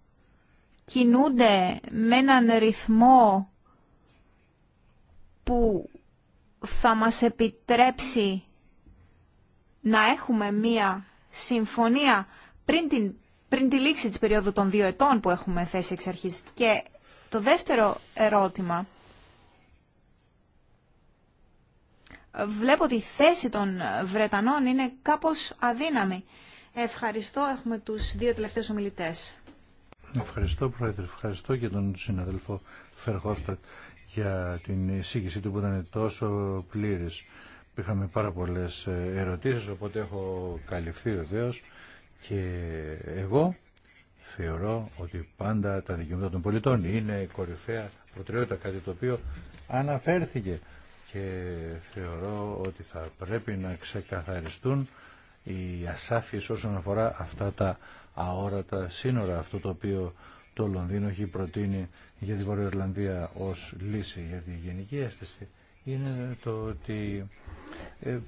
κινούνται με έναν ρυθμό που θα μας επιτρέψει να έχουμε μία συμφωνία πριν, την, πριν τη λήξη της περίοδου των δύο ετών που έχουμε θέσει εξ αρχής. Και το δεύτερο ερώτημα, βλέπω ότι η θέση των Βρετανών είναι κάπως αδύναμη. Ευχαριστώ. Έχουμε τους δύο τελευταίους ομιλητές. Ευχαριστώ, Πρόεδρε. Ευχαριστώ και τον συναδελφό Φερχόφτακ για την εισήγησή του που ήταν τόσο πλήρης. Είχαμε πάρα πολλέ ερωτήσεις, οπότε έχω καλυφθεί βεβαίω και εγώ θεωρώ ότι πάντα τα δικαιώματα των πολιτών είναι κορυφαία προτεραιότητα, κάτι το οποίο αναφέρθηκε και θεωρώ ότι θα πρέπει να ξεκαθαριστούν οι ασάφειες όσον αφορά αυτά τα αόρατα σύνορα, αυτό το οποίο το Λονδίνο έχει προτείνει για τη Ιρλανδία ως λύση για τη γενική αίσθηση, είναι το ότι ε,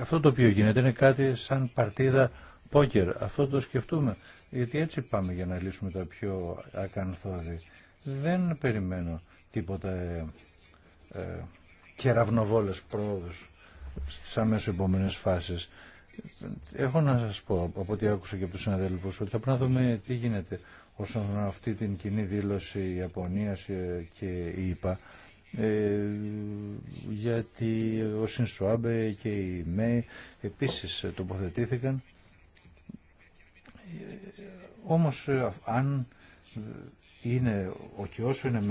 αυτό το οποίο γίνεται είναι κάτι σαν παρτίδα πόκερ. Αυτό το σκεφτούμε, γιατί έτσι πάμε για να λύσουμε τα πιο ακανθόδη. Δεν περιμένω τίποτα ε, ε, κεραυνοβόλες πρόοδους στις αμέσως επόμενες φάσεις έχω να σας πω από ό,τι άκουσα και από του συναδέλφου ότι θα πρέπει να δούμε τι γίνεται όσον αφορά αυτή την κοινή δήλωση Ιαπωνία και ΙΠΑ ε, γιατί ο Σινσουάμπε και η ΜΕΙ επίσης τοποθετήθηκαν όμως αν είναι και όσο είναι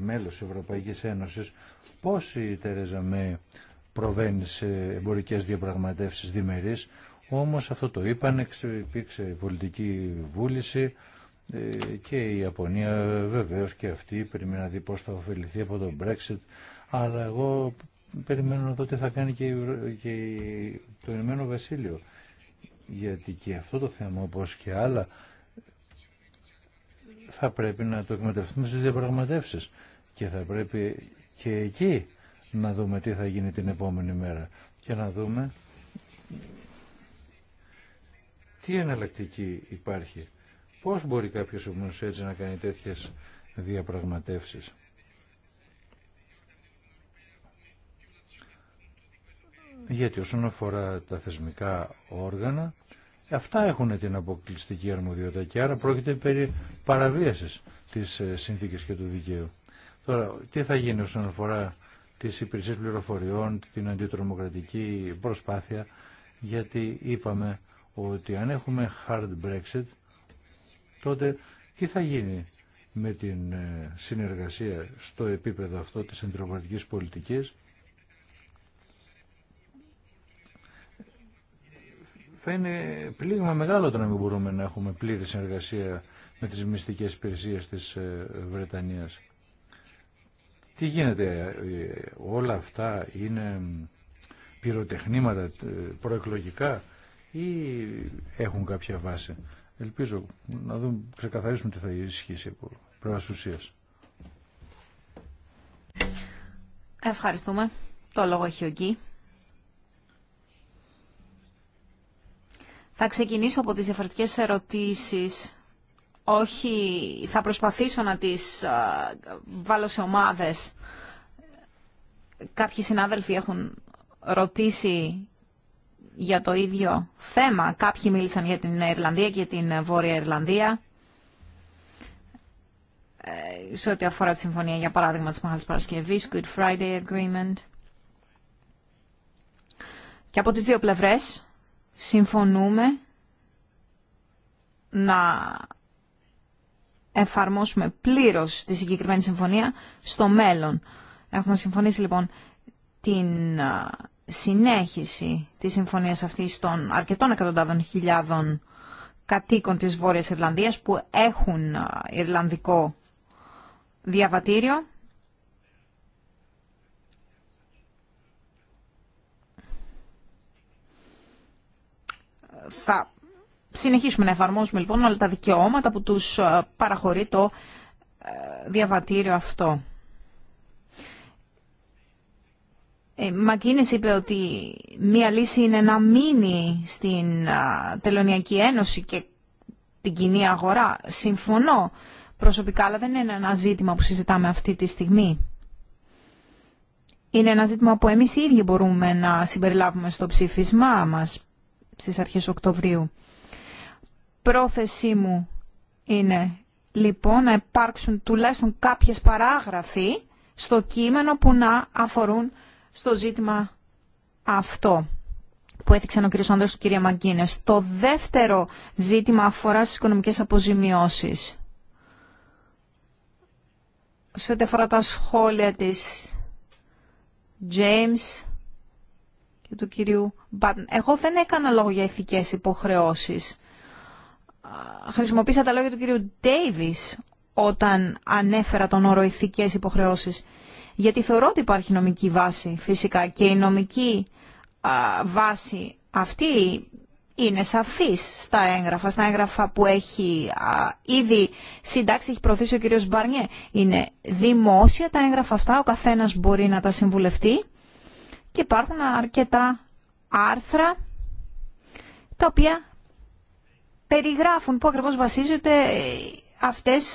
μέλος Ευρωπαϊκής Ένωσης πώς η Τερέζα ΜΕΙ προβαίνει σε εμπορικές διαπραγματεύσεις διμερεί. όμως αυτό το είπαν, υπήρξε πολιτική βούληση ε, και η Ιαπωνία βεβαίω και αυτή περιμένει να δει πώ θα ωφεληθεί από τον Brexit, αλλά εγώ περιμένω να δω τι θα κάνει και το Ηνωμένο Βασίλειο, γιατί και αυτό το θέμα όπω και άλλα θα πρέπει να το εκμεταλλευτούμε στι διαπραγματεύσει και θα πρέπει και εκεί να δούμε τι θα γίνει την επόμενη μέρα και να δούμε τι εναλλακτική υπάρχει. Πώς μπορεί κάποιος ο έτσι να κάνει τέτοιες διαπραγματεύσεις. Γιατί όσον αφορά τα θεσμικά όργανα, αυτά έχουν την αποκλειστική αρμοδιότητα και άρα πρόκειται περί παραβίασης της συνθήκης και του δικαίου. Τώρα, τι θα γίνει όσον αφορά τις υπηρεσίες πληροφοριών, την αντιτρομοκρατική προσπάθεια, γιατί είπαμε ότι αν έχουμε hard Brexit, τότε τι θα γίνει με την ε, συνεργασία στο επίπεδο αυτό της αντιτρομοκρατικής πολιτικής. Φαίνεται πλήγμα μεγάλο το να μην μπορούμε να έχουμε πλήρη συνεργασία με τις μυστικές υπηρεσίες της ε, Βρετανίας. Τι γίνεται, ε, όλα αυτά είναι πυροτεχνήματα ε, προεκλογικά ή έχουν κάποια βάση. Ελπίζω να δούμε, ξεκαθαρίσουμε τι θα ισχύσει από πρώτα ουσίας. Ευχαριστούμε. Το λόγο έχει ο Γκί. Θα ξεκινήσω από τις διαφορετικές ερωτήσεις όχι θα προσπαθήσω να τις βάλω σε ομάδες. Κάποιοι συνάδελφοι έχουν ρωτήσει για το ίδιο θέμα. Κάποιοι μίλησαν για την Ιρλανδία και την Βόρεια Ιρλανδία. Ε, σε ό,τι αφορά τη συμφωνία, για παράδειγμα, της Μεγάλης Παρασκευής, Good Friday Agreement. Και από τις δύο πλευρές συμφωνούμε να εφαρμόσουμε πλήρως τη συγκεκριμένη συμφωνία στο μέλλον. Έχουμε συμφωνήσει λοιπόν την συνέχιση της συμφωνίας αυτής των αρκετών εκατοντάδων χιλιάδων κατοίκων της Βόρειας Ιρλανδίας που έχουν Ιρλανδικό διαβατήριο. Θα συνεχίσουμε να εφαρμόζουμε λοιπόν όλα τα δικαιώματα που τους ε, παραχωρεί το ε, διαβατήριο αυτό. Ε, Μακίνες είπε ότι μία λύση είναι να μείνει στην ε, Τελωνιακή Ένωση και την κοινή αγορά. Συμφωνώ προσωπικά, αλλά δεν είναι ένα ζήτημα που συζητάμε αυτή τη στιγμή. Είναι ένα ζήτημα που εμείς οι ίδιοι μπορούμε να συμπεριλάβουμε στο ψήφισμά μας στις αρχές Οκτωβρίου πρόθεσή μου είναι λοιπόν να υπάρξουν τουλάχιστον κάποιες παράγραφοι στο κείμενο που να αφορούν στο ζήτημα αυτό που έθιξαν ο κ. Άνδρος και κυρία Μαγκίνες. Το δεύτερο ζήτημα αφορά στις οικονομικές αποζημιώσεις. Σε ό,τι αφορά τα σχόλια της James και του κυρίου Μπάτν. Εγώ δεν έκανα λόγο για ηθικές υποχρεώσεις χρησιμοποίησα τα λόγια του κυρίου Ντέιβις όταν ανέφερα τον όρο ηθικές υποχρεώσεις. Γιατί θεωρώ ότι υπάρχει νομική βάση φυσικά και η νομική βάση αυτή είναι σαφής στα έγγραφα, στα έγγραφα που έχει α, ήδη συντάξει, έχει προωθήσει ο κύριος Μπαρνιέ. Είναι δημόσια τα έγγραφα αυτά, ο καθένας μπορεί να τα συμβουλευτεί και υπάρχουν αρκετά άρθρα τα οποία περιγράφουν πού ακριβώς βασίζονται αυτές,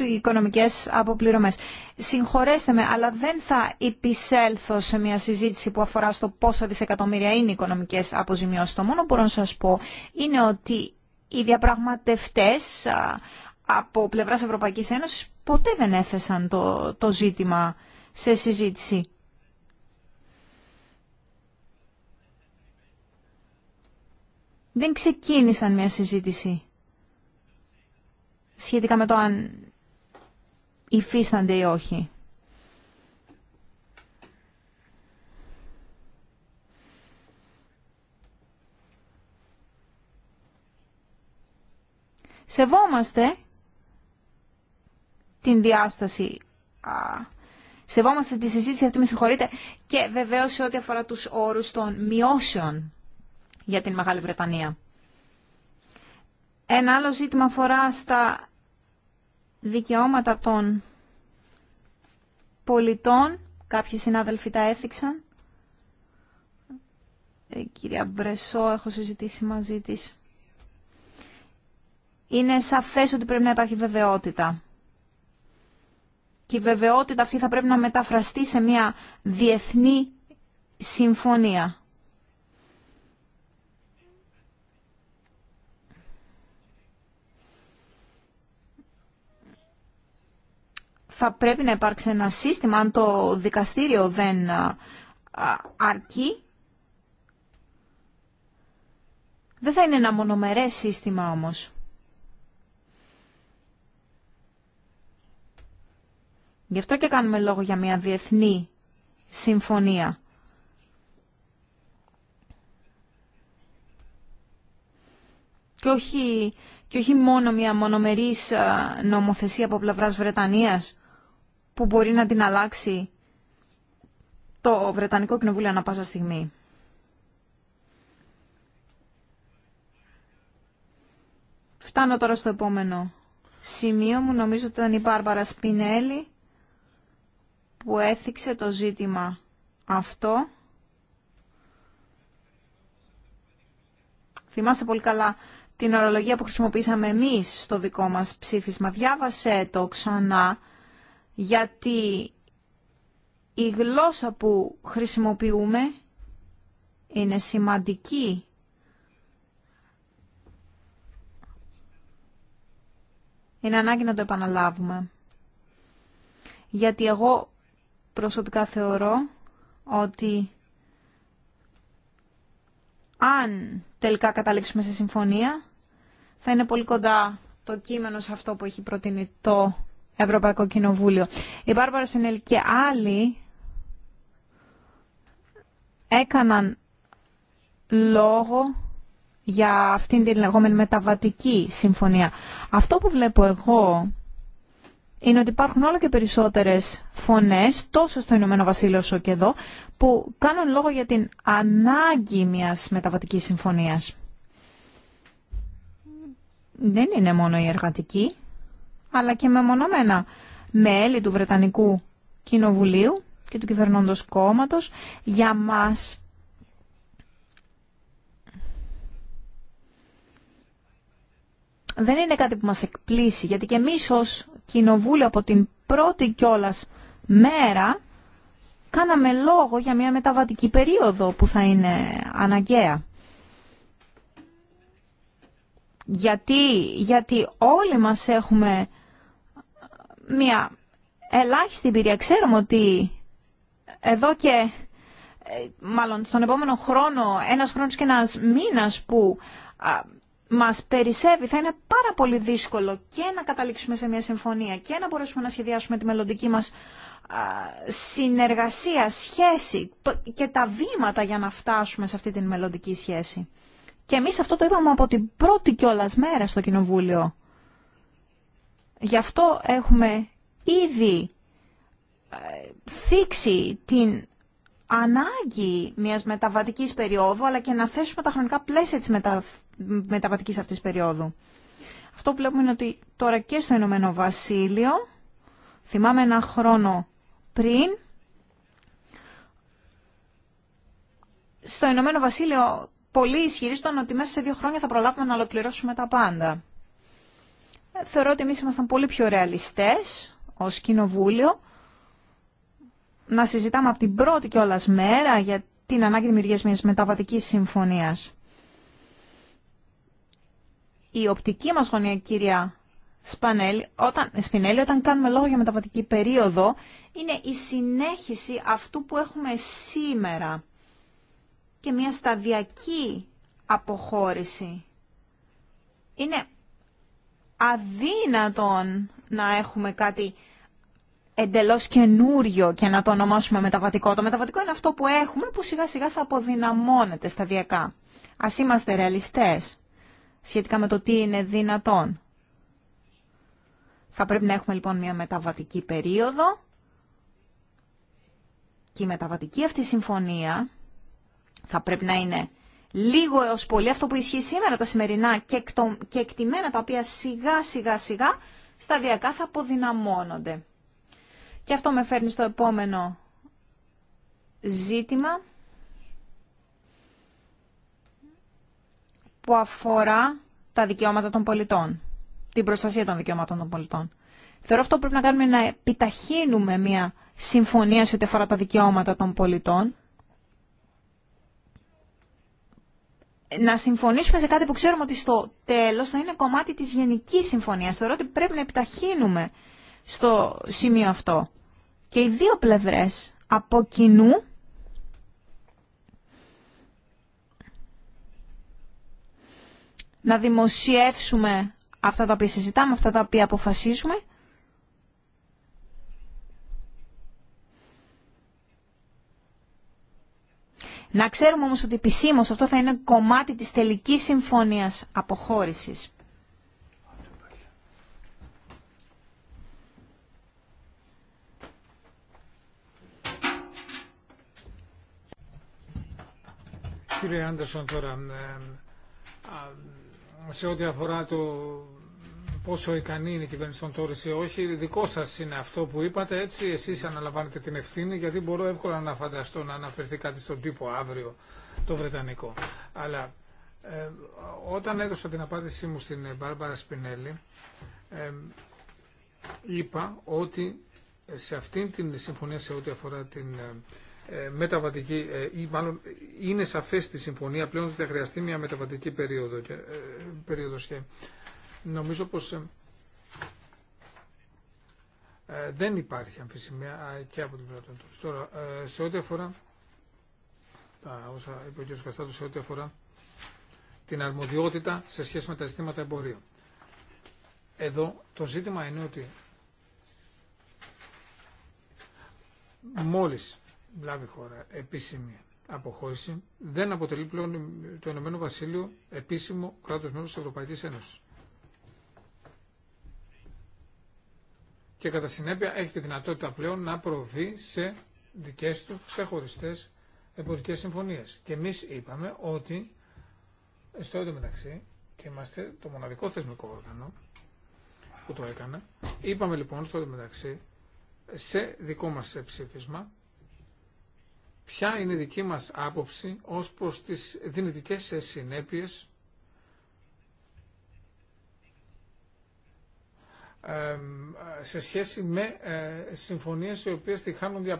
οι οικονομικές αποπληρωμές. Συγχωρέστε με, αλλά δεν θα υπησέλθω σε μια συζήτηση που αφορά στο πόσα δισεκατομμύρια είναι οι οικονομικές αποζημιώσεις. Το μόνο που μπορώ να σας πω είναι ότι οι διαπραγματευτές από πλευράς Ευρωπαϊκής Ένωσης ποτέ δεν έθεσαν το ζήτημα σε συζήτηση. δεν ξεκίνησαν μια συζήτηση σχετικά με το αν υφίστανται ή όχι. Σεβόμαστε την διάσταση. Σεβόμαστε τη συζήτηση αυτή, με συγχωρείτε, και βεβαίως σε ό,τι αφορά τους όρους των μειώσεων για την Μεγάλη Βρετανία. Ένα άλλο ζήτημα αφορά στα δικαιώματα των πολιτών. Κάποιοι συνάδελφοι τα έθιξαν. Ε, κυρία Μπρεσό, έχω συζητήσει μαζί της. Είναι σαφές ότι πρέπει να υπάρχει βεβαιότητα. Και η βεβαιότητα αυτή θα πρέπει να μεταφραστεί σε μια διεθνή συμφωνία. θα πρέπει να υπάρξει ένα σύστημα, αν το δικαστήριο δεν αρκεί, δεν θα είναι ένα μονομερές σύστημα όμως. Γι' αυτό και κάνουμε λόγο για μια διεθνή συμφωνία. Και όχι, και όχι μόνο μια μονομερής νομοθεσία από πλευράς Βρετανίας που μπορεί να την αλλάξει το Βρετανικό Κοινοβούλιο ανα πάσα στιγμή. Φτάνω τώρα στο επόμενο σημείο μου. Νομίζω ότι ήταν η Μπάρμπαρα Σπινέλη που έθιξε το ζήτημα αυτό. Θυμάστε πολύ καλά την ορολογία που χρησιμοποίησαμε εμείς στο δικό μας ψήφισμα. Διάβασε το ξανά γιατί η γλώσσα που χρησιμοποιούμε είναι σημαντική Είναι ανάγκη να το επαναλάβουμε. Γιατί εγώ προσωπικά θεωρώ ότι αν τελικά καταλήξουμε σε συμφωνία, θα είναι πολύ κοντά το κείμενο σε αυτό που έχει προτείνει το Ευρωπαϊκό Κοινοβούλιο. Η Μπάρμπαρα και άλλοι έκαναν λόγο για αυτήν την λεγόμενη μεταβατική συμφωνία. Αυτό που βλέπω εγώ είναι ότι υπάρχουν όλο και περισσότερες φωνές, τόσο στο Ηνωμένο Βασίλειο όσο και εδώ, που κάνουν λόγο για την ανάγκη μιας μεταβατικής συμφωνίας. Δεν είναι μόνο η εργατική, αλλά και μεμονωμένα μέλη του Βρετανικού Κοινοβουλίου και του κυβερνώντος κόμματος για μας δεν είναι κάτι που μας εκπλήσει γιατί και εμείς ως κοινοβούλιο από την πρώτη κιόλας μέρα κάναμε λόγο για μια μεταβατική περίοδο που θα είναι αναγκαία. Γιατί, γιατί όλοι μας έχουμε μια ελάχιστη εμπειρία. Ξέρουμε ότι εδώ και ε, μάλλον στον επόμενο χρόνο, ένας χρόνος και ένας μήνας που μας περισσεύει θα είναι πάρα πολύ δύσκολο και να καταλήξουμε σε μια συμφωνία και να μπορέσουμε να σχεδιάσουμε τη μελλοντική μας συνεργασία, σχέση και τα βήματα για να φτάσουμε σε αυτή την μελλοντική σχέση. Και εμείς αυτό το είπαμε από την πρώτη κιόλας μέρα στο Κοινοβούλιο. Γι' αυτό έχουμε ήδη ε, θίξει την ανάγκη μιας μεταβατικής περίοδου, αλλά και να θέσουμε τα χρονικά πλαίσια της μετα... μεταβατικής αυτής περίοδου. Αυτό που βλέπουμε είναι ότι τώρα και στο Ηνωμένο Βασίλειο, θυμάμαι ένα χρόνο πριν, στο Ηνωμένο Βασίλειο πολλοί ισχυρίζονταν ότι μέσα σε δύο χρόνια θα προλάβουμε να ολοκληρώσουμε τα πάντα. Ε, θεωρώ ότι εμείς ήμασταν πολύ πιο ρεαλιστές ως κοινοβούλιο να συζητάμε από την πρώτη κιόλας μέρα για την ανάγκη δημιουργίας μιας μεταβατικής συμφωνίας. Η οπτική μας γωνία, κυρία Σπανέλη, όταν, Σπινέλη, όταν κάνουμε λόγο για μεταβατική περίοδο, είναι η συνέχιση αυτού που έχουμε σήμερα και μια σταδιακή αποχώρηση. Είναι αδύνατον να έχουμε κάτι εντελώς καινούριο και να το ονομάσουμε μεταβατικό. Το μεταβατικό είναι αυτό που έχουμε που σιγά σιγά θα αποδυναμώνεται σταδιακά. Ας είμαστε ρεαλιστές σχετικά με το τι είναι δυνατόν. Θα πρέπει να έχουμε λοιπόν μια μεταβατική περίοδο και η μεταβατική αυτή συμφωνία θα πρέπει να είναι λίγο έως πολύ αυτό που ισχύει σήμερα τα σημερινά και, και εκτιμένα τα οποία σιγά σιγά σιγά σταδιακά θα αποδυναμώνονται. Και αυτό με φέρνει στο επόμενο ζήτημα που αφορά τα δικαιώματα των πολιτών, την προστασία των δικαιωμάτων των πολιτών. Θεωρώ αυτό που πρέπει να κάνουμε να επιταχύνουμε μια συμφωνία σε ό,τι αφορά τα δικαιώματα των πολιτών να συμφωνήσουμε σε κάτι που ξέρουμε ότι στο τέλος θα είναι κομμάτι της γενικής συμφωνίας. Θεωρώ ότι πρέπει να επιταχύνουμε στο σημείο αυτό. Και οι δύο πλευρές από κοινού να δημοσιεύσουμε αυτά τα οποία συζητάμε, αυτά τα οποία αποφασίζουμε Να ξέρουμε όμως ότι επισήμω αυτό θα είναι κομμάτι της τελικής συμφωνίας αποχώρησης. Κύριε Άντερσον, τώρα ε, ε, σε ό,τι αφορά το πόσο ικανή είναι η κυβέρνηση των Τόρι ή όχι, δικό σα είναι αυτό που είπατε. Έτσι, εσεί αναλαμβάνετε την ευθύνη, γιατί μπορώ εύκολα να φανταστώ να αναφερθεί κάτι στον τύπο αύριο το Βρετανικό. Αλλά ε, όταν έδωσα την απάντησή μου στην ε, Μπάρμπαρα Σπινέλη, ε, είπα ότι σε αυτήν την συμφωνία σε ό,τι αφορά την ε, μεταβατική, ή μάλλον είναι σαφές στη συμφωνία πλέον ότι θα χρειαστεί μια μεταβατική περίοδο, περίοδος και Νομίζω πως ε, ε, δεν υπάρχει αμφισημία και από την πλευρά του. Τώρα, ε, σε ό,τι αφορά τα όσα είπε σε ό,τι αφορά την αρμοδιότητα σε σχέση με τα ζητήματα εμπορίου. Εδώ το ζήτημα είναι ότι μόλις λάβει χώρα επίσημη αποχώρηση, δεν αποτελεί πλέον το Ηνωμένο Βασίλειο επίσημο κράτος μέλος της Ευρωπαϊκής Ένωσης. και κατά συνέπεια έχει τη δυνατότητα πλέον να προβεί σε δικές του ξεχωριστές εμπορικές συμφωνίες. Και εμείς είπαμε ότι στο μεταξύ και είμαστε το μοναδικό θεσμικό όργανο που το έκανε. Είπαμε λοιπόν στο μεταξύ σε δικό μας ψήφισμα ποια είναι η δική μας άποψη ως προς τις δυνητικές συνέπειες σε σχέση με ε, συμφωνίες οι οποίες τη χάνουν ε,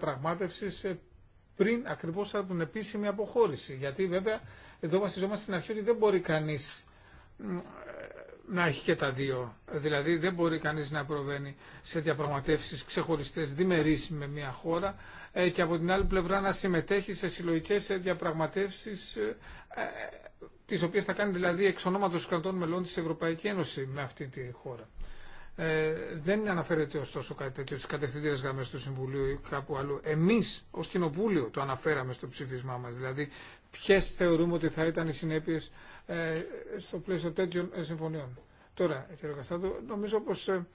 πριν ακριβώς από την επίσημη αποχώρηση. Γιατί βέβαια εδώ βασιζόμαστε στην αρχή ότι δεν μπορεί κανείς ε, να έχει και τα δύο. Δηλαδή δεν μπορεί κανείς να προβαίνει σε διαπραγματεύσεις ξεχωριστές διμερείς με μια χώρα και από την άλλη πλευρά να συμμετέχει σε συλλογικές διαπραγματεύσεις τις οποίες θα κάνει δηλαδή εξ ονόματος κρατών μελών της Ευρωπαϊκής Ένωση με αυτή τη χώρα. Ε, δεν αναφέρεται ωστόσο κάτι τέτοιο στις κατευθυντήρες γραμμές του Συμβουλίου ή κάπου αλλού. εμείς ως Κοινοβούλιο το αναφέραμε στο ψήφισμά μας, Δηλαδή, ποιε θεωρούμε ότι θα ήταν οι συνέπειες ε, στο πλαίσιο τέτοιων ε, συμφωνιών. Τώρα, κύριε Καστάτο, νομίζω πως ε,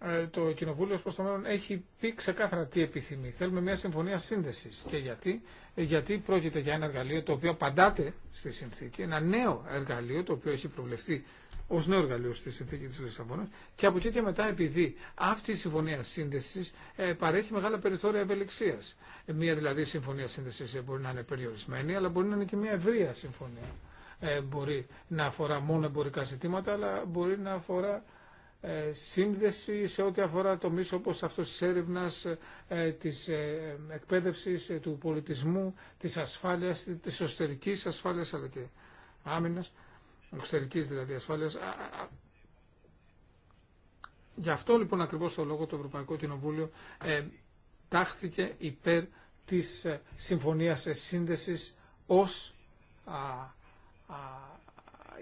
ε το Κοινοβούλιο προς το μέλλον έχει πει ξεκάθαρα τι επιθυμεί. Θέλουμε μια συμφωνία σύνδεση. Και γιατί? Ε, γιατί πρόκειται για ένα εργαλείο το οποίο απαντάται στη συνθήκη, ένα νέο εργαλείο το οποίο έχει προβλεφθεί ω νέο εργαλείο στη συνθήκη τη Λισαβόνα. Και από εκεί και μετά, επειδή αυτή η συμφωνία σύνδεση ε, παρέχει μεγάλα περιθώρια ευελιξία. Μία δηλαδή συμφωνία σύνδεση ε, μπορεί να είναι περιορισμένη, αλλά μπορεί να είναι και μια ευρεία συμφωνία. Ε, μπορεί να αφορά μόνο εμπορικά ζητήματα, αλλά μπορεί να αφορά σύνδεση σε ό,τι αφορά τομείς όπως αυτός της έρευνας, της εκπαίδευσης, του πολιτισμού, της ασφάλειας, της εσωτερικής ασφάλειας αλλά και άμυνας εξωτερική δηλαδή ασφαλεία. Γι' αυτό λοιπόν ακριβώ το λόγο το Ευρωπαϊκό Κοινοβούλιο ε, τάχθηκε υπέρ της ε, συμφωνίας ε, σύνδεσης ως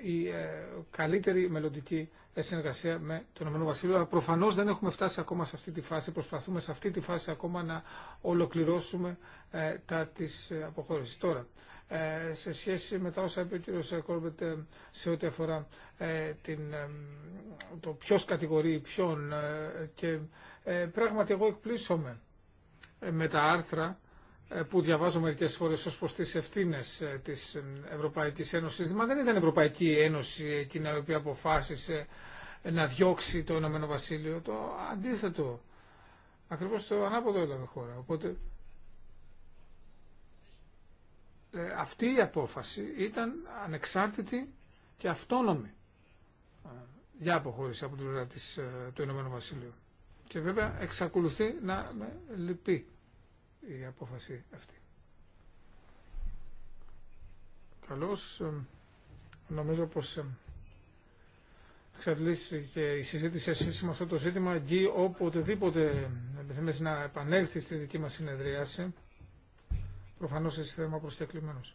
η ε, καλύτερη μελλοντική συνεργασία με τον Ηνωμένο Βασίλειο. Αλλά προφανώ δεν έχουμε φτάσει ακόμα σε αυτή τη φάση. Προσπαθούμε σε αυτή τη φάση ακόμα να ολοκληρώσουμε ε, τα τη αποχώρηση. Τώρα, ε, σε σχέση με τα όσα είπε ο κ. Κόρμπετ ε, σε ό,τι αφορά ε, την, το ποιο κατηγορεί ποιον και πράγματι εγώ εκπλήσωμαι με τα άρθρα που διαβάζω μερικέ φορέ ω προ τι ευθύνε τη Ευρωπαϊκή Ένωση. Μα δεν ήταν η Ευρωπαϊκή Ένωση εκείνη η οποία αποφάσισε να διώξει το Ηνωμένο Βασίλειο. Το αντίθετο. Ακριβώ το ανάποδο έλαβε χώρα. Οπότε ε, αυτή η απόφαση ήταν ανεξάρτητη και αυτόνομη ε, για αποχώρηση από την πλευρά ε, του Ηνωμένου Βασιλείου. Και βέβαια εξακολουθεί να με λυπεί η απόφαση αυτή. Καλώς. Νομίζω πως εξαντλήσει και η συζήτηση σε σχέση με αυτό το ζήτημα εκεί όπου να επανέλθει στη δική μας συνεδρίαση προφανώς είσαι θέμα προσκεκλημένος.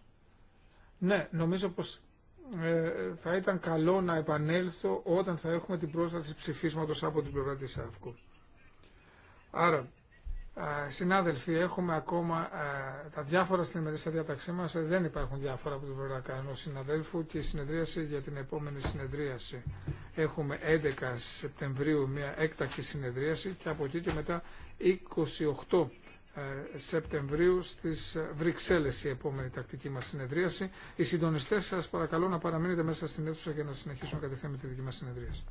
Ναι, νομίζω πως ε, θα ήταν καλό να επανέλθω όταν θα έχουμε την πρόσταση ψηφίσματος από την πλευρά της ΑΦΚΟ. Άρα, συνάδελφοι, έχουμε ακόμα τα διάφορα στην ημερήσια διάταξή μας. Δεν υπάρχουν διάφορα από την πλευρά κανένας συναδέλφου και η συνεδρίαση για την επόμενη συνεδρίαση. Έχουμε 11 Σεπτεμβρίου μια έκτακτη συνεδρίαση και από εκεί και μετά 28 ε, Σεπτεμβρίου στις Βρυξέλλες η επόμενη τακτική μας συνεδρίαση. Οι συντονιστές σας παρακαλώ να παραμείνετε μέσα στην αίθουσα για να συνεχίσουμε κατευθείαν με τη δική μας συνεδρίαση.